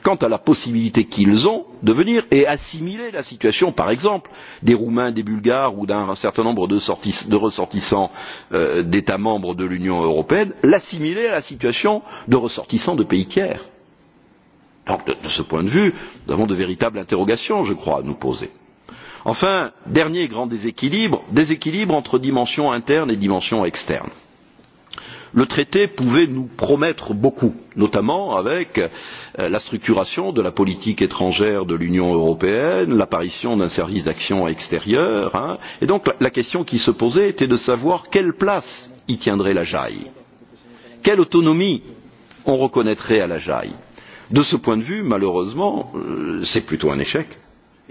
quant à la possibilité qu'ils ont de venir et assimiler la situation par exemple des roumains des bulgares ou d'un certain nombre de, sortis, de ressortissants euh, d'états membres de l'union européenne l'assimiler à la situation de ressortissants de pays tiers. donc de, de ce point de vue nous avons de véritables interrogations je crois à nous poser enfin dernier grand déséquilibre déséquilibre entre dimension interne et dimension externe. le traité pouvait nous promettre beaucoup notamment avec euh, la structuration de la politique étrangère de l'union européenne l'apparition d'un service d'action extérieure hein, et donc la question qui se posait était de savoir quelle place y tiendrait la jai quelle autonomie on reconnaîtrait à la jai. de ce point de vue malheureusement euh, c'est plutôt un échec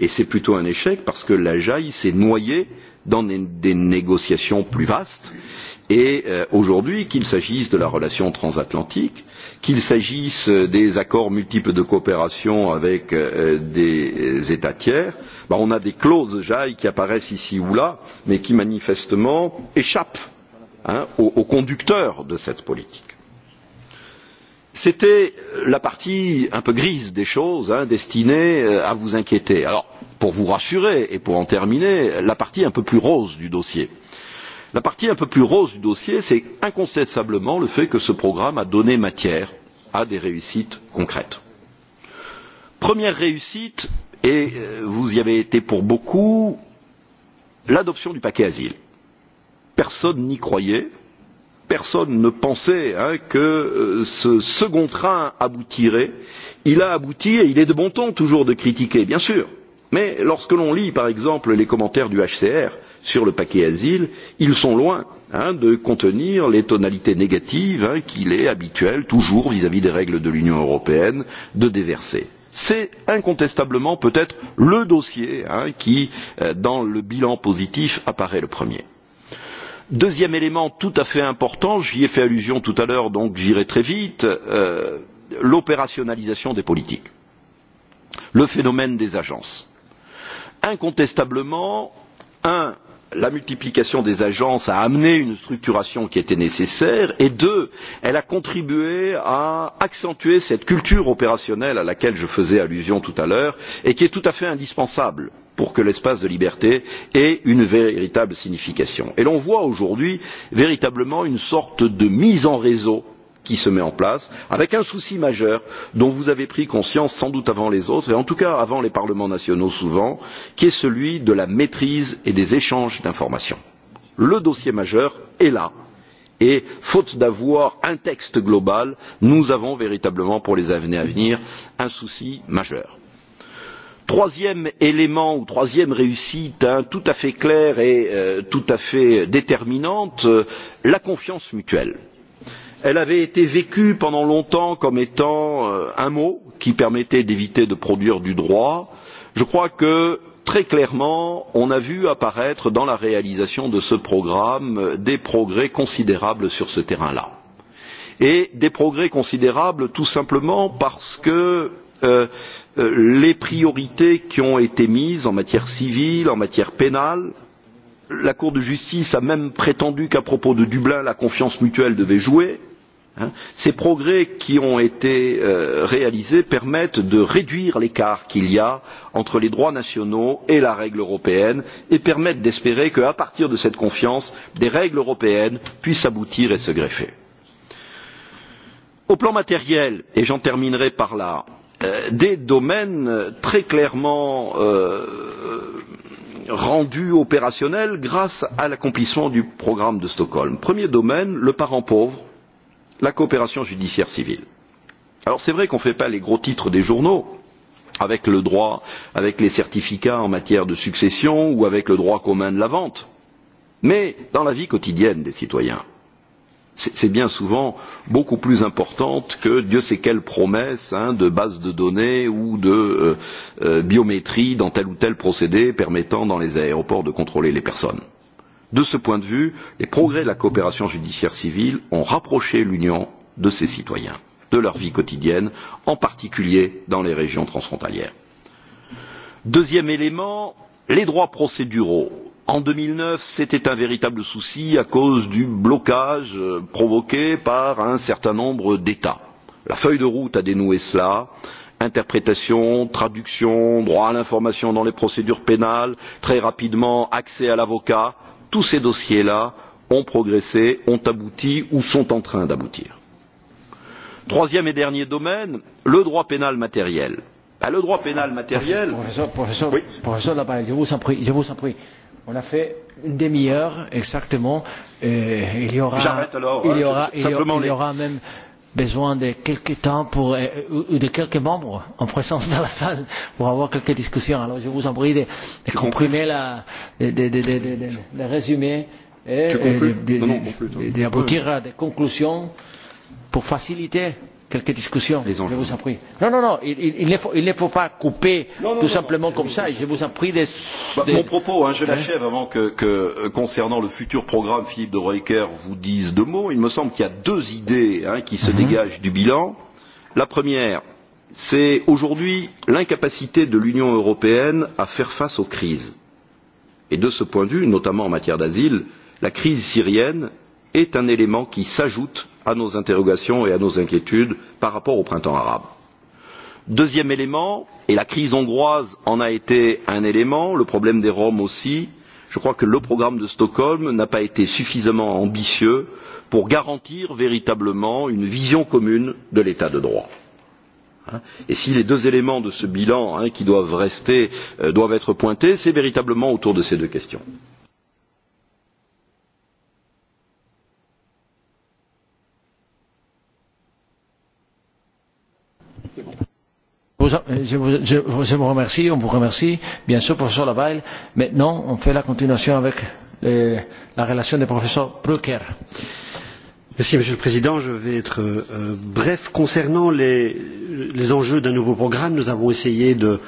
et c'est plutôt un échec parce que la JAI s'est noyée dans des négociations plus vastes et euh, aujourd'hui qu'il s'agisse de la relation transatlantique qu'il s'agisse euh, des accords multiples de coopération avec euh, des euh, états tiers ben on a des clauses jai qui apparaissent ici ou là mais qui manifestement échappent hein, aux conducteurs de cette politique c'était la partie un peu grise des choses hein, destinée euh, à vous inquiéter. alors pour vous rassurer et pour en terminer la partie un peu plus rose du dossier la partie un peu plus rose du dossier c'est incontestablement le fait que ce programme a donné matière à des réussites concrètes. première réussite et euh, vous y avez été pour beaucoup l'adoption du paquet asile. personne n'y croyait personne ne pensait hein, que euh, ce second train aboutirait. il a abouti et il est de bon ton toujours de critiquer bien sûr mais lorsque l'on lit par exemple les commentaires du hcr sur le paquet asile ils sont loin hein, de contenir les tonalités négatives hein, qu'il est habituel toujours vis à vis des règles de l'union européenne de déverser. c'est incontestablement peut être le dossier qui euh, dans le bilan positif apparaît le premier deuxième élément tout à fait important j'y ai fait allusion tout à l'heure donc j'irai très vite euh, l'opérationnalisation des politiques le phénomène des agences. incontestablement un la multiplication des agences a amené une structuration qui était nécessaire et deux elle a contribué à accentuer cette culture opérationnelle à laquelle je faisais allusion tout à l'heure et qui est tout à fait indispensable pour que l'espace de liberté ait une véritable signification. et l'on voit aujourd'hui véritablement une sorte de mise en réseau qui se met en place avec un souci majeur dont vous avez pris conscience sans doute avant les autres et en tout cas avant les parlements nationaux souvent qui est celui de la maîtrise et des échanges d'informations. le dossier majeur est là et faute d'avoir un texte global nous avons véritablement pour les années à venir un souci majeur. troisième élément ou troisième réussite hein, tout à fait claire et euh, tout à fait déterminante euh, la confiance mutuelle elle avait été vécue pendant longtemps comme étant euh, un mot qui permettait d'éviter de produire du droit je crois que très clairement on a vu apparaître dans la réalisation de ce programme des progrès considérables sur ce terrain là et des progrès considérables tout simplement parce que euh, euh, les priorités qui ont été mises en matière civile en matière pénale la cour de justice a même prétendu qu'à propos de dublin la confiance mutuelle devait jouer Ces progrès qui ont été euh, réalisés permettent de réduire l'écart qu'il y a entre les droits nationaux et la règle européenne et permettent d'espérer qu'à partir de cette confiance, des règles européennes puissent aboutir et se greffer. Au plan matériel, et j'en terminerai par là, euh, des domaines très clairement euh, rendus opérationnels grâce à l'accomplissement du programme de Stockholm. Premier domaine, le parent pauvre la coopération judiciaire civile. alors c'est vrai qu'on ne fait pas les gros titres des journaux avec le droit avec les certificats en matière de succession ou avec le droit commun de la vente mais dans la vie quotidienne des citoyens c'est bien souvent beaucoup plus importante que dieu sait quelle promesse hein, de base de données ou de euh, euh, biométrie dans tel ou tel procédé permettant dans les aéroports de contrôler les personnes de ce point de vue les progrès de la coopération judiciaire civile ont rapproché l'union de ses citoyens de leur vie quotidienne en particulier dans les régions transfrontalières. deuxième élément les droits procéduraux. en deux mille neuf c'était un véritable souci à cause du blocage euh, provoqué par un certain nombre d'états. la feuille de route a dénoué cela interprétation traduction droit à l'information dans les procédures pénales très rapidement accès à l'avocat tous ces dossiers là ont progressé ont abouti ou sont en train d'aboutir. troisième et dernier domaine le droit pénal matériel. Ben, le droit pénal matériel professeur, professeur, oui. professeur Laballe, je vous en prie, je vous en prie. On a fait une demi-heure exactement. Et il y aura, alors. Il y aura, il y aura, il y aura même besoin de quelques temps pour, euh, ou de quelques membres en présence dans la salle pour avoir quelques discussions. Alors je vous en prie de, de comprimer la, de, de, de, de, de résumer et d'aboutir euh, de, de, de, à des conclusions pour faciliter quelques discussions les je vous en prie. non non non il, il, il, ne, faut, il ne faut pas couper non, non, tout non, simplement comme ça et je vous en prie des, bah, des... mon propos hein, je l'achève avant que, que euh, concernant le futur programme Philippe de Reuker vous dise deux mots il me semble qu'il y a deux idées hein, qui se mm -hmm. dégagent du bilan la première c'est aujourd'hui l'incapacité de l'union européenne à faire face aux crises et de ce point de vue notamment en matière d'asile la crise syrienne est un élément qui s'ajoute à nos interrogations et à nos inquiétudes par rapport au printemps arabe. deuxième élément et la crise hongroise en a été un élément le problème des roms aussi je crois que le programme de stockholm n'a pas été suffisamment ambitieux pour garantir véritablement une vision commune de l'état de droit. et si les deux éléments de ce bilan hein, qui doivent rester euh, doivent être pointés c'est véritablement autour de ces deux questions. je, vous, je, vous remercie, on vous remercie, bien sûr, professeur Laval. Maintenant, on fait la continuation avec la relation du professeur Brucker. Monsieur le Président. Je vais être euh, bref. Concernant les, enjeux d'un nouveau programme, nous avons essayé de,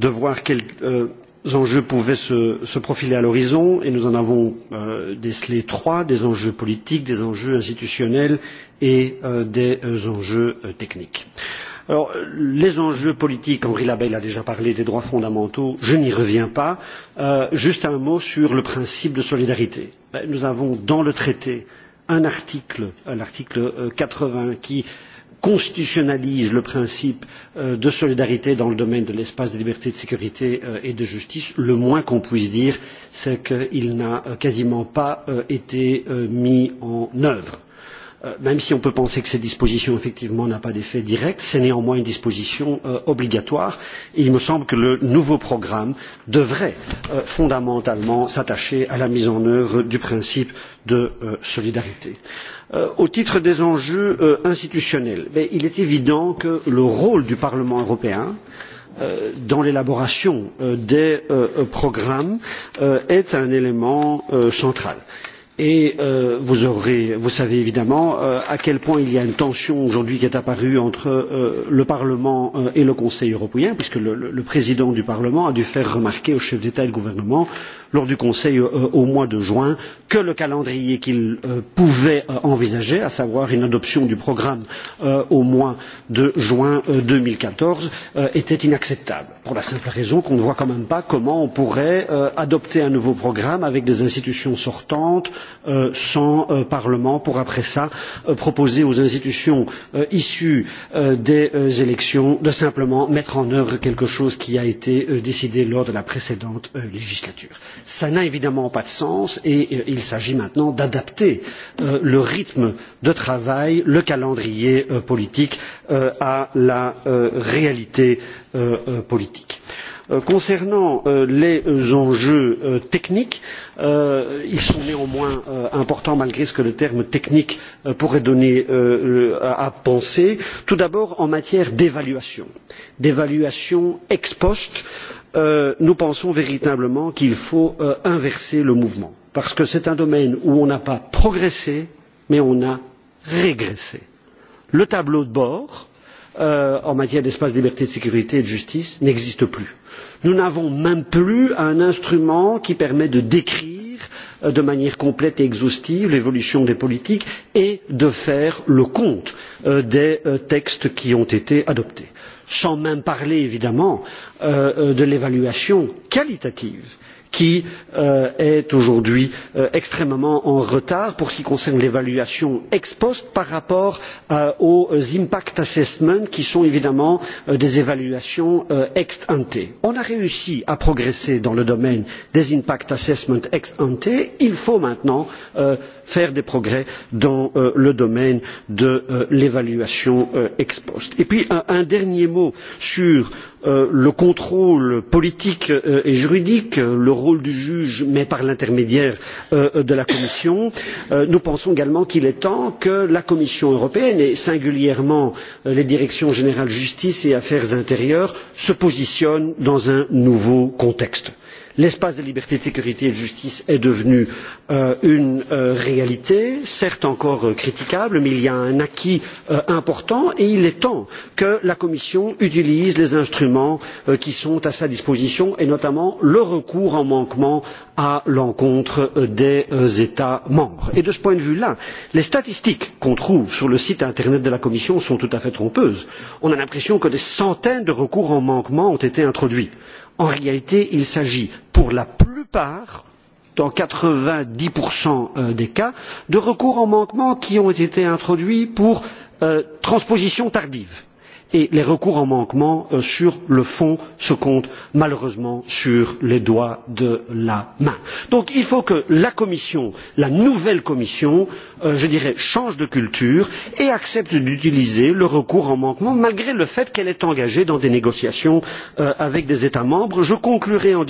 voir quels euh, enjeux pouvaient se, profiler à l'horizon et nous en avons euh, décelé trois, des enjeux politiques, des enjeux institutionnels et des enjeux techniques les enjeux politiques henri labelle a déjà parlé des droits fondamentaux je n'y reviens pas euh, juste un mot sur le principe de solidarité. nous avons dans le traité un article euh, l'article euh, quatre vingts qui constitutionnalise le principe de solidarité dans le domaine de l'espace de liberté de sécurité et de justice le moins qu'on puisse dire c'est qu'il n'a quasiment pas été mis en œuvre Euh, même si on peut penser que cette disposition effectivement n'a pas d'effet direct c'est néanmoins une disposition euh, obligatoire et il me semble que le nouveau programme devrait euh, fondamentalement s'attacher à la mise en œuvre du principe de solidarité. au titre des enjeux institutionnels mais il est évident que le rôle du parlement européen dans l'élaboration des programmes est un élément central et euh, vous savez évidemment euh, à quel point il y a une tension aujourd'hui qui est apparue entre euh, le parlement et le conseil européen puisque le, le président du parlement a dû faire remarquer aux chefs d'état et de gouvernement lors du conseil au mois de juin que le calendrier qu'il pouvait envisager à savoir une adoption du programme au mois de juin deux mille quatorze était inacceptable pour la simple raison qu'on ne voit quand même pas comment on pourrait adopter un nouveau programme avec des institutions sortantes Euh, sans euh, parlement pour après cela euh, proposer aux institutions issues des élections de simplement mettre en œuvre quelque chose qui a été décidé lors de la précédente législature. cela n'a évidemment pas de sens et il s'agit maintenant d'adapter le rythme de travail le calendrier politique à la réalité politique. Euh, concernant euh, les euh, enjeux techniques ils sont néanmoins importants malgré ce que le terme technique pourrait donner à penser tout d'abord en matière d'évaluation d'évaluation ex post nous pensons véritablement qu'il faut inverser le mouvement parce que c'est un domaine où on n'a pas progressé mais on a régressé. le tableau de bord en matière d'espace de liberté de sécurité et de justice n'existe plus nous n'avons même plus un instrument qui permet de décrire euh, de manière complète et exhaustive l'évolution des politiques et de faire le compte euh, des euh, textes qui ont été adoptés sans même parler évidemment de l'évaluation qualitative qui euh, est aujourd'hui euh, extrêmement en retard pour ce qui concerne l'évaluation ex post par rapport euh, aux impact assessments qui sont évidemment des évaluations ex ante. on a réussi à progresser dans le domaine des impact assessments ex ante il faut maintenant faire des progrès dans le domaine de l'évaluation ex post. et puis un dernier mot sur le contrôle politique et juridique le rôle du juge mais par l'intermédiaire euh, de la commission. Euh, nous pensons également qu'il est temps que la commission européenne et singulièrement euh, les directions générales justice et affaires intérieures se positionnent dans un nouveau contexte l'espace de liberté de sécurité et de justice est devenu euh, une euh, réalité certes encore euh, critiquable mais il y a un acquis important et il est temps que la commission utilise les instruments qui sont à sa disposition et notamment le recours en manquement à l'encontre des états membres. de ce point de vue là les statistiques qu'on trouve sur le site internet de la commission sont tout à fait trompeuses. on a l'impression que des centaines de recours en manquement ont été introduits en réalité il s'agit pour la plupart dans quatre vingt dix euh, des cas de recours en manquement qui ont été introduits pour euh, transposition tardive et les recours en manquement euh, sur le fond se comptent malheureusement sur les doigts de la main. donc il faut que la commission la nouvelle commission Euh, je dirais change de culture et accepte d'utiliser le recours en manquement malgré le fait qu'elle est engagée dans des négociations euh, avec des états membres. je conclurai en,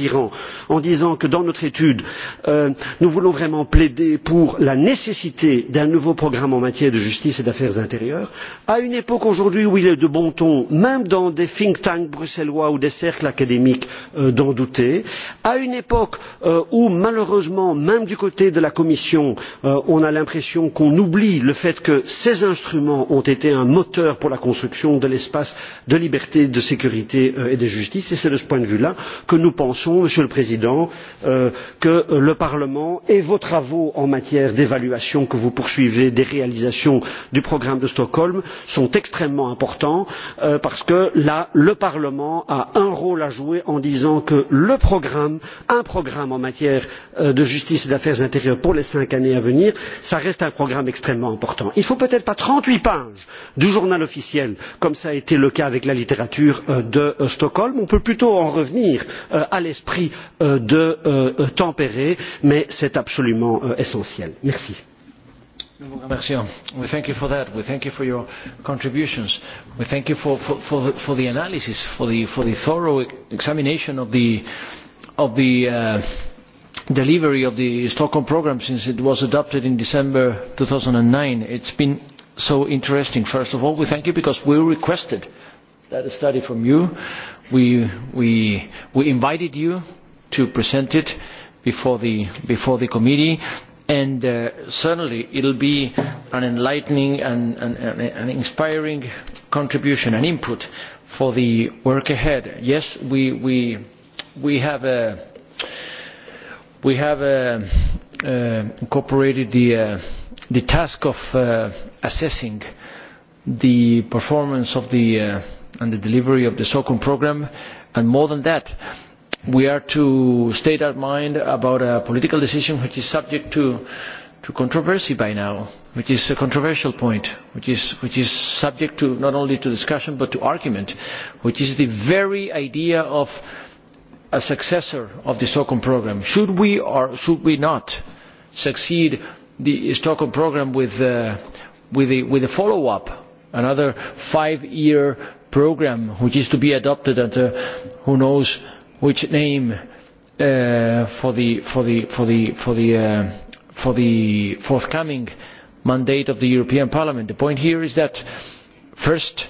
en disant que dans notre étude euh, nous voulons vraiment plaider pour la nécessité d'un nouveau programme en matière de justice et d'affaires intérieures à une époque aujourd'hui où il est de bon ton même dans des think tanks bruxellois ou des cercles académiques d'en douter à une époque où malheureusement même du côté de la commission on a l'impression qu'on oublie le fait que ces instruments ont été un moteur pour la construction de l'espace de liberté de sécurité euh, et de justice et c'est de ce point de vue là que nous pensons monsieur le président euh, que le parlement et vos travaux en matière d'évaluation que vous poursuivez des réalisations du programme de stockholm sont extrêmement importants euh, parce que là le parlement a un rôle à jouer en disant que le programme un programme en matière de justice et d'affaires intérieures pour les cinq années à venir ça reste un programme extrêmement important. il ne faut peut être pas trente huit pages du journal officiel comme cela a été le cas avec la littérature euh, de euh, stockholm on peut plutôt en revenir euh, à l'esprit de tampere mais c'est absolument essentiel. merci. we delivery of the Stockholm programme since it was adopted in December two thousand 2009. It's been so interesting. First of all, we thank you because we requested that study from you. We, we, we invited you to present it before the, before the committee and uh, certainly it will be an enlightening and an inspiring contribution and input for the work ahead. Yes, we, we, we have a we have uh, uh, incorporated the, uh, the task of assessing the performance of the and the delivery of the SOCOM programme and more than that we are to state our mind about a political decision which is subject to, to controversy by now which is a controversial point which is, which is subject to not only to discussion but to argument which is the very idea of a successor of the Stockholm programme. Should we or should we not succeed the Stockholm programme uh, with, a, follow-up, another five-year programme which is to be adopted under who knows which name uh, for the, uh, for the forthcoming mandate of the European Parliament. The point here is that first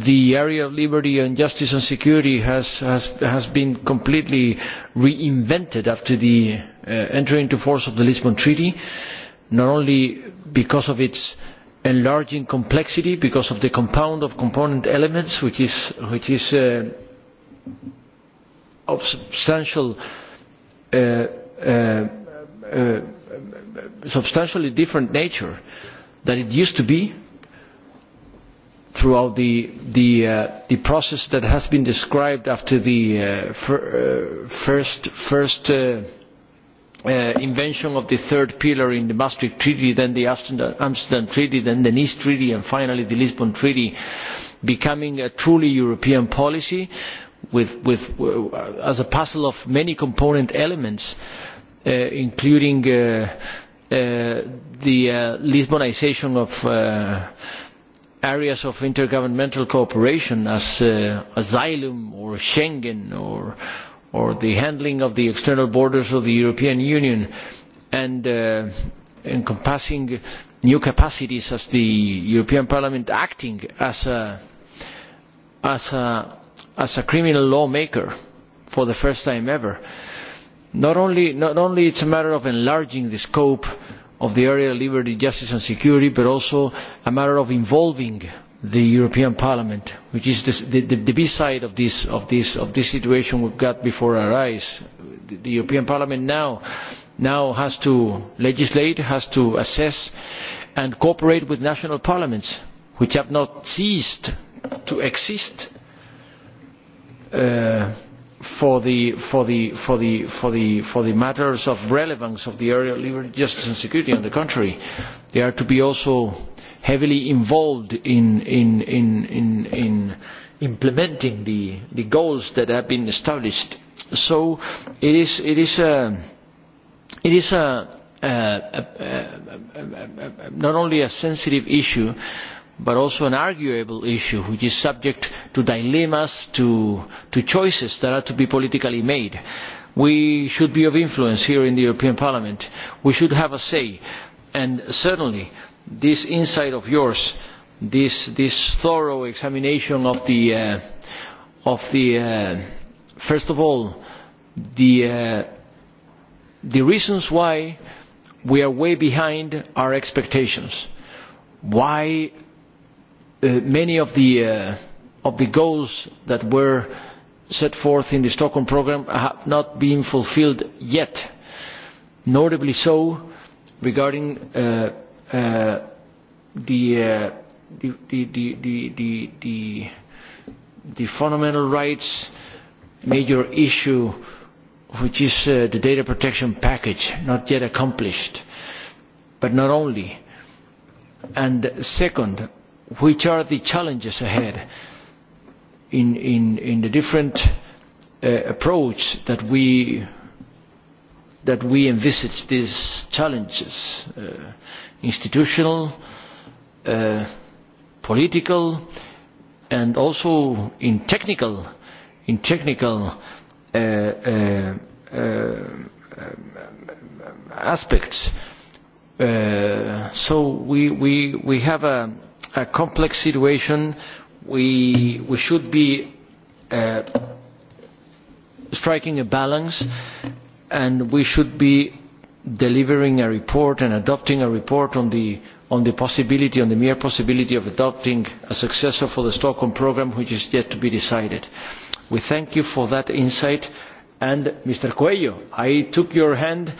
the area of liberty and justice and security has, been completely reinvented after the uh, entry into force of the lisbon treaty not only because of its enlarging complexity because of the compound of component elements which is, uh, of substantial, uh, substantially different nature than it used to be throughout the, uh, the, process that has been described after the uh, uh, first, invention of the third pillar in the Maastricht Treaty, then the Amsterdam Treaty, then the Nice Treaty and finally the Lisbon Treaty becoming a truly European policy with, as a puzzle of many component elements including the Lisbonisation of areas of intergovernmental cooperation as uh, asylum or Schengen or, the handling of the external borders of the European Union and uh, encompassing new capacities as the European Parliament acting as a, as a, as criminal lawmaker for the first time ever. Not only, not only it's a matter of enlarging the scope of the area of liberty, justice and security, but also a matter of involving the European Parliament, which is the, the, B side of this, of, this, of this situation we've got before our eyes. The, European Parliament now, now has to legislate, has to assess and cooperate with national parliaments, which have not ceased to exist. Uh, for the, for, the, for, the, for, the, for the matters of relevance of the area of liberty, justice and security. On the contrary, they are to be also heavily involved in, in, in, in, in implementing the, the goals that have been established. So it is, it is, a, it is a, a not only a sensitive issue, but also an arguable issue which is subject to dilemmas to, choices that are to be politically made. we should be of influence here in the european parliament. we should have a say and certainly this insight of yours this, thorough examination of the, uh, uh, first of all the, uh, the reasons why we are way behind our expectations why Uh, many of the, uh, of the goals that were set forth in the Stockholm programme have not been fulfilled yet, notably so regarding uh, the, the, the, the fundamental rights major issue which is the data protection package not yet accomplished but not only and second which are the challenges ahead in, in, in the different uh, approach that we, that we envisage these challenges, uh, institutional, uh, political, and also in technical, in technical uh, um, um, um, aspects. so we, we, we have a a complex situation. We, we should be uh, striking a balance and we should be delivering a report and adopting a report on the, on the possibility, on the mere possibility of adopting a successor for the Stockholm programme which is yet to be decided. We thank you for that insight and Mr. Coelho, I took your hand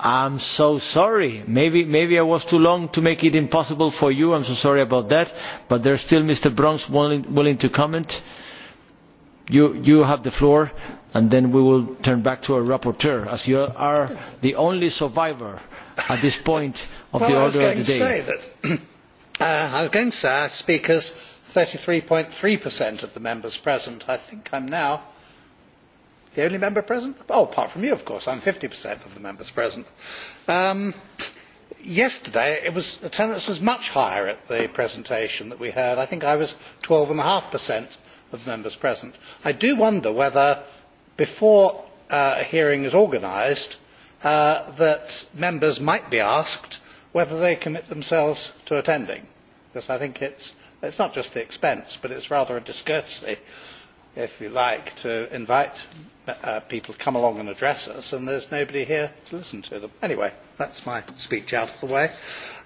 i am so sorry. Maybe, maybe I was too long to make it impossible for you. i I'm so sorry about that. But there is still Mr. brons willing, to comment. You, have the floor, and then we will turn back to our rapporteur, as you are the only survivor at this point of the order of the day. I was going to say uh, I was going to say our speakers, 33.3% of the members present. I think I'm now The only member present? Oh, apart from you, of course. I'm 50% of the members present. Um, yesterday, it was, attendance was much higher at the presentation that we heard. I think I was 12.5% of members present. I do wonder whether, before uh, a hearing is organised, uh, that members might be asked whether they commit themselves to attending. Because I think it's, it's not just the expense, but it's rather a discourtesy if you like, to invite uh, people to come along and address us, and there's nobody here to listen to them. Anyway, that's my speech out of the way.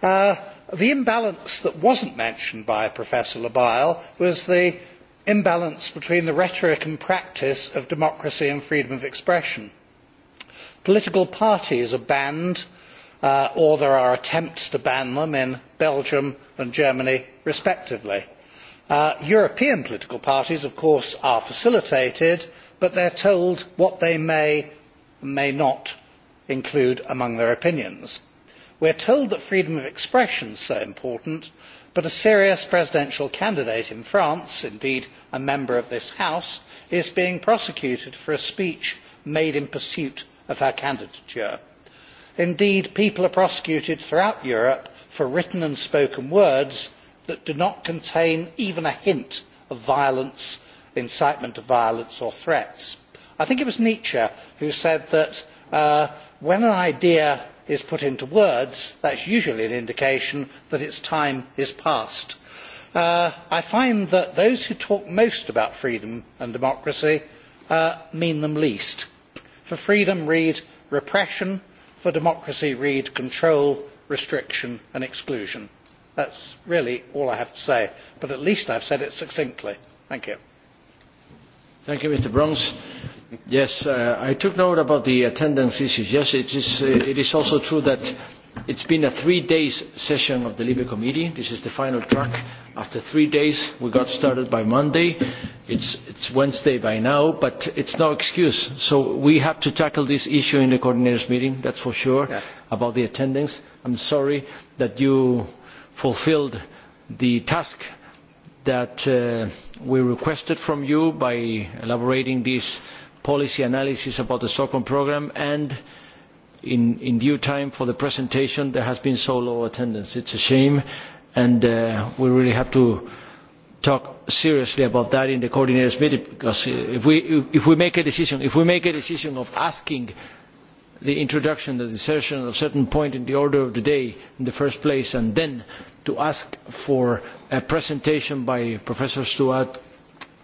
Uh, the imbalance that wasn't mentioned by Professor Labile was the imbalance between the rhetoric and practice of democracy and freedom of expression. Political parties are banned, uh, or there are attempts to ban them in Belgium and Germany, respectively Uh, european political parties of course are facilitated but they are told what they may or may not include among their opinions. we are told that freedom of expression is so important but a serious presidential candidate in france indeed a member of this house is being prosecuted for a speech made in pursuit of her candidature. indeed people are prosecuted throughout europe for written and spoken words that do not contain even a hint of violence incitement to violence or threats. i think it was nietzsche who said that uh, when an idea is put into words that is usually an indication that its time is past. Uh, i find that those who talk most about freedom and democracy uh, mean them least. for freedom read repression for democracy read control restriction and exclusion that is really all i have to say but at least i have said it succinctly. thank you. Thank you, Mr. Bruns. Yes, uh, I took note about the attendance issues. Yes, uh, it is, also true that it's been a three days session of the LIBE Committee. This is the final track. After three days, we got started by Monday. It's, it's Wednesday by now, but it's no excuse. So we have to tackle this issue in the coordinators' meeting, that's for sure, about the attendance. I'm sorry that you fulfilled the task that uh, we requested from you by elaborating this policy analysis about the Stockholm programme and in, in due time for the presentation there has been so low attendance. It's a shame and uh, we really have to talk seriously about that in the coordinators meeting because if we, if we make a decision, if we make a decision of asking the introduction the insertion of a certain point in the order of the day in the first place and then to ask for a presentation by Professor Stuart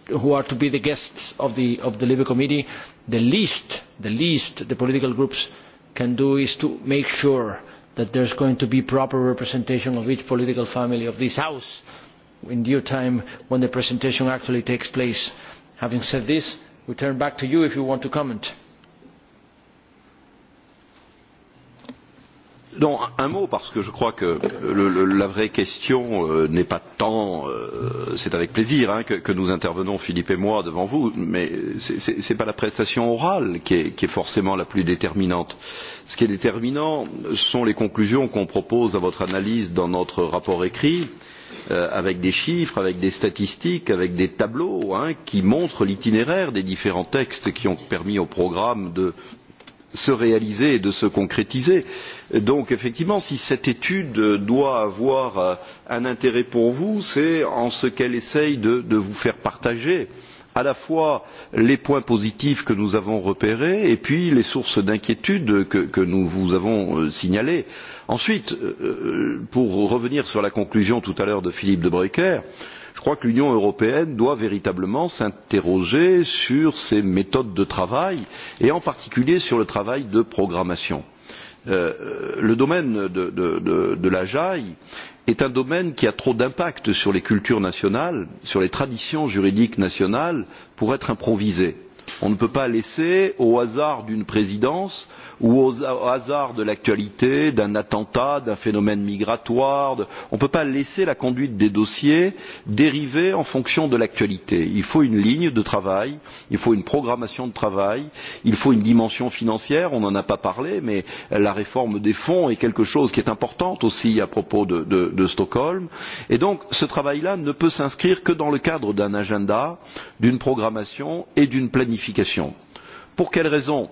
who are to be the guests of the, libe committee the least the least the political groups can do is to make sure that there is going to be proper representation of each political family of this house in due time when the presentation actually takes place. having said this we turn back to you if you want to comment. Non, un mot, parce que je crois que le, le, la vraie question euh, n'est pas tant euh, c'est avec plaisir hein, que, que nous intervenons, Philippe et moi, devant vous, mais ce n'est pas la prestation orale qui est, qui est forcément la plus déterminante. Ce qui est déterminant sont les conclusions qu'on propose à votre analyse dans notre rapport écrit, euh, avec des chiffres, avec des statistiques, avec des tableaux hein, qui montrent l'itinéraire des différents textes qui ont permis au programme de se réaliser et de se concrétiser. donc effectivement si cette étude doit avoir euh, un intérêt pour vous c'est en ce qu'elle essaye de, de vous faire partager à la fois les points positifs que nous avons repérés et puis les sources d'inquiétude que, que nous vous avons euh, signalées. ensuite euh, pour revenir sur la conclusion tout à l'heure de philippe de Brecker je crois que l'union européenne doit véritablement s'interroger sur ses méthodes de travail et en particulier sur le travail de programmation. Euh, le domaine de, de, de la JAI est un domaine qui a trop d'impact sur les cultures nationales sur les traditions juridiques nationales pour être improvisé. on ne peut pas laisser au hasard d'une présidence ou au hasard de l'actualité, d'un attentat, d'un phénomène migratoire. On ne peut pas laisser la conduite des dossiers dériver en fonction de l'actualité. Il faut une ligne de travail, il faut une programmation de travail, il faut une dimension financière, on n'en a pas parlé, mais la réforme des fonds est quelque chose qui est importante aussi à propos de, de, de Stockholm. Et donc ce travail-là ne peut s'inscrire que dans le cadre d'un agenda, d'une programmation et d'une planification. Pour quelles raisons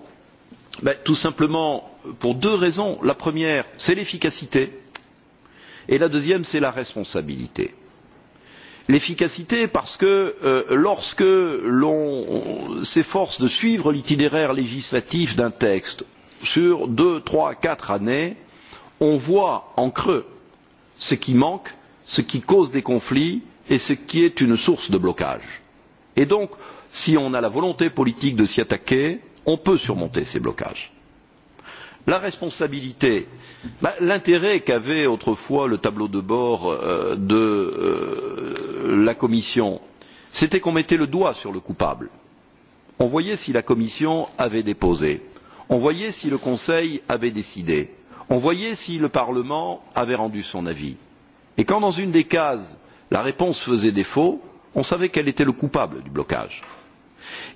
tout simplement pour deux raisons la première c'est l'efficacité et la deuxième c'est la responsabilité l'efficacité parce que euh, lorsque l'on s'efforce de suivre l'itinéraire législatif d'un texte sur deux trois quatre années on voit en creux ce qui manque ce qui cause des conflits et ce qui est une source de blocage. et donc si on a la volonté politique de s'y attaquer on peut surmonter ces blocages. la responsabilité l'intérêt qu'avait autrefois le tableau de bord euh, de euh, la commission c'était qu'on mettait le doigt sur le coupable on voyait si la commission avait déposé on voyait si le conseil avait décidé on voyait si le parlement avait rendu son avis et quand dans une des cases la réponse faisait défaut on savait quel était le coupable du blocage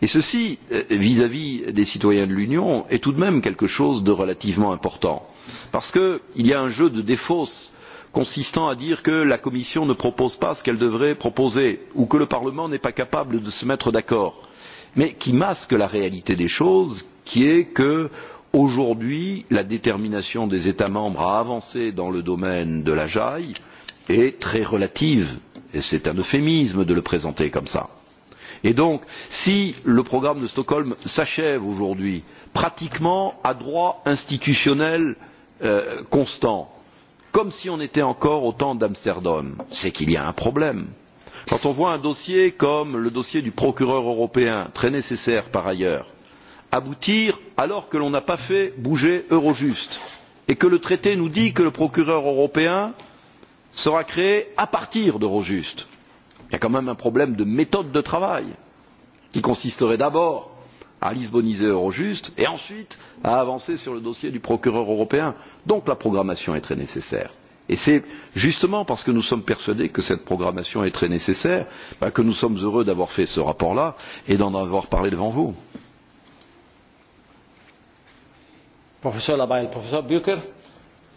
et ceci vis à vis des citoyens de l'union est tout de même quelque chose de relativement important parce qu'il y a un jeu de défausse consistant à dire que la commission ne propose pas ce qu'elle devrait proposer ou que le parlement n'est pas capable de se mettre d'accord mais qui masque la réalité des choses qui est que aujourd'hui la détermination des états membres à avancer dans le domaine de la jai est très relative et c'est un euphémisme de le présenter comme cela et donc si le programme de stockholm s'achève aujourd'hui pratiquement à droit institutionnel euh, constant comme si on était encore au temps d'amsterdam c'est qu'il y a un problème. quand on voit un dossier comme le dossier du procureur européen très nécessaire par ailleurs aboutir alors que l'on n'a pas fait bouger eurojust et que le traité nous dit que le procureur européen sera créé à partir d'eurojust il y a quand même un problème de méthode de travail qui consisterait d'abord à lisboniser eurojust et ensuite à avancer sur le dossier du procureur européen. donc la programmation est très nécessaire et c'est justement parce que nous sommes persuadés que cette programmation est très nécessaire que nous sommes heureux d'avoir fait ce rapport là et d'en avoir parlé devant vous. professeur labaille professeur bucher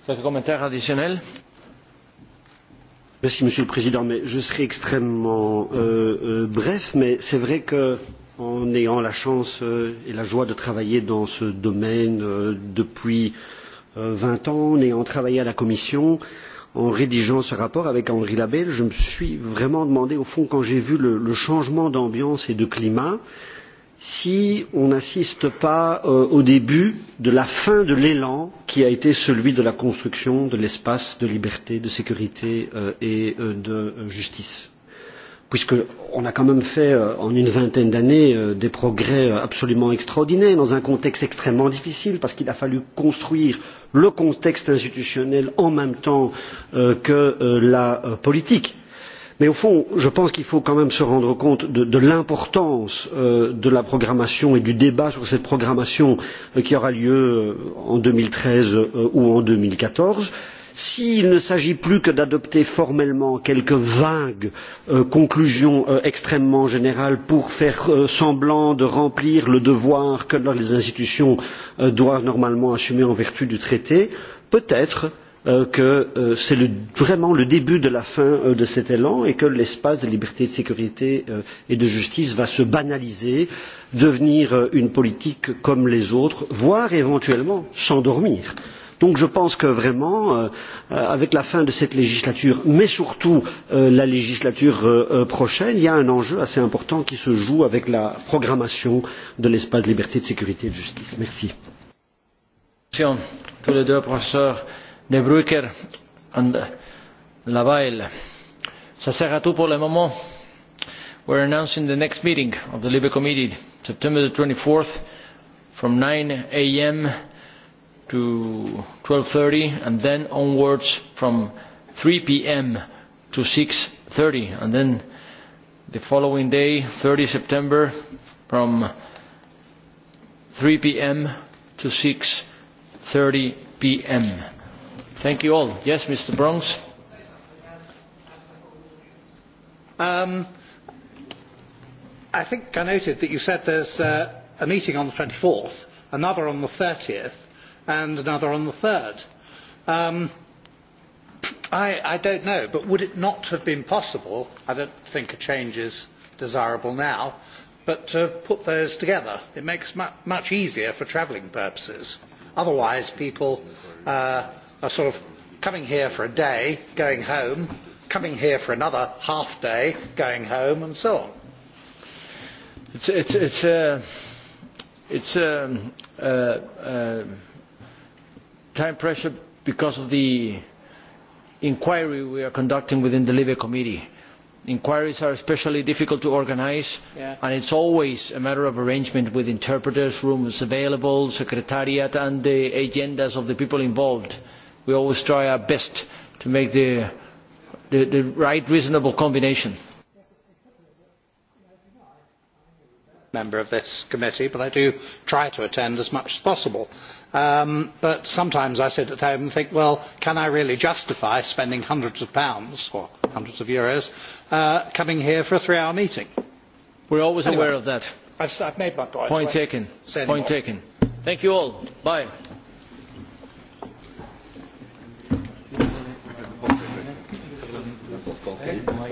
quelques commentaires additionnels? Monsieur le Président. je serai extrêmement euh, euh, bref, mais c'est vrai que en ayant la chance euh, et la joie de travailler dans ce domaine depuis vingt ans, en ayant travaillé à la Commission, en rédigeant ce rapport avec Henri Labelle, je me suis vraiment demandé, au fond, quand j'ai vu le, changement d'ambiance et de climat, si on n'assiste pas euh, au début de la fin de l'élan qui a été celui de la construction de l'espace de liberté de sécurité euh, et euh, de justice puisqu'on a quand même fait en une vingtaine d'années des progrès absolument extraordinaires dans un contexte extrêmement difficile parce qu'il a fallu construire le contexte institutionnel en même temps que la politique mais au fond je pense qu'il faut quand même se rendre compte de, l'importance euh, de la programmation et du débat sur cette programmation euh, qui aura lieu euh, en deux mille treize ou en. deux mille quatorze s'il ne s'agit plus que d'adopter formellement quelques vagues conclusions extrêmement générales pour faire semblant de remplir le devoir que les institutions doivent normalement assumer en vertu du traité peut être Euh, que euh, c'est vraiment le début de la fin euh, de cet élan et que l'espace de liberté de sécurité et de justice va se banaliser devenir une politique comme les autres voire éventuellement s'endormir. donc je pense que vraiment avec la fin de cette législature mais surtout la législature prochaine il y a un enjeu assez important qui se joue avec la programmation de l'espace de liberté de sécurité et de justice. merci. tous les deux professeurs de Bruyker and uh, Lavail. Sassagatou pour le moment. We're announcing the next meeting of the Libre Committee, September 24th, from 9 a.m. to 12.30, and then onwards from 3 p.m. to 6.30, and then the following day, 30 September, from 3 p.m. to 6.30 p.m. Thank you all. Yes, Mr. Um, I think I noted that you said there's uh, a meeting on the twenty fourth, another on the thirtieth, and another on the third. Um, I, I don't know, but would it not have been possible, I don't think a change is desirable now, but to put those together? It makes it much easier for travelling purposes. Otherwise, people uh, a sort of coming here for a day going home coming here for another half day going home and so on. It's, it's, it's, uh, it's um, uh, uh, time pressure because of the inquiry we are conducting within the Libya committee. inquiries are especially difficult to organise yeah. and it's always a matter of arrangement with interpreters rooms available secretariat and the agendas of the people involved we always try our best to make the, the, the right reasonable combination. member of this committee but i do try to attend as much as possible um, but sometimes i sit at home and think well can i really justify spending hundreds of pounds or hundreds of euros uh, coming here for a three hour meeting? we always anyway, aware of that. i've, I've made my point. point taken. point taken. thank you all. bye. se